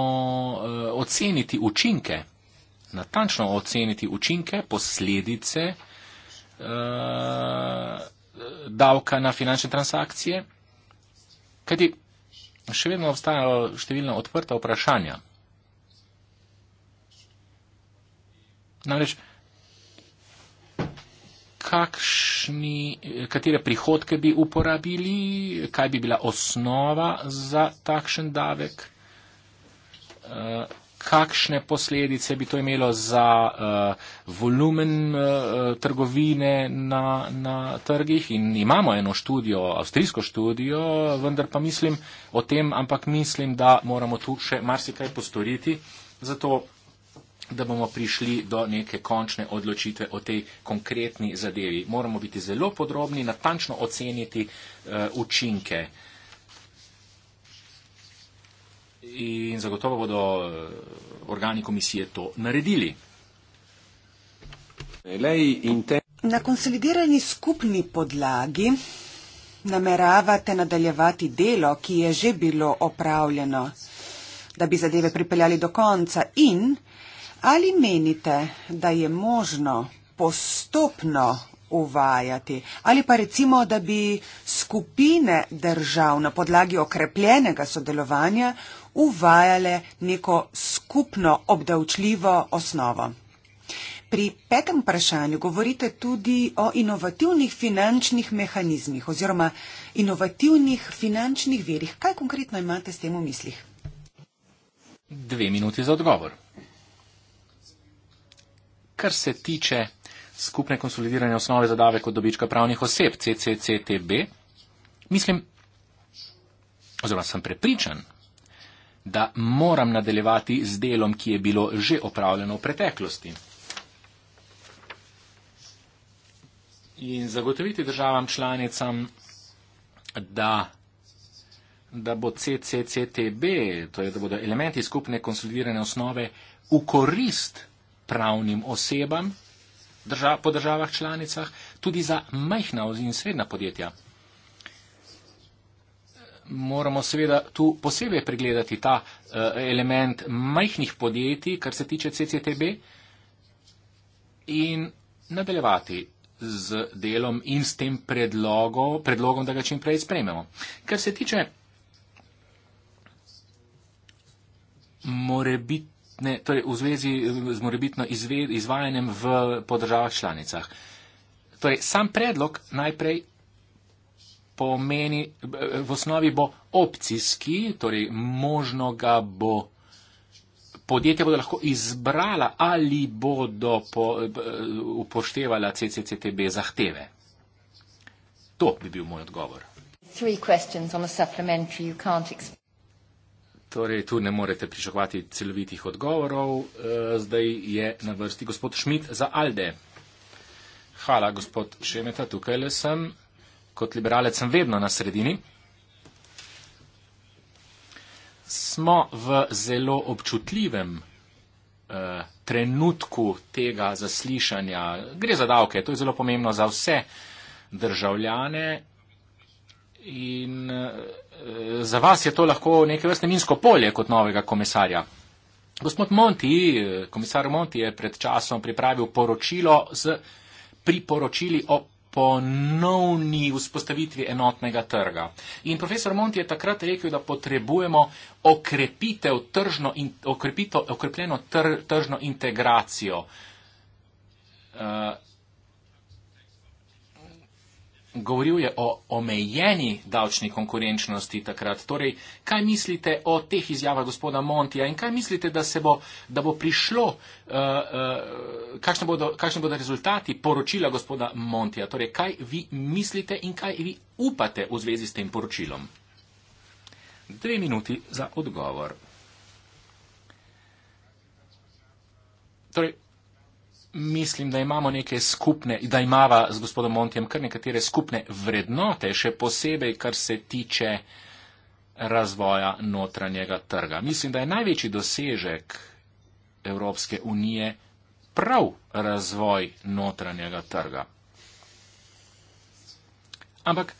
Speaker 2: uh, oceniti učinke, natančno oceniti učinke, posledice uh, davka na finančne transakcije, kajti še vedno obstajajo številna odprta vprašanja. Namreč, kakšni, katere prihodke bi uporabili, kaj bi bila osnova za takšen davek, eh, kakšne posledice bi to imelo za eh, volumen eh, trgovine na, na trgih. In imamo eno študijo, avstrijsko študijo, vendar pa mislim o tem, ampak mislim, da moramo tu še marsikaj postoriti. Zato da bomo prišli do neke končne odločitve o tej konkretni zadevi. Moramo biti zelo podrobni, natančno oceniti uh, učinke. In zagotovo bodo eh, organi komisije to naredili.
Speaker 3: Na konsolidirani skupni podlagi nameravate nadaljevati delo, ki je že bilo opravljeno, da bi zadeve pripeljali do konca in Ali menite, da je možno postopno uvajati ali pa recimo, da bi skupine držav na podlagi okrepljenega sodelovanja uvajale neko skupno obdavčljivo osnovo? Pri petem vprašanju govorite tudi o inovativnih finančnih mehanizmih oziroma inovativnih finančnih verjih. Kaj konkretno imate s tem v mislih?
Speaker 2: Dve minuti za odgovor kar se tiče skupne konsolidirane osnove za davek od dobička pravnih oseb, CCCTB, mislim, oziroma sem prepričan, da moram nadaljevati z delom, ki je bilo že opravljeno v preteklosti. In zagotoviti državam članicam, da, da bo CCCTB, to je, da bodo elementi skupne konsolidirane osnove, v korist pravnim osebam po državah članicah, tudi za majhna in srednja podjetja. Moramo seveda tu posebej pregledati ta eh, element majhnih podjetij, kar se tiče CCTB, in nadaljevati z delom in s tem predlogo, predlogom, da ga čim prej sprejmemo. Kar se tiče morebit Ne, torej v zvezi z morebitno izvajanjem v podržavah članicah. Torej, sam predlog najprej pomeni, v osnovi bo opcijski, torej možno ga bo. Podjetja bodo lahko izbrala ali bodo po, upoštevala CCCTB zahteve. To bi bil moj odgovor.
Speaker 1: Three questions on a supplementary you can't explain.
Speaker 2: Torej, tu ne morete pričakovati celovitih odgovorov. E, zdaj je na vrsti gospod Šmit za Alde. Hvala, gospod Šemeta, tukaj le sem. Kot liberalec sem vedno na sredini. Smo v zelo občutljivem eh, trenutku tega zaslišanja. Gre za davke, to je zelo pomembno za vse državljane. In, eh, Eh, za vas je to lahko neke vrste minsko polje kot novega komisarja. Gospod Monti, eh, komisar Monti je pred časom pripravil poročilo z priporočili o ponovni vzpostavitvi enotnega trga. In profesor Monti je takrat rekel, da potrebujemo okrepitev tržno in okrepito, okrepljeno tr, tržno integracijo. Uh, Govoril je o omejeni davčni konkurenčnosti takrat. Torej, kaj mislite o teh izjavah gospoda Montija in kaj mislite, da, bo, da bo prišlo, uh, uh, kakšne, bodo, kakšne bodo rezultati poročila gospoda Montija? Torej, kaj vi mislite in kaj vi upate v zvezi s tem poročilom? Dve minuti za odgovor. Torej, mislim, da imamo neke skupne, da imava z gospodom Montjem kar nekatere skupne vrednote, še posebej, kar se tiče razvoja notranjega trga. Mislim, da je največji dosežek Evropske unije prav razvoj notranjega trga. Ampak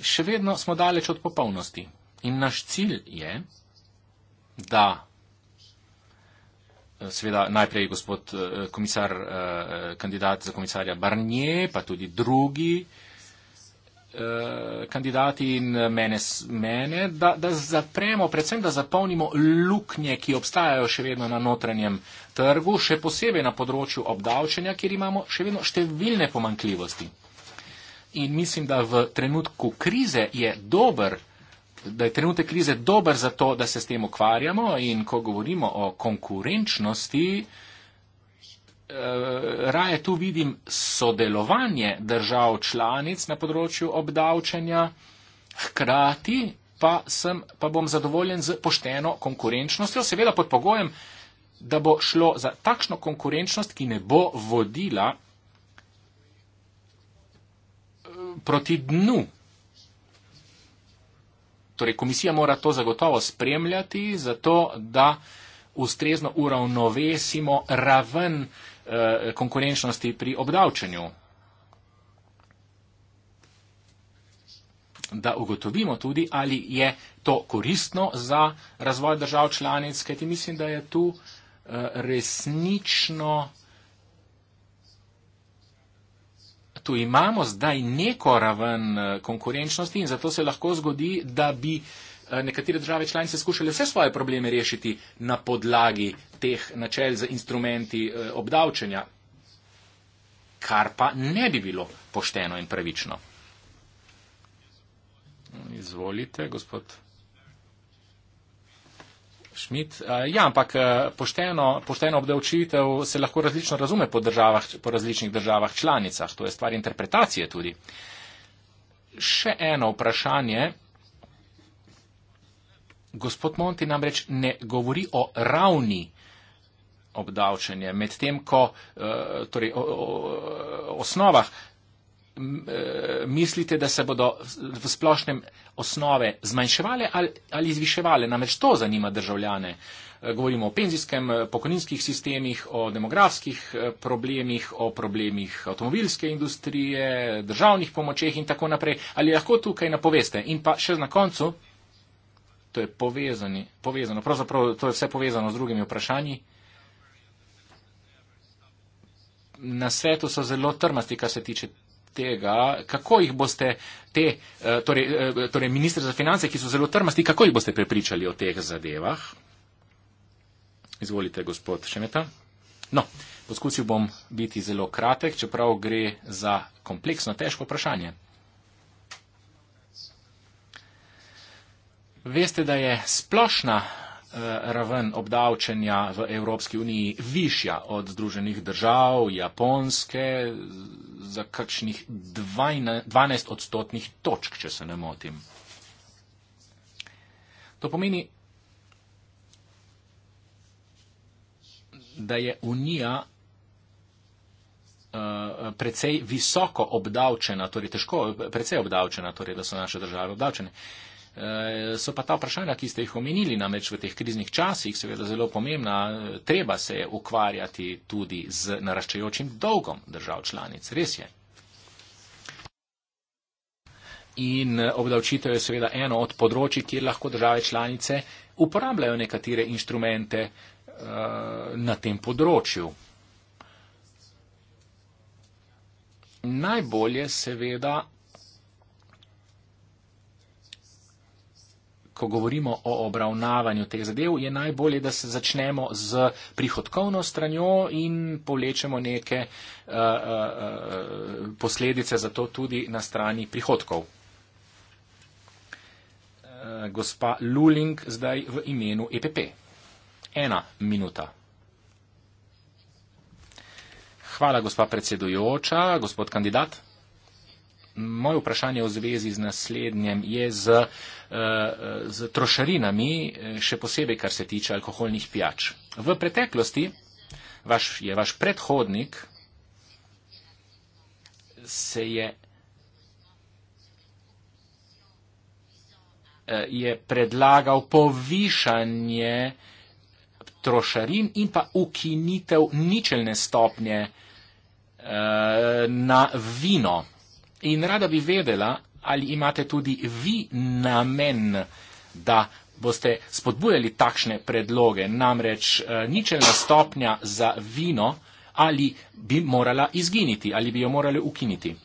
Speaker 2: še vedno smo daleč od popolnosti in naš cilj je, da seveda najprej gospod eh, komisar, eh, eh, kandidat za komisarja Barnier, pa tudi drugi kandidati in mene, mene da, da zapremo, predvsem da zapolnimo luknje, ki obstajajo še vedno na notranjem trgu, še posebej na področju obdavčenja, kjer imamo še vedno številne pomankljivosti. In mislim, da v trenutku krize je dober da je trenutek krize dober za to, da se s tem ukvarjamo in ko govorimo o konkurenčnosti, eh, raje tu vidim sodelovanje držav članic na področju obdavčanja, hkrati pa, sem, pa bom zadovoljen z pošteno konkurenčnostjo, seveda pod pogojem, da bo šlo za takšno konkurenčnost, ki ne bo vodila eh, proti dnu torej komisija mora to zagotovo spremljati, zato da ustrezno uravnovesimo raven eh, konkurenčnosti pri obdavčenju. da ugotovimo tudi, ali je to koristno za razvoj držav članic, kajti mislim, da je tu eh, resnično tu imamo zdaj neko raven eh, konkurenčnosti in zato se lahko zgodi, da bi eh, nekatere države članice skušale vse svoje probleme rešiti na podlagi teh načel za instrumenti eh, obdavčenja, kar pa ne bi bilo pošteno in pravično. Izvolite, gospod. Šmit. Eh, ja, ampak eh, pošteno, pošteno obdavčitev se lahko različno razume po, državah, po različnih državah članicah. To je stvar interpretacije tudi. Še eno vprašanje. Gospod Monti namreč ne govori o ravni obdavčenja, medtem ko eh, torej, o, o, o, osnovah E, mislite, da se bodo v splošnem osnove zmanjševale ali, ali zviševale. Namreč to zanima državljane. E, govorimo o penzijskem, e, pokojninskih sistemih, o demografskih problemih, o problemih avtomobilske industrije, državnih pomočeh in tako naprej. Ali lahko tukaj napoveste? In pa še na koncu, to je povezani, povezano, pravzaprav to je vse povezano z drugimi vprašanji. Na svetu so zelo trmasti, kar se tiče tega, kako jih boste te, eh, torej, eh, torej ministr za finance, ki so zelo trmasti, kako jih boste prepričali o teh zadevah? Izvolite, gospod Šemeta. No, poskusil bom biti zelo kratek, čeprav gre za kompleksno, težko vprašanje. Veste, da je splošna Eh, raven obdavčenja v Evropski uniji višja od Združenih držav, Japonske, za kakšnih 12 odstotnih točk, če se ne motim. To pomeni, da je Unija eh, precej visoko obdavčena, torej težko, precej obdavčena, torej da so naše države obdavčene. Eh, so pa ta vprašanja, ki ste jih omenili, namreč v teh kriznih časih, seveda zelo pomembna, treba se ukvarjati tudi z naraščajočim dolgom držav članic. Res je. In eh, obdavčitev je seveda eno od področji, kjer lahko države članice uporabljajo nekatere inštrumente eh, na tem področju. Najbolje seveda ko govorimo o obravnavanju teh zadev, je najbolje, da se začnemo z prihodkovno stranjo in polečemo neke uh, uh, posledice za to tudi na strani prihodkov. Uh, gospa Luling zdaj v imenu EPP. Ena minuta. Hvala, gospa predsedujoča, gospod kandidat moje vprašanje v zvezi z naslednjem je z, eh, z trošarinami, eh, še posebej, kar se tiče alkoholnih pijač. V preteklosti vaš, je vaš predhodnik se je, eh, je predlagal povišanje trošarin in pa ukinitev ničelne stopnje na vino in rada bi vedela, ali imate tudi vi namen, da boste spodbujali takšne predloge, namreč eh, ničelna stopnja za vino ali bi morala izginiti, ali bi jo morali ukiniti.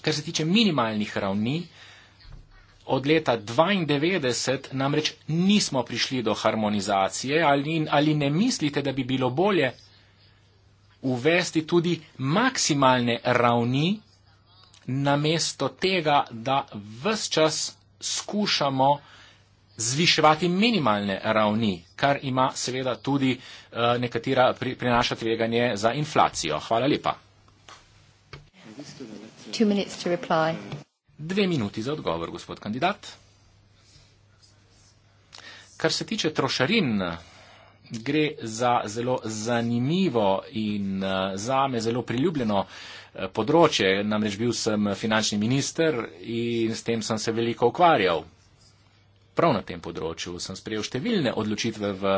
Speaker 2: Kar se tiče minimalnih ravni, od leta 1992 namreč nismo prišli do harmonizacije ali, ali ne mislite, da bi bilo bolje uvesti tudi maksimalne ravni namesto tega, da vse čas skušamo zviševati minimalne ravni, kar ima seveda tudi eh, nekatera pri, prinaša tveganje za inflacijo. Hvala lepa. Dve minuti za odgovor, gospod kandidat. Kar se tiče trošarin, gre za zelo zanimivo in eh, zame zelo priljubljeno uh, področje. Namreč bil sem finančni minister in s tem sem se veliko ukvarjal. Prav na tem področju sem sprejel številne odločitve v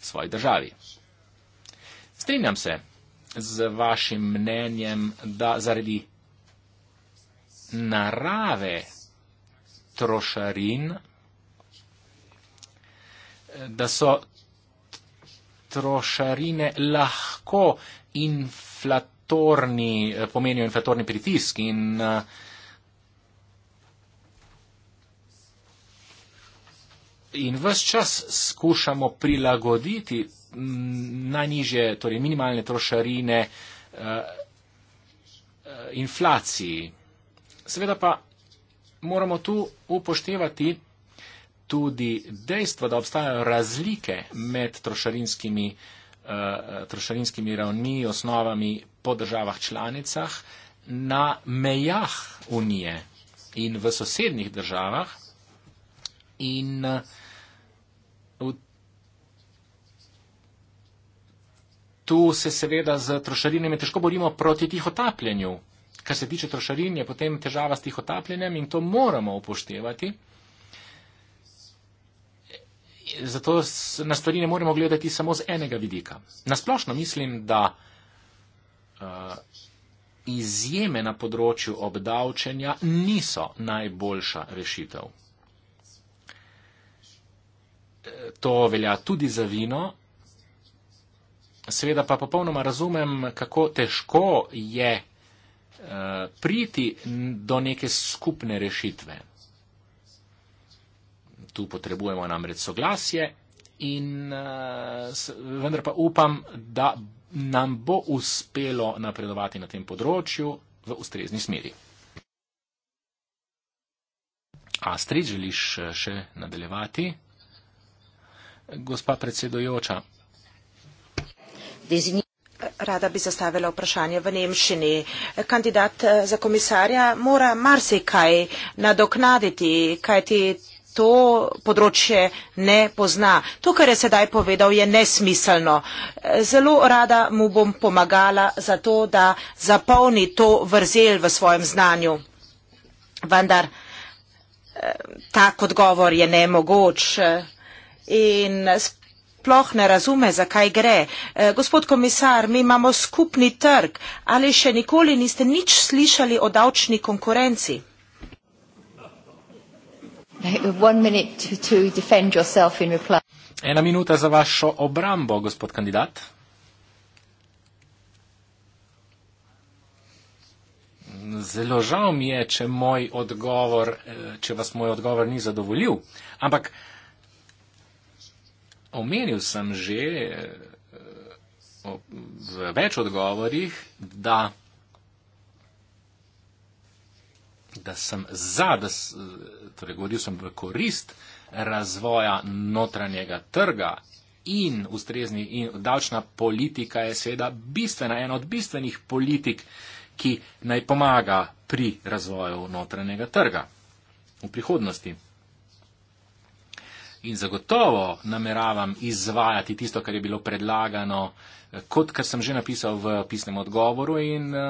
Speaker 2: svoji državi. Strinjam se z vašim mnenjem, da zaradi narave trošarin, da so trošarine lahko inflatorne inflatorni, eh, pomenijo inflatorni pritisk in eh, In vse čas skušamo prilagoditi mm, najnižje, torej minimalne trošarine eh, eh, inflaciji. Seveda pa moramo tu upoštevati tudi dejstvo, da obstajajo razlike med trošarinskimi, eh, trošarinskimi ravni, osnovami, po državah članicah, na mejah Unije in v sosednjih državah. In eh, tu se seveda z trošarinami težko borimo proti tihotapljenju. Kar se tiče trošarin, je potem težava s tihotapljenjem in to moramo upoštevati. Zato na stvari ne moremo gledati samo z enega vidika. Nasplošno mislim, da Eh, izjeme na področju obdavčenja niso najboljša rešitev. Eh, to velja tudi za vino. Seveda pa popolnoma razumem, kako težko je eh, priti do neke skupne rešitve. Tu potrebujemo namreč soglasje in vendar pa upam, da nam bo uspelo napredovati na tem področju v ustrezni smeri. Astrid, želiš eh, še nadaljevati? Gospa predsedojoča.
Speaker 5: Rada bi zastavila vprašanje v Nemščini. Kandidat eh, za komisarja mora marsikaj nadoknaditi, kajti to področje ne pozna. To, kar je sedaj povedal, je nesmiselno. Zelo rada mu bom pomagala za to, da zapolni to vrzel v svojem znanju. Vendar eh, tak odgovor je nemogoč eh, in sploh ne razume, zakaj gre. Eh, gospod komisar, mi imamo skupni trg. Ali še nikoli niste nič slišali o davčni konkurenci?
Speaker 1: [laughs]
Speaker 2: Ena minuta za vašo obrambo, gospod kandidat. Zelo žal mi je, če, moj odgovor, eh, če vas moj odgovor ni zadovoljil, ampak omenil sem že eh, v več odgovorih, da da sem za, da, torej govoril sem v korist razvoja notranjega trga in ustrezni in davčna politika je seveda bistvena, ena od bistvenih politik, ki naj pomaga pri razvoju notranjega trga v prihodnosti. In zagotovo nameravam izvajati tisto, kar je bilo predlagano uh, kot kar sem že napisal v pisnem odgovoru in eh,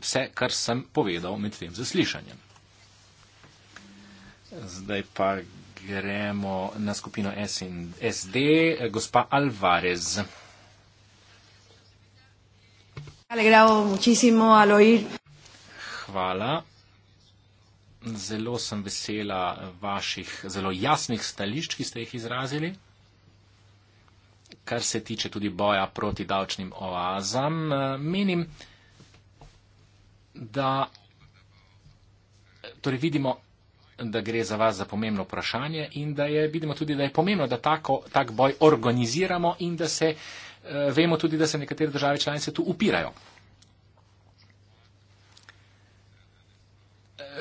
Speaker 2: vse, kar sem povedal med tem zaslišanjem. Zdaj pa gremo na skupino S in SD, gospa Alvarez. Hvala. Zelo sem vesela vaših zelo jasnih stališč, ki ste jih izrazili kar se tiče tudi boja proti davčnim oazam. Eh, menim, da torej vidimo, da gre za vas za pomembno vprašanje in da je, vidimo tudi, da je pomembno, da tako, tak boj organiziramo in da se, eh, vemo tudi, da se nekatere države članice tu upirajo.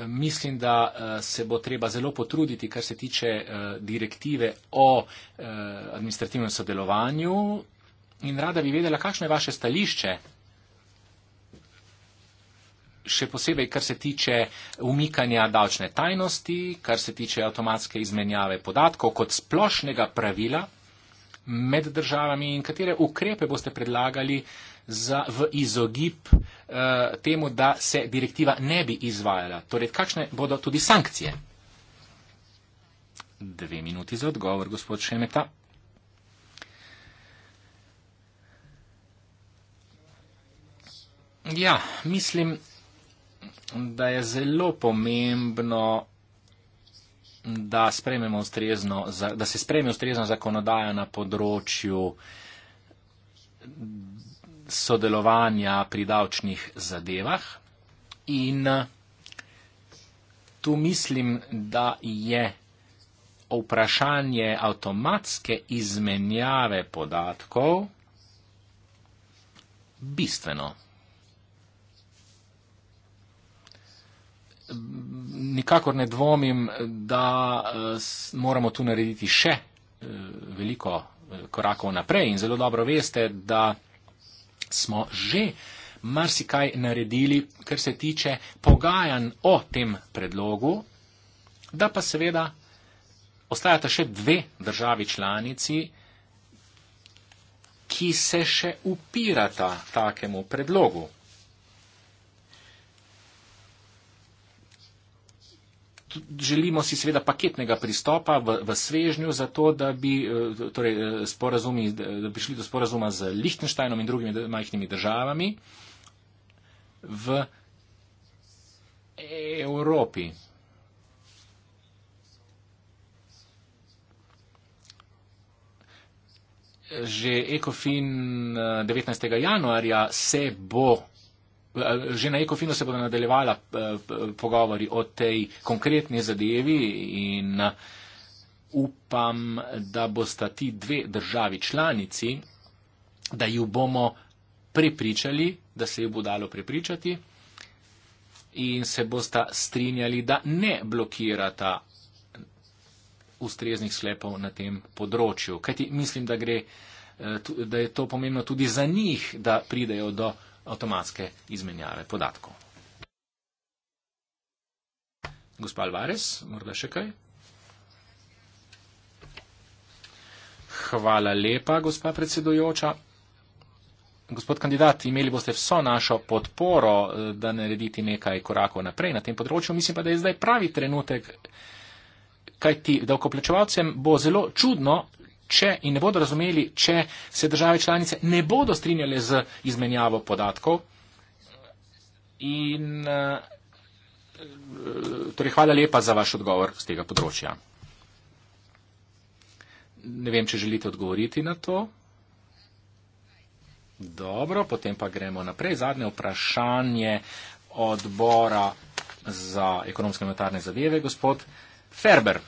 Speaker 2: mislim, da eh, se bo treba zelo potruditi, kar se tiče eh, direktive o eh, administrativnem sodelovanju in rada bi vedela, kakšno je vaše stališče, še posebej, kar se tiče umikanja davčne tajnosti, kar se tiče avtomatske izmenjave podatkov kot splošnega pravila med državami in katere ukrepe boste predlagali uh, za, v izogib uh, temu, da se direktiva ne bi izvajala? Torej, kakšne bodo tudi sankcije? Dve minuti za odgovor, gospod Šemeta. Ja, mislim, da je zelo pomembno, da, ustrezno, da se spreme ustrezna zakonodaja na področju sodelovanja pri davčnih zadevah. In eh, tu mislim, da je vprašanje avtomatske izmenjave podatkov bistveno. Nikakor ne dvomim, da eh, moramo tu narediti še eh, veliko korakov naprej in zelo dobro veste, da smo že marsikaj naredili, kar se tiče pogajanj o tem predlogu, da pa seveda ostajata še dve državi članici, ki se še upirata takemu predlogu. želimo si seveda paketnega pristopa v, v svežnju za to, da bi eh, torej, eh, sporazumi, da prišli do sporazuma z Lichtensteinom in drugimi majhnimi državami v Evropi. Že ekofin 19. Eh, januarja se bo že na Ekofinu se bodo nadaljevala eh, pogovori o tej konkretni zadevi in eh, upam, da bosta ti dve državi članici, da ju bomo prepričali, da se ju bo dalo prepričati in se bosta strinjali, da ne blokirata ustreznih slepov na tem področju. Kajti mislim, da, gre, eh, da je to pomembno tudi za njih, da pridejo do avtomatske izmenjave podatkov. Gospa Alvarez, morda še kaj? Hvala lepa, gospa predsedujoča. Gospod kandidat, imeli boste vso našo podporo, eh, da narediti nekaj korakov naprej na tem področju. Mislim pa, da je zdaj pravi trenutek, kaj ti davkoplačevalcem bo zelo čudno, če in ne bodo razumeli, če se države članice ne bodo strinjale z izmenjavo podatkov. In, eh, eh, torej, hvala lepa za vaš odgovor z tega področja. Ne vem, če želite odgovoriti na to. Dobro, potem pa gremo naprej. Zadnje vprašanje odbora za ekonomske in monetarne zadeve, gospod Ferber.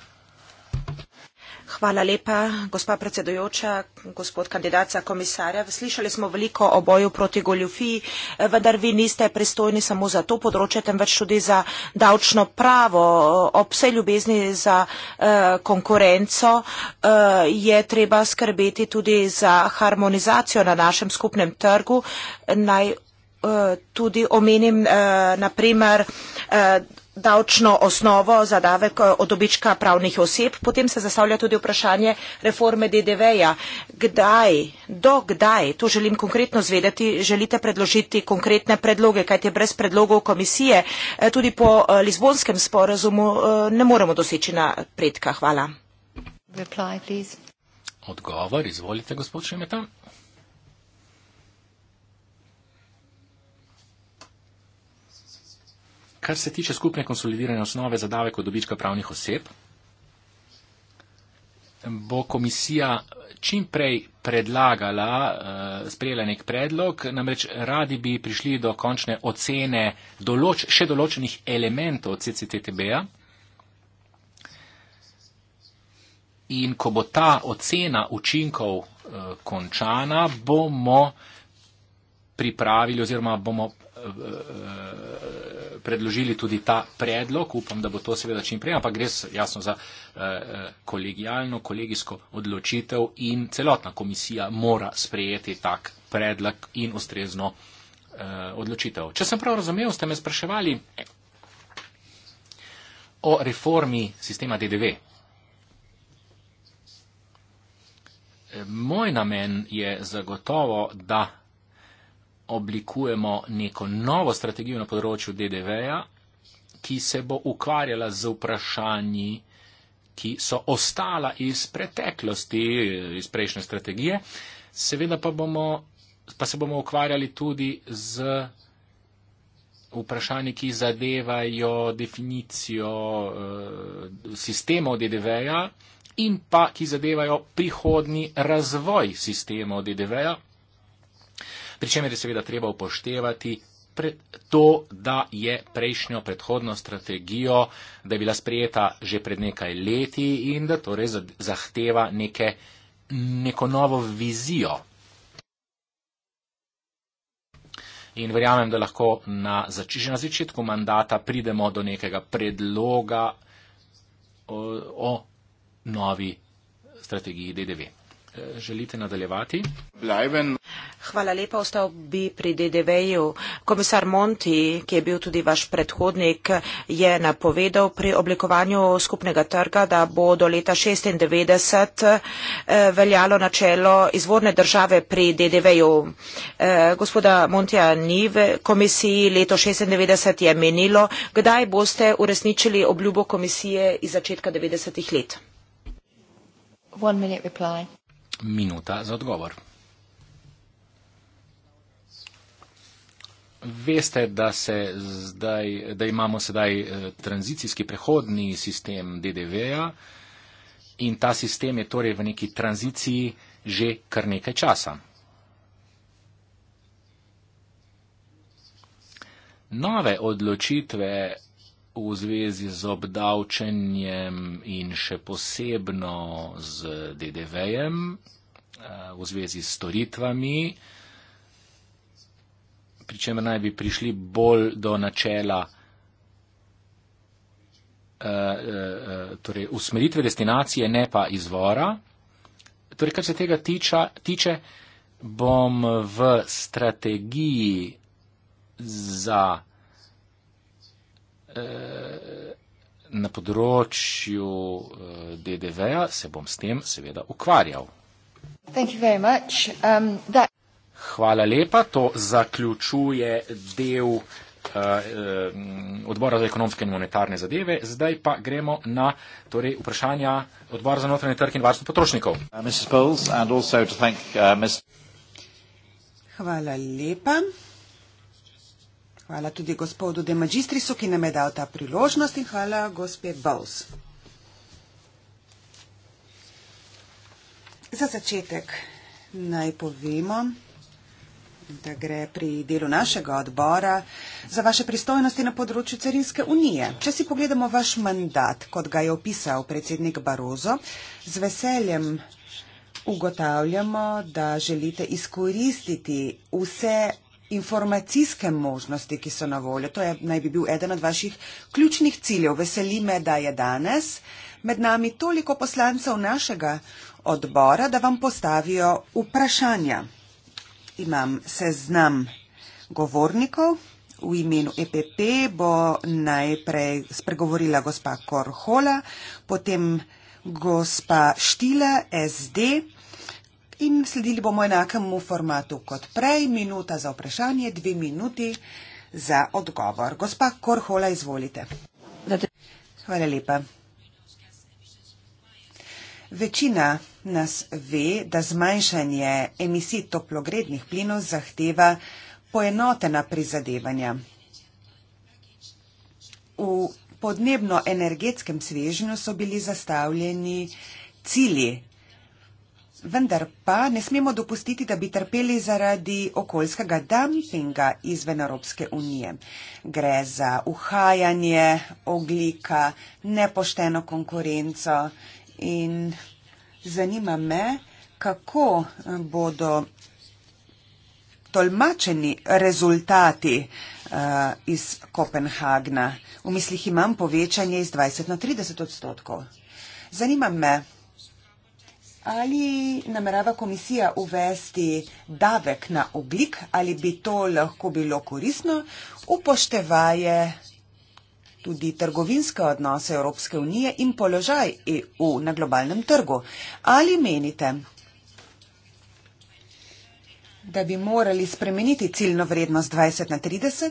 Speaker 5: Hvala lepa, gospa predsedujoča, gospod kandidat za komisarja. Slišali smo veliko o boju proti goljofiji, vendar vi niste pristojni samo za to področje, temveč tudi za davčno pravo. Ob vse ljubezni za eh, konkurenco eh, je treba skrbeti tudi za harmonizacijo na našem skupnem trgu. Naj eh, tudi omenim eh, naprimer. Eh, davčno osnovo za davek eh, od dobička pravnih oseb, potem se zastavlja tudi vprašanje reforme DDV-ja. Kdaj, do kdaj, to želim konkretno zvedeti, želite predložiti konkretne predloge, kajte brez predlogov komisije eh, tudi po eh, Lizbonskem sporazumu ne moremo doseči napredka. Hvala. Reply,
Speaker 2: Odgovor, izvolite, gospod Šemeta. kar se tiče skupne konsolidirane osnove za davek od dobička pravnih oseb, bo komisija čim prej predlagala, eh, sprejela nek predlog, namreč radi bi prišli do končne ocene določ, še določenih elementov CCTTB-a. In ko bo ta ocena učinkov eh, končana, bomo pripravili oziroma bomo eh, predložili tudi ta predlog. Upam, da bo to seveda čim prej, ampak gre jasno za eh, eh, kolegijalno, kolegijsko odločitev in celotna komisija mora sprejeti tak predlog in ustrezno eh, odločitev. Če sem prav razumel, ste me spraševali o reformi sistema DDV. Moj namen je zagotovo, da oblikujemo neko novo strategijo na področju DDV-ja, ki se bo ukvarjala z vprašanji, ki so ostala iz preteklosti, iz prejšnje strategije. Seveda pa, bomo, pa se bomo ukvarjali tudi z vprašanji, ki zadevajo definicijo eh, sistemov DDV-ja in pa ki zadevajo prihodni razvoj sistemov DDV-ja pri čemer je seveda treba upoštevati to, da je prejšnjo predhodno strategijo, da je bila sprejeta že pred nekaj leti in da torej zahteva neke, neko novo vizijo. In verjamem, da lahko na, zač na začetku mandata pridemo do nekega predloga o, o novi strategiji DDV želite nadaljevati. Bleiben. Hvala lepa, ostal bi pri DDV-ju. Komisar
Speaker 5: Monti, ki je bil tudi vaš predhodnik, je napovedal pri oblikovanju skupnega trga, da bo do leta 1996 eh, veljalo načelo izvorne države pri DDV-ju. Eh, gospoda Montija ni v komisiji, leto 1996 je menilo. Kdaj boste uresničili obljubo komisije iz začetka 90-ih let?
Speaker 2: One minute reply minuta za odgovor. Veste, da, zdaj, da imamo sedaj eh, tranzicijski prehodni sistem DDV-ja in ta sistem je torej v neki tranziciji že kar nekaj časa. Nove odločitve v zvezi z obdavčenjem in še posebno z DDV-jem, eh, v zvezi s storitvami, pri čemer naj bi prišli bolj do načela eh, eh, torej usmeritve destinacije, ne pa izvora. Torej, kar se tega tiča, tiče, bom v strategiji za Eh, na področju eh, DDV-ja se bom s tem seveda ukvarjal.
Speaker 3: Um, that...
Speaker 2: Hvala lepa, to zaključuje del uh, odbora za ekonomske in monetarne zadeve. Zdaj pa gremo na torej, vprašanja odbora za notranje trg in varstvo potrošnikov. Uh, Bills, thank, uh, Ms...
Speaker 3: Hvala lepa. Hvala tudi gospodu De Magistrisu, ki nam je dal ta priložnost in hvala gospe Bows. Za začetek naj povemo, da gre pri delu našega odbora za vaše pristojnosti na področju Carinske unije. Če si pogledamo vaš mandat, kot ga je opisal predsednik Barozo, z veseljem ugotavljamo, da želite izkoristiti vse informacijske možnosti, ki so na voljo. To je, naj bi bil eden od vaših ključnih ciljev. Veseli me, da je danes med nami toliko poslancev našega odbora, da vam postavijo vprašanja. Imam seznam govornikov. V imenu EPP bo najprej spregovorila gospa Korhola, potem gospa Štila, SD in sledili bomo enakemu formatu kot prej. Minuta za vprašanje, dve minuti za odgovor. Gospa Korhola, izvolite. Hvala lepa. Večina nas ve, da zmanjšanje emisij toplogrednih plinov zahteva poenotena prizadevanja. V podnebno-energetskem svežnju so bili zastavljeni cilji vendar pa ne smemo dopustiti, da bi trpeli zaradi okoljskega dumpinga izven Evropske unije. Gre za uhajanje oglika, nepošteno konkurenco in zanima me, kako bodo tolmačeni rezultati uh, iz Kopenhagna. V mislih imam povečanje iz 20 na 30 odstotkov. Zanima me, Ali namerava komisija uvesti davek na oglik ali bi to lahko bilo koristno, upoštevaje tudi trgovinske odnose Evropske unije in položaj EU na globalnem trgu? Ali menite, da bi morali spremeniti ciljno vrednost 20 na 30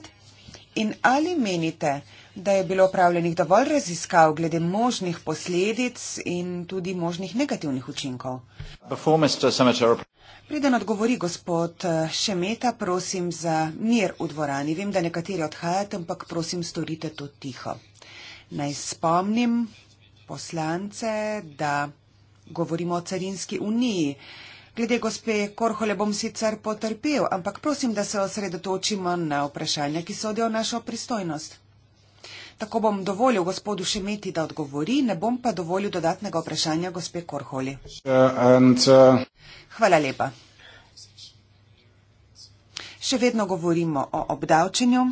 Speaker 3: in ali menite, da bi morali spremeniti ciljno vrednost 20 na 30? da je bilo opravljenih dovolj raziskav glede možnih posledic in tudi možnih negativnih učinkov. Preden odgovori gospod eh, Šemeta, prosim za mir v dvorani. Vem, da nekateri odhajate, ampak prosim, storite to tiho. Naj spomnim poslance, da govorimo o carinski uniji. Glede gospe Korhole bom sicer potrpel, ampak prosim, da se osredotočimo na vprašanja, ki sodijo v našo pristojnost. Tako bom dovolil gospodu Šimeti, da odgovori, ne bom pa dovolil dodatnega vprašanja gospe Korholi.
Speaker 4: Ja, uh,
Speaker 3: Hvala lepa. Še vedno govorimo o obdavčenju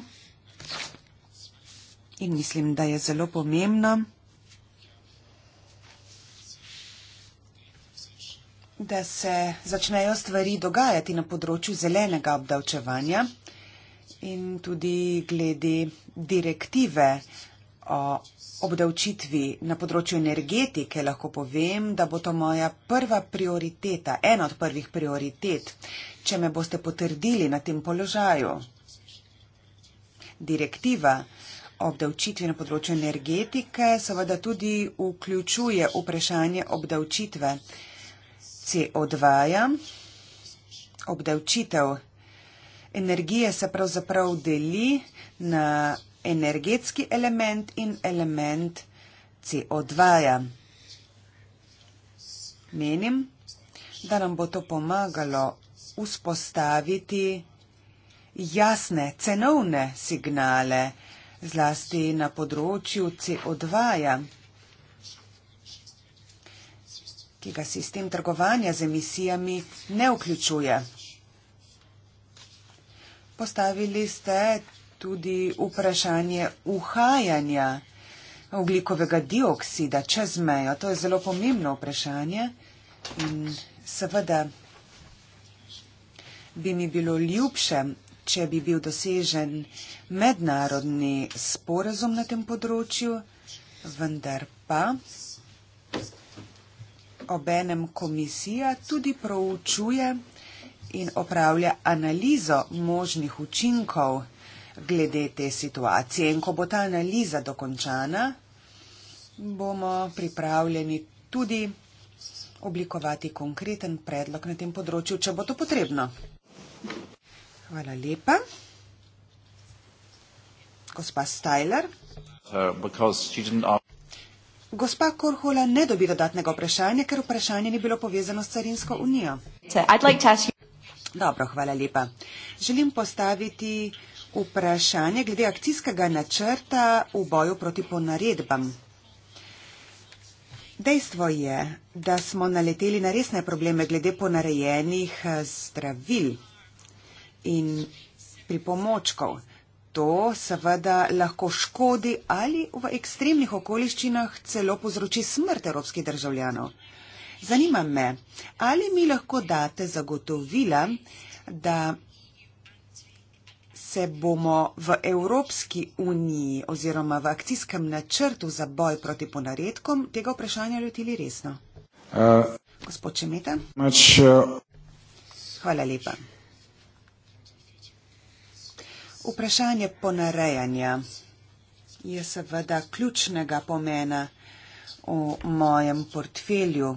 Speaker 3: in mislim, da je zelo pomembno, da se začnejo stvari dogajati na področju zelenega obdavčevanja in tudi glede direktive o obdavčitvi na področju energetike lahko povem, da bo to moja prva prioriteta, ena od prvih prioritet, če me boste potrdili na tem položaju. Direktiva obdavčitvi na področju energetike seveda tudi vključuje vprašanje obdavčitve CO2-ja, obdavčitev energetike, energije se pravzaprav deli na energetski element in element CO2. -ja. Menim, da nam bo to pomagalo vzpostaviti jasne cenovne signale, zlasti na področju CO2, -ja, ki ga sistem trgovanja z emisijami ne vključuje. Postavili ste tudi vprašanje uhajanja oglikovega dioksida čez mejo. To je zelo pomembno vprašanje in seveda bi mi bilo ljubše, če bi bil dosežen mednarodni sporazum na tem področju, vendar pa obenem komisija tudi proučuje in opravlja analizo možnih učinkov glede te situacije. In ko bo ta analiza dokončana, bomo pripravljeni tudi oblikovati konkreten predlog na tem področju, če bo to potrebno. Hvala lepa. Gospa Stajler.
Speaker 2: Uh,
Speaker 3: Gospa Korhola ne dobi dodatnega vprašanja, ker vprašanje ni bilo povezano s Carinsko unijo. Dobro, hvala lepa. Želim postaviti vprašanje glede akcijskega načrta v boju proti ponaredbam. Dejstvo je, da smo naleteli na resne probleme glede ponarejenih eh, zdravil in pripomočkov. To seveda lahko škodi ali v ekstremnih okoliščinah celo povzroči smrt evropskih državljanov. Zanima me, ali mi lahko date zagotovila, da se bomo v Evropski uniji oziroma v akcijskem načrtu za boj proti ponaredkom tega vprašanja lotili resno.
Speaker 4: Uh, Gospod Čemeta. Uh,
Speaker 3: Hvala lepa. Vprašanje ponarejanja je seveda ključnega pomena v mojem portfelju.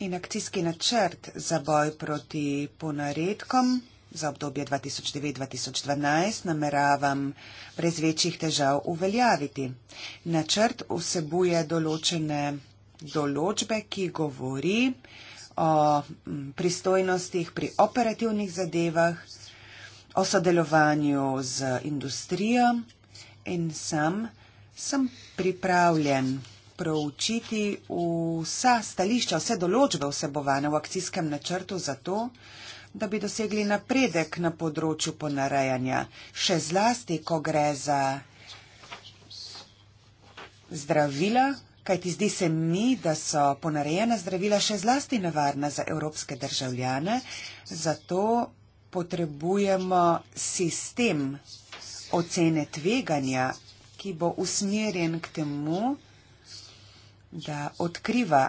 Speaker 3: in akcijski načrt za boj proti ponaredkom za obdobje 2009-2012 nameravam brez večjih težav uveljaviti. Načrt vsebuje določene določbe, ki govori o pristojnostih pri operativnih zadevah, o sodelovanju z industrijo in sam sem pripravljen proučiti vsa stališča, vse določbe vsebovane v akcijskem načrtu za to, da bi dosegli napredek na področju ponarejanja, še zlasti, ko gre za zdravila, kajti zdi se mi, da so ponarejena zdravila še zlasti nevarna za evropske državljane, zato potrebujemo sistem ocene tveganja, ki bo usmerjen k temu, da odkriva,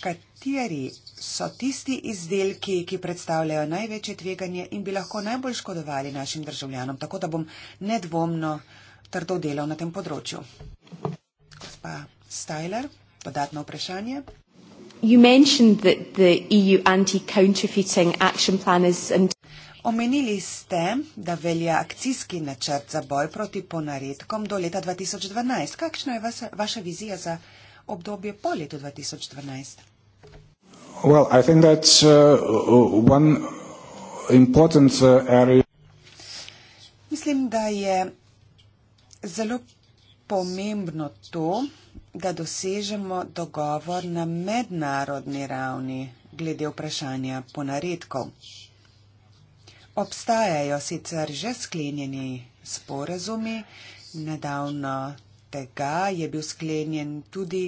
Speaker 3: kateri so tisti izdelki, ki predstavljajo največje tveganje in bi lahko najbolj škodovali našim državljanom. Tako da bom nedvomno trdo delal na tem področju. Gospa Stajler, dodatno vprašanje.
Speaker 5: E
Speaker 3: Omenili ste, da velja akcijski načrt za boj proti ponaredkom do leta 2012. Kakšna je vaša, vaša vizija za obdobje po letu 2012?
Speaker 4: Well, uh, uh,
Speaker 3: Mislim, da je zelo pomembno to, da dosežemo dogovor na mednarodni ravni glede vprašanja ponaredkov. Obstajajo sicer že sklenjeni sporazumi, nedavno tega je bil sklenjen tudi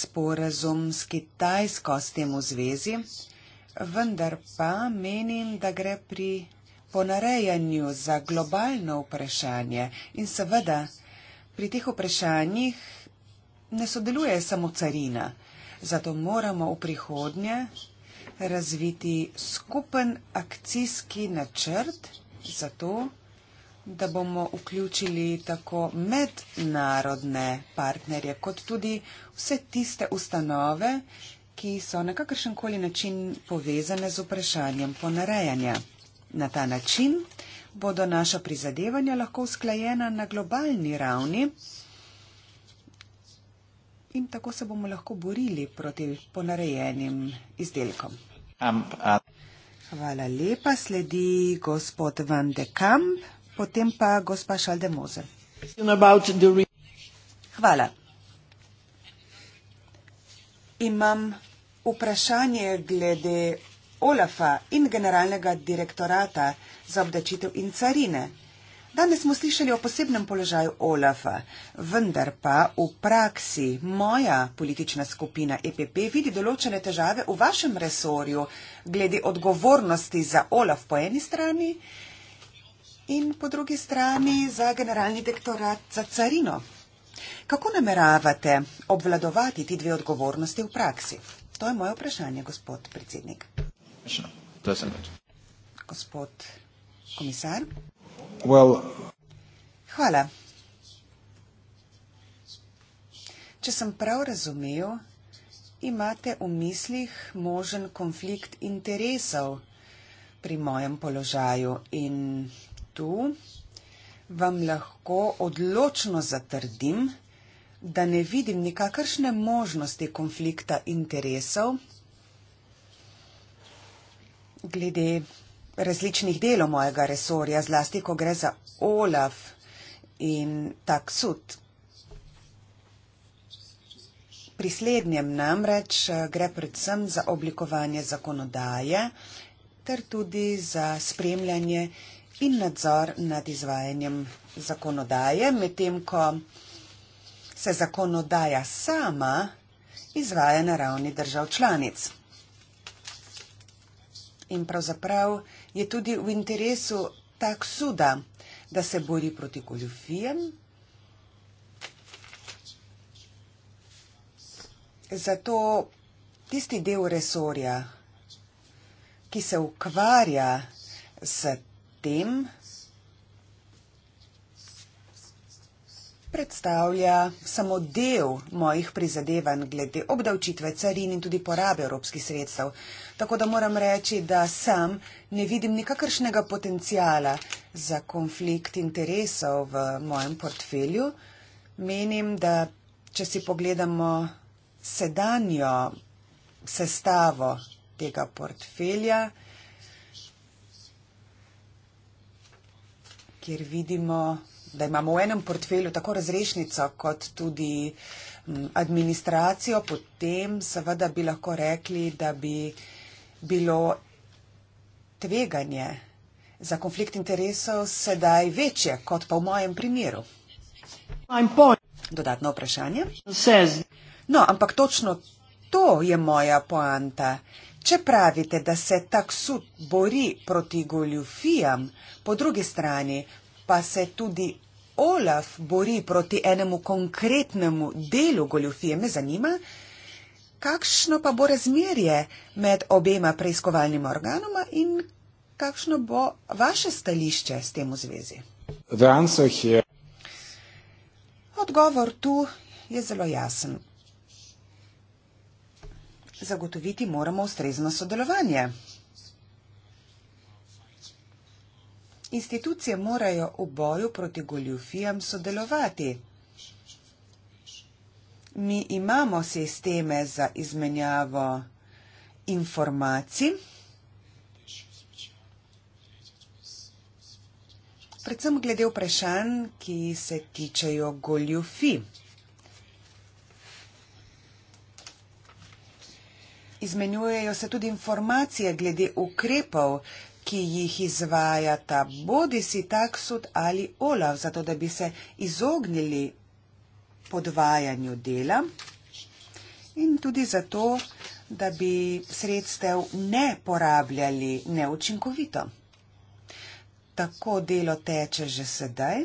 Speaker 3: sporazum s Kitajsko s tem v zvezi, vendar pa menim, da gre pri ponarejanju za globalno vprašanje in seveda pri teh vprašanjih ne sodeluje samo carina. Zato moramo v prihodnje razviti skupen akcijski načrt za to, da bomo vključili tako mednarodne partnerje, kot tudi vse tiste ustanove, ki so na kakršen koli način povezane z vprašanjem ponarejanja. Na ta način bodo naša prizadevanja lahko usklajena na globalni ravni in tako se bomo lahko borili proti ponarejenim izdelkom. Hvala lepa, sledi gospod Van de Kamp potem pa gospa Šaldemoze. Hvala. Imam vprašanje glede Olafa in generalnega direktorata za obdačitev in carine. Danes smo slišali o posebnem položaju Olafa, vendar pa v praksi moja politična skupina EPP vidi določene težave v vašem resorju glede odgovornosti za Olaf po eni strani in po drugi strani za generalni direktorat za carino. Kako nameravate obvladovati ti dve odgovornosti v praksi? To je moje vprašanje, gospod predsednik. Gospod komisar. Well, Hvala. Če sem prav razumel, imate v mislih možen konflikt interesov pri mojem položaju in tu vam lahko odločno zatrdim, da ne vidim nikakršne možnosti konflikta interesov glede različnih delov mojega resorja, zlasti ko gre za OLAF in taksud. Pri slednjem namreč eh, gre predvsem za oblikovanje zakonodaje ter tudi za spremljanje in nadzor nad izvajanjem zakonodaje, medtem ko se zakonodaja sama izvaja na ravni držav članic. In pravzaprav je tudi v interesu tak suda, da se bori proti goljufijem, zato tisti del resorja, ki se ukvarja s tem predstavlja samo del mojih prizadevanj glede obdavčitve carin in tudi porabe evropskih sredstev. Tako da moram reči, da sam ne vidim nikakršnega potencijala za konflikt interesov v mojem portfelju. Menim, da če si pogledamo sedanjo sestavo tega portfelja, kjer vidimo, da imamo v enem portfelju tako razrešnico kot tudi mm, administracijo, potem seveda bi lahko rekli, da bi bilo tveganje za konflikt interesov sedaj večje kot pa v mojem primeru. Dodatno vprašanje. No, ampak točno to je moja poanta. Če pravite, da se taksut bori proti goljufijam, po drugi strani pa se tudi Olaf bori proti enemu konkretnemu delu goljufije, me zanima, kakšno pa bo razmerje med obema preiskovalnima organoma in kakšno bo vaše stališče s tem v zvezi. Odgovor tu je zelo jasen. Zagotoviti moramo ustrezno sodelovanje. Institucije morajo v boju proti goljufijam sodelovati. Mi imamo sisteme za izmenjavo informacij, predvsem glede vprašanj, ki se tičejo goljufij. izmenjujejo se tudi informacije glede ukrepov, ki jih izvajata bodi si taksud ali olav, zato da bi se izognili podvajanju dela in tudi zato, da bi sredstev ne porabljali neučinkovito. Tako delo teče že sedaj.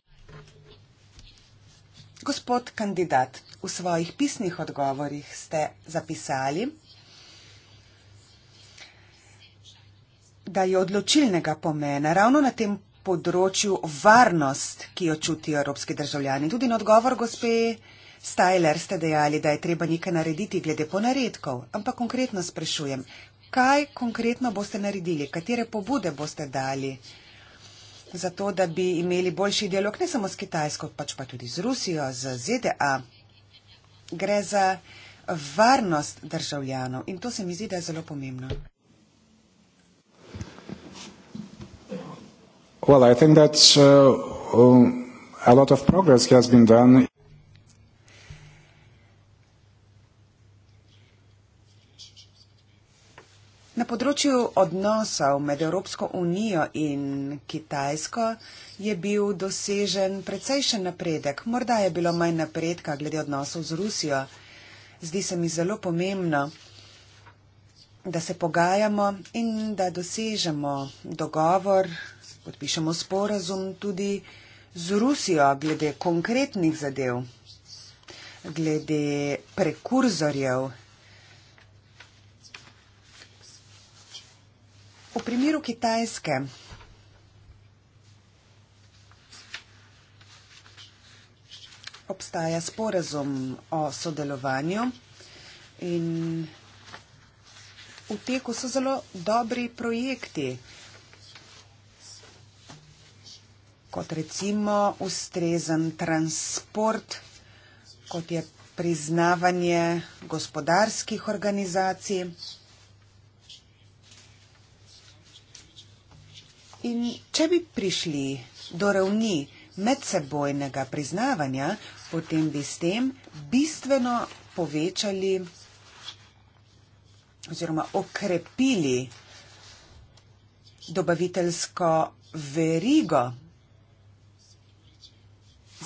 Speaker 3: Gospod kandidat, v svojih pisnih odgovorih ste zapisali, da je odločilnega pomena ravno na tem področju varnost, ki jo čutijo evropski državljani. Tudi na odgovor gospe Stajler ste dejali, da je treba nekaj narediti glede ponaredkov, ampak konkretno sprašujem, kaj konkretno boste naredili, katere pobude boste dali zato, da bi imeli boljši dialog ne samo s Kitajsko, pač pa tudi z Rusijo, z ZDA. Gre za varnost državljanov in to se mi zdi, da je zelo pomembno.
Speaker 4: Well, I think that uh, um, a lot of progress has been done.
Speaker 3: Na področju odnosov med Evropsko unijo in Kitajsko je bil dosežen precejšen napredek. Morda je bilo manj napredka glede odnosov z Rusijo. Zdi se mi zelo pomembno, da se pogajamo in da dosežemo dogovor, podpišemo sporazum tudi z Rusijo glede konkretnih zadev, glede prekurzorjev V primeru Kitajske obstaja sporazum o sodelovanju in v teku so zelo dobri projekti, kot recimo ustrezen transport, kot je priznavanje gospodarskih organizacij. In če bi prišli do ravni medsebojnega priznavanja, potem bi s tem bistveno povečali oziroma okrepili dobaviteljsko verigo.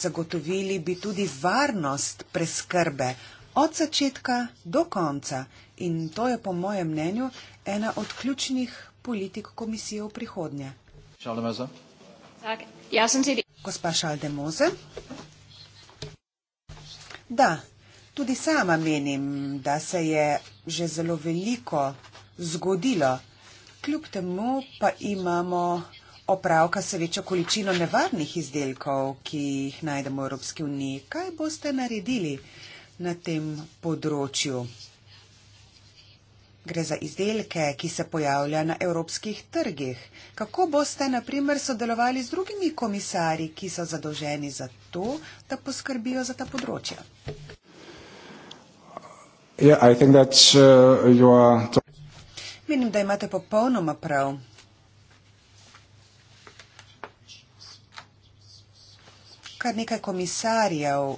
Speaker 3: Zagotovili bi tudi varnost preskrbe od začetka do konca in to je po mojem mnenju ena od ključnih politik komisije v prihodnje. Schaldemose. Ja, Gospa Schaldemose. Da, tudi sama menim, da se je že zelo veliko zgodilo. Kljub temu pa imamo opravka se večjo količino nevarnih izdelkov, ki jih najdemo v Evropski uniji. Kaj boste naredili na tem področju? Gre za izdelke, ki se pojavlja na evropskih trgih. Kako boste, na primer, sodelovali z drugimi komisari, ki so zadolženi za to, da poskrbijo za ta
Speaker 4: področja? Yeah, that, uh,
Speaker 3: Menim, da imate popolnoma prav. Kar nekaj komisarjev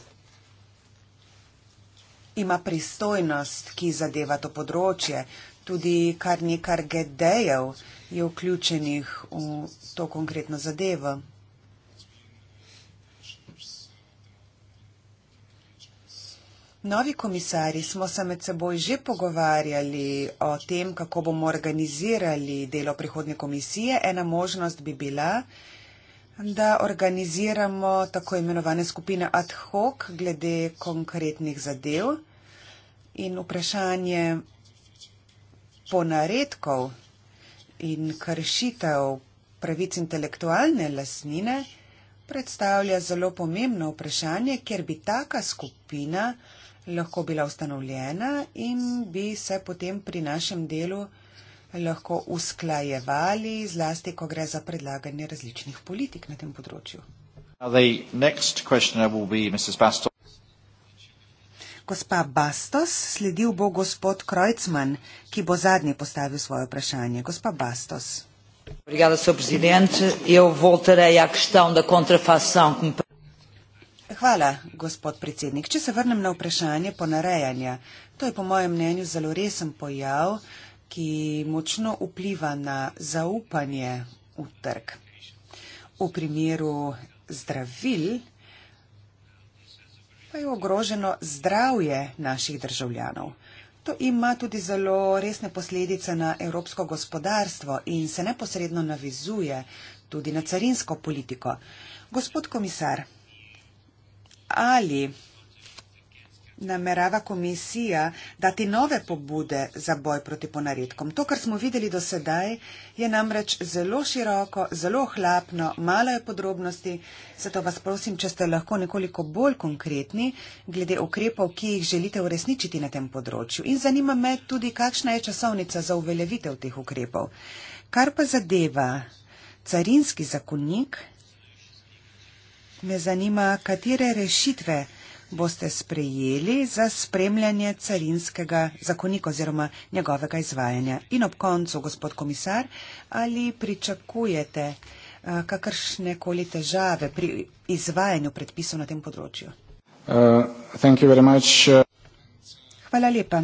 Speaker 3: ima pristojnost, ki zadeva to področje. Tudi kar nekaj GD-jev je vključenih v to konkretno zadevo. Novi komisari smo se med seboj že pogovarjali o tem, kako bomo organizirali delo prihodne komisije. Ena možnost bi bila, da organiziramo tako imenovane skupine ad hoc glede konkretnih zadev in vprašanje ponaredkov in kršitev pravic intelektualne lasnine predstavlja zelo pomembno vprašanje, ker bi taka skupina lahko bila ustanovljena in bi se potem pri našem delu lahko usklajevali, zlasti, ko gre za predlaganje različnih politik na tem področju.
Speaker 2: Uh, the next questioner will be Mrs. Bastos
Speaker 3: gospa Bastos, sledil bo gospod Krojcman, ki bo zadnji postavil svoje vprašanje. Gospa Bastos. Hvala, gospod predsednik. Če se vrnem na vprašanje ponarejanja, to je po mojem mnenju zelo resen pojav, ki močno vpliva na zaupanje v trg. V primeru zdravil pa je ogroženo zdravje naših državljanov. To ima tudi zelo resne posledice na evropsko gospodarstvo in se neposredno navizuje tudi na carinsko politiko. Gospod komisar, ali namerava komisija dati nove pobude za boj proti ponaredkom. To, kar smo videli do sedaj, je namreč zelo široko, zelo hlapno, malo je podrobnosti, zato vas prosim, če ste lahko nekoliko bolj konkretni glede ukrepov, ki jih želite uresničiti na tem področju. In zanima me tudi, kakšna je časovnica za uveljavitev teh ukrepov. Kar pa zadeva carinski zakonnik, me zanima, katere rešitve boste sprejeli za spremljanje carinskega zakonika oziroma njegovega izvajanja. In ob koncu, gospod komisar, ali pričakujete eh, kakršne koli težave pri izvajanju predpisov na tem področju?
Speaker 4: Uh, uh,
Speaker 3: Hvala lepa.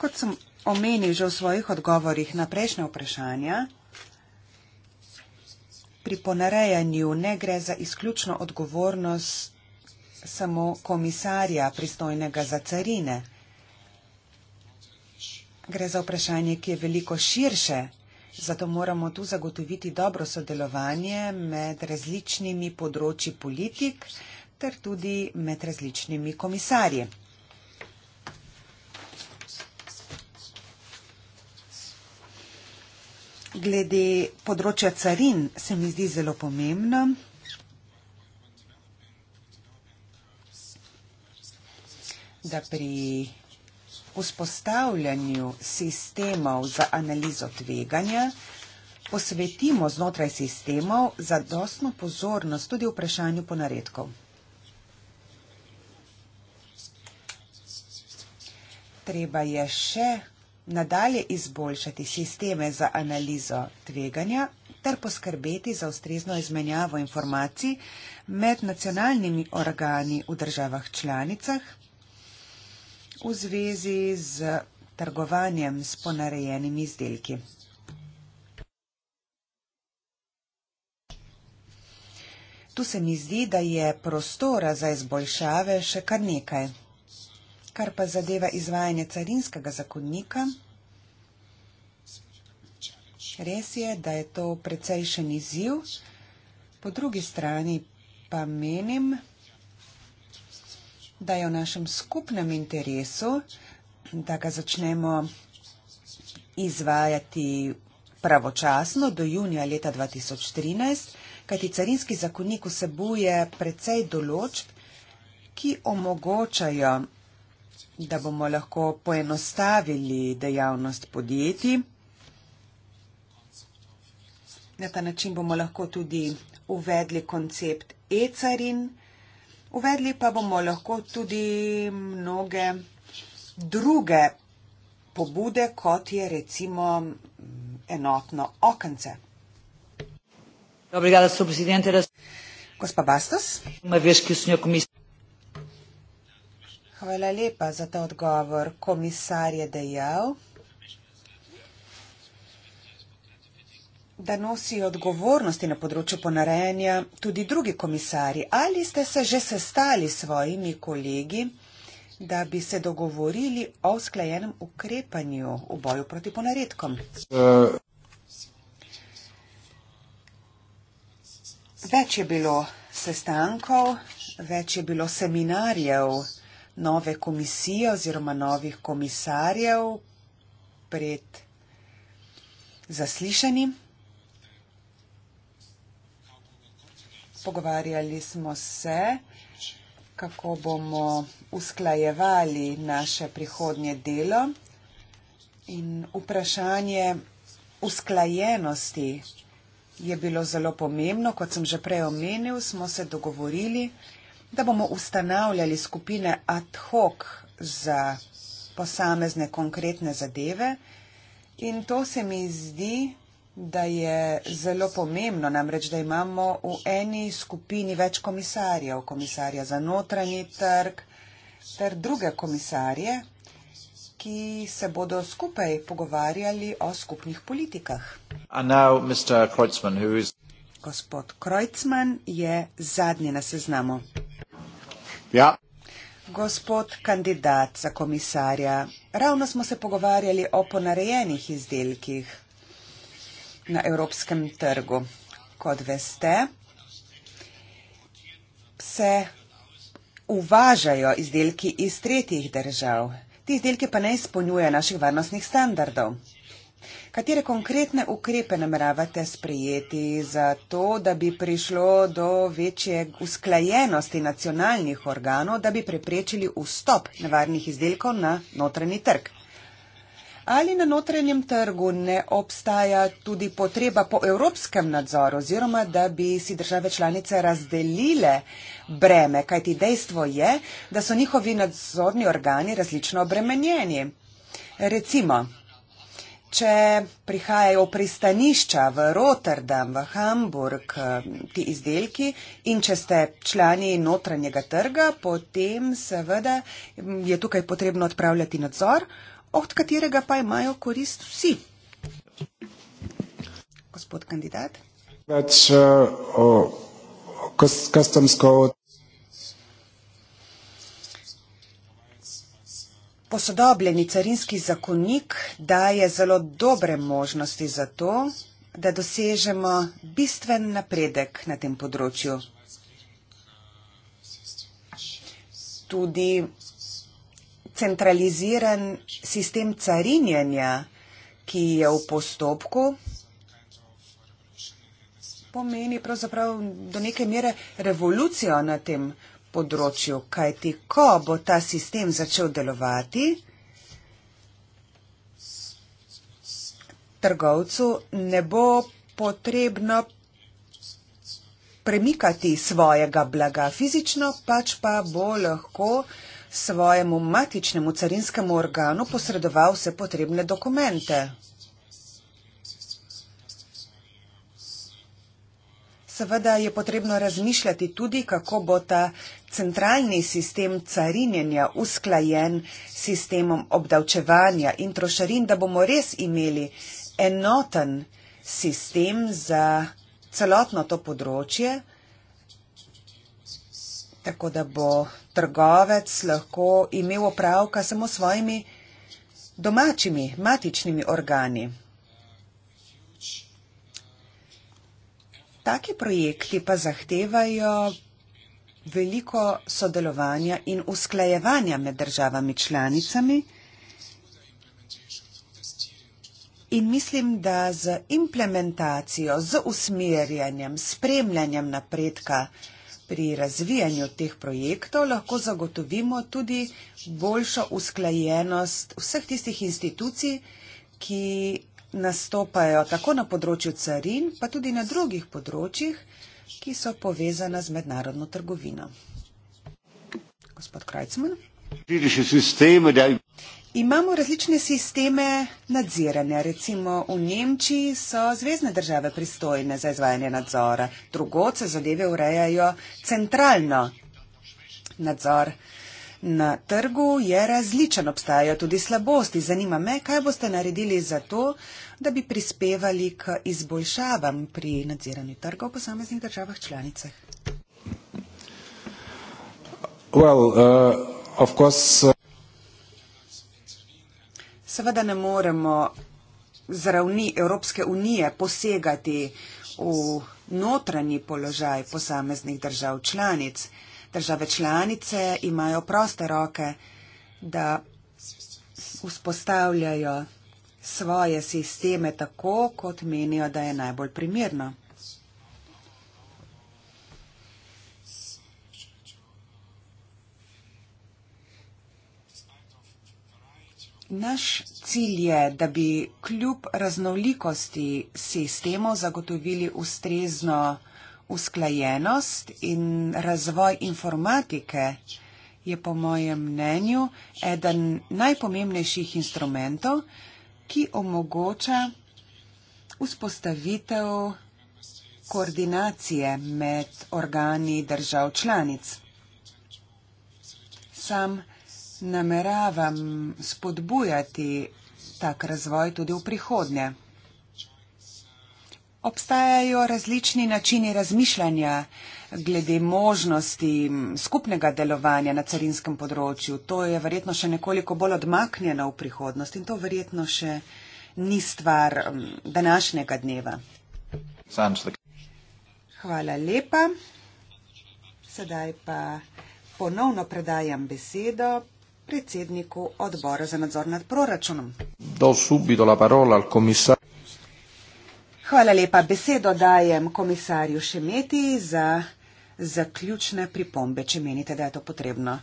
Speaker 3: Kot sem omenil že v svojih odgovorih na prejšnje vprašanja, pri ponarejanju ne gre za izključno odgovornost samo komisarja pristojnega za carine. Gre za vprašanje, ki je veliko širše, zato moramo tu zagotoviti dobro sodelovanje med različnimi področji politik ter tudi med različnimi komisarji. glede področja carin se mi zdi zelo pomembna. Da pri vzpostavljanju sistemov za analizo tveganja posvetimo znotraj sistemov za dostno pozornost tudi vprašanju ponaredkov. Treba je še nadalje izboljšati sisteme za analizo tveganja ter poskrbeti za ustrezno izmenjavo informacij med nacionalnimi organi v državah članicah v zvezi z trgovanjem s ponarejenimi izdelki. Tu se mi zdi, da je prostora za izboljšave še kar nekaj kar pa zadeva izvajanje carinskega zakonnika, res je, da je to precejšen izziv. Po drugi strani pa menim, da je v našem skupnem interesu, da ga začnemo izvajati pravočasno do junija leta 2013, kajti carinski zakonnik vsebuje precej določb, ki omogočajo da bomo lahko poenostavili dejavnost podjetij. Na ta način bomo lahko tudi uvedli koncept e-carin, uvedli pa bomo lahko tudi mnoge druge pobude, kot je recimo mm, enotno okence. Gospa Bastos. Hvala lepa za ta odgovor. Komisar je dejal, da nosi odgovornosti na področju ponarejanja tudi drugi komisari. Ali ste se že sestali s svojimi kolegi, da bi se dogovorili o sklajenem ukrepanju v boju proti ponaredkom? Več je bilo sestankov, več je bilo seminarjev nove komisije oziroma novih komisarjev pred zaslišanjem. Pogovarjali smo se, kako bomo usklajevali naše prihodnje delo in vprašanje usklajenosti je bilo zelo pomembno. Kot sem že prej omenil, smo se dogovorili, da bomo ustanavljali skupine ad hoc za posamezne konkretne zadeve. In to se mi zdi, da je zelo pomembno, namreč, da imamo v eni skupini več komisarjev, komisarja za notranji trg ter druge komisarje, ki se bodo skupaj pogovarjali o skupnih politikah. Gospod Krojcman je zadnji na seznamu. Ja. Gospod kandidat za komisarja, ravno smo se pogovarjali o ponarejenih izdelkih na evropskem trgu. Kot veste, se uvažajo izdelki iz tretjih držav. Ti izdelki pa ne izpolnjujejo naših varnostnih standardov. Katere konkretne ukrepe nameravate sprejeti za to, da bi prišlo do večje usklajenosti nacionalnih organov, da bi preprečili vstop nevarnih izdelkov na notranji trg? Ali na notranjem trgu ne obstaja tudi potreba po evropskem nadzoru oziroma da bi si države članice razdelile breme, kajti dejstvo je, da so njihovi nadzorni organi različno obremenjeni? Recimo, Če prihajajo pristanišča v Rotterdam, v Hamburg ti izdelki in če ste člani notranjega trga, potem seveda je tukaj potrebno odpravljati nadzor, od katerega pa imajo korist vsi. Gospod kandidat.
Speaker 4: But, uh, eh, uh, customs code.
Speaker 3: posodobljeni carinski zakonik daje zelo dobre možnosti za to, da dosežemo bistven napredek na tem področju. Tudi centraliziran sistem carinjenja, ki je v postopku, pomeni pravzaprav do neke mere revolucijo na tem področju področju, kajti ko bo ta sistem začel delovati, trgovcu ne bo potrebno premikati svojega blaga fizično, pač pa bo lahko svojemu matičnemu carinskemu organu posredoval vse potrebne dokumente. seveda je potrebno razmišljati tudi, kako bo ta centralni sistem carinjenja usklajen s sistemom obdavčevanja in trošarin, da bomo res imeli enoten sistem za celotno to področje, tako da bo trgovec lahko imel opravka samo svojimi domačimi, matičnimi organi. Taki projekti pa zahtevajo veliko sodelovanja in usklajevanja med državami članicami. In mislim, da z implementacijo, z usmerjanjem, spremljanjem napredka pri razvijanju teh projektov lahko zagotovimo tudi boljšo usklajenost vseh tistih institucij, ki nastopajo tako na področju carin, pa tudi na drugih področjih, ki so povezana z mednarodno trgovino. Gospod Krajcman. Imamo različne sisteme nadziranja. Recimo v Nemčiji so zvezdne države pristojne za izvajanje nadzora, drugo se zadeve urejajo centralno. Nadzor uh, Na trgu je različen, obstajajo tudi slabosti. Zanima me, kaj boste naredili za to, da bi prispevali k izboljšavam pri nadziranju trga v posameznih državah članicah.
Speaker 4: Well, uh, of course, uh...
Speaker 3: Seveda ne moremo z ravni Evropske unije posegati v notranji položaj posameznih držav članic. Uh, države članice imajo proste roke, da vzpostavljajo svoje sisteme tako, kot menijo, da je najbolj primirno. Naš cilj je, da bi kljub raznolikosti sistemov zagotovili ustrezno usklajenost in razvoj informatike je po mojem mnenju eden najpomembnejših instrumentov, ki omogoča vzpostavitev koordinacije med organi držav članic. Sam nameravam spodbujati tak razvoj tudi v prihodnje. Obstajajo različni načini razmišljanja glede možnosti skupnega delovanja na carinskem področju. To je verjetno še nekoliko bolj odmaknjeno v prihodnost in to verjetno še ni stvar današnjega dneva. Hvala lepa. Sedaj pa ponovno predajam besedo predsedniku odbora za nadzor nad proračunom.
Speaker 1: Do subito la parola al komisar.
Speaker 3: Hvala lepa. Besedo dajem komisarju Šemeti za zaključne pripombe, če menite, da je to potrebno.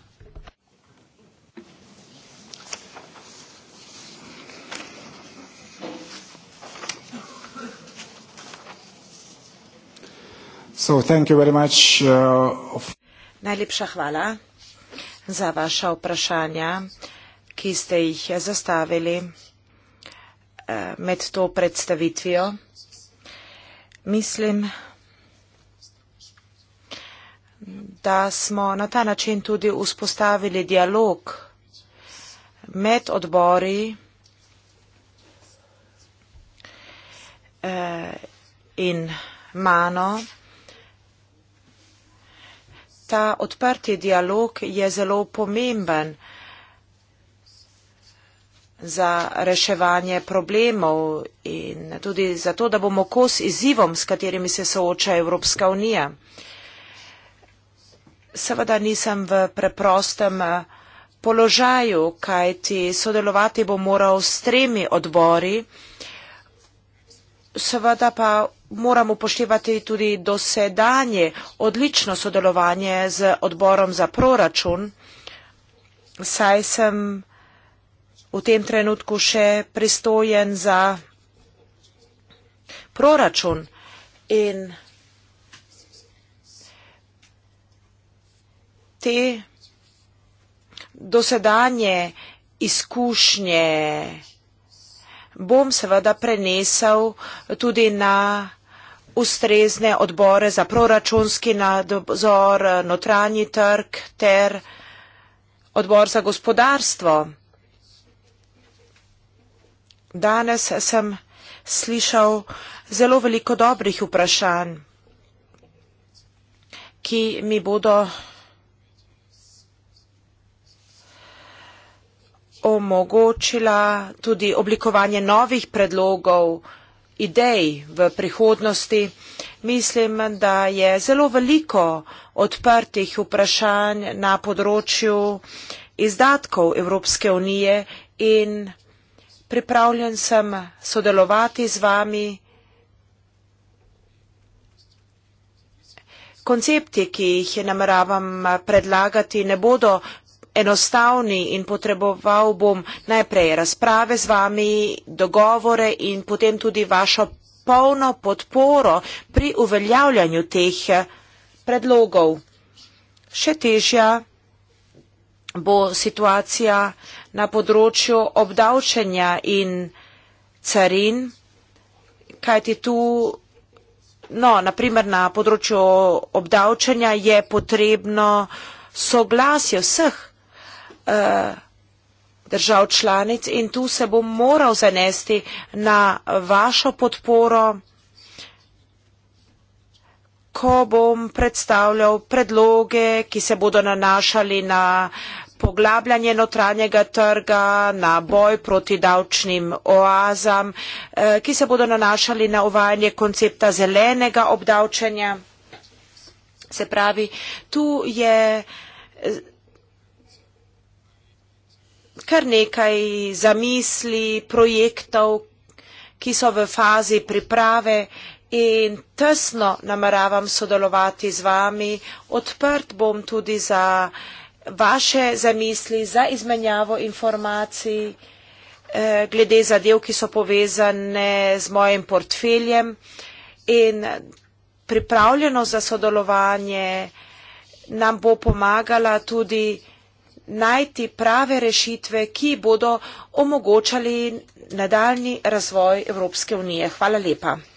Speaker 4: So, much, uh, of...
Speaker 5: Najlepša hvala za vaša vprašanja, ki ste jih zastavili eh, med to predstavitvijo. Mislim, da smo na ta način tudi vzpostavili dialog med odbori eh, in mano. Ta odprti dialog je zelo pomemben za reševanje problemov in tudi za to, da bomo kos izzivom, s katerimi se sooča Evropska unija. Seveda nisem v preprostem eh, položaju, kajti sodelovati bom moral s tremi odbori, seveda pa moram upoštevati tudi dosedanje odlično sodelovanje z odborom za proračun, saj sem v tem trenutku še pristojen za proračun in te dosedanje izkušnje bom seveda prenesel tudi na ustrezne odbore za proračunski nadzor, notranji trg ter odbor za gospodarstvo. Danes sem slišal zelo veliko dobrih vprašanj, ki mi bodo omogočila tudi oblikovanje novih predlogov, idej v prihodnosti. Mislim, da je zelo veliko odprtih vprašanj na področju izdatkov Evropske unije in pripravljen sem sodelovati z vami. Koncepti, ki jih nameravam predlagati, ne bodo enostavni in potreboval bom najprej razprave z vami, dogovore in potem tudi vašo polno podporo pri uveljavljanju teh predlogov. Še težja bo situacija na področju obdavčenja in carin, kajti tu, no, naprimer na področju obdavčenja je potrebno soglasje vseh eh, držav članic in tu se bom moral zanesti na vašo podporo, ko bom predstavljal predloge, ki se bodo nanašali na poglabljanje notranjega trga, na boj proti davčnim oazam, eh, ki se bodo nanašali na uvajanje koncepta zelenega obdavčenja. Se pravi, tu je eh, kar nekaj zamisli, projektov, ki so v fazi priprave in tesno nameravam sodelovati z vami. Odprt bom tudi za vaše zamisli za izmenjavo informacij eh, glede zadev, ki so povezane z mojim portfeljem in pripravljenost za sodelovanje nam bo pomagala tudi najti prave rešitve, ki bodo omogočali nadaljni razvoj Evropske unije. Hvala
Speaker 2: lepa.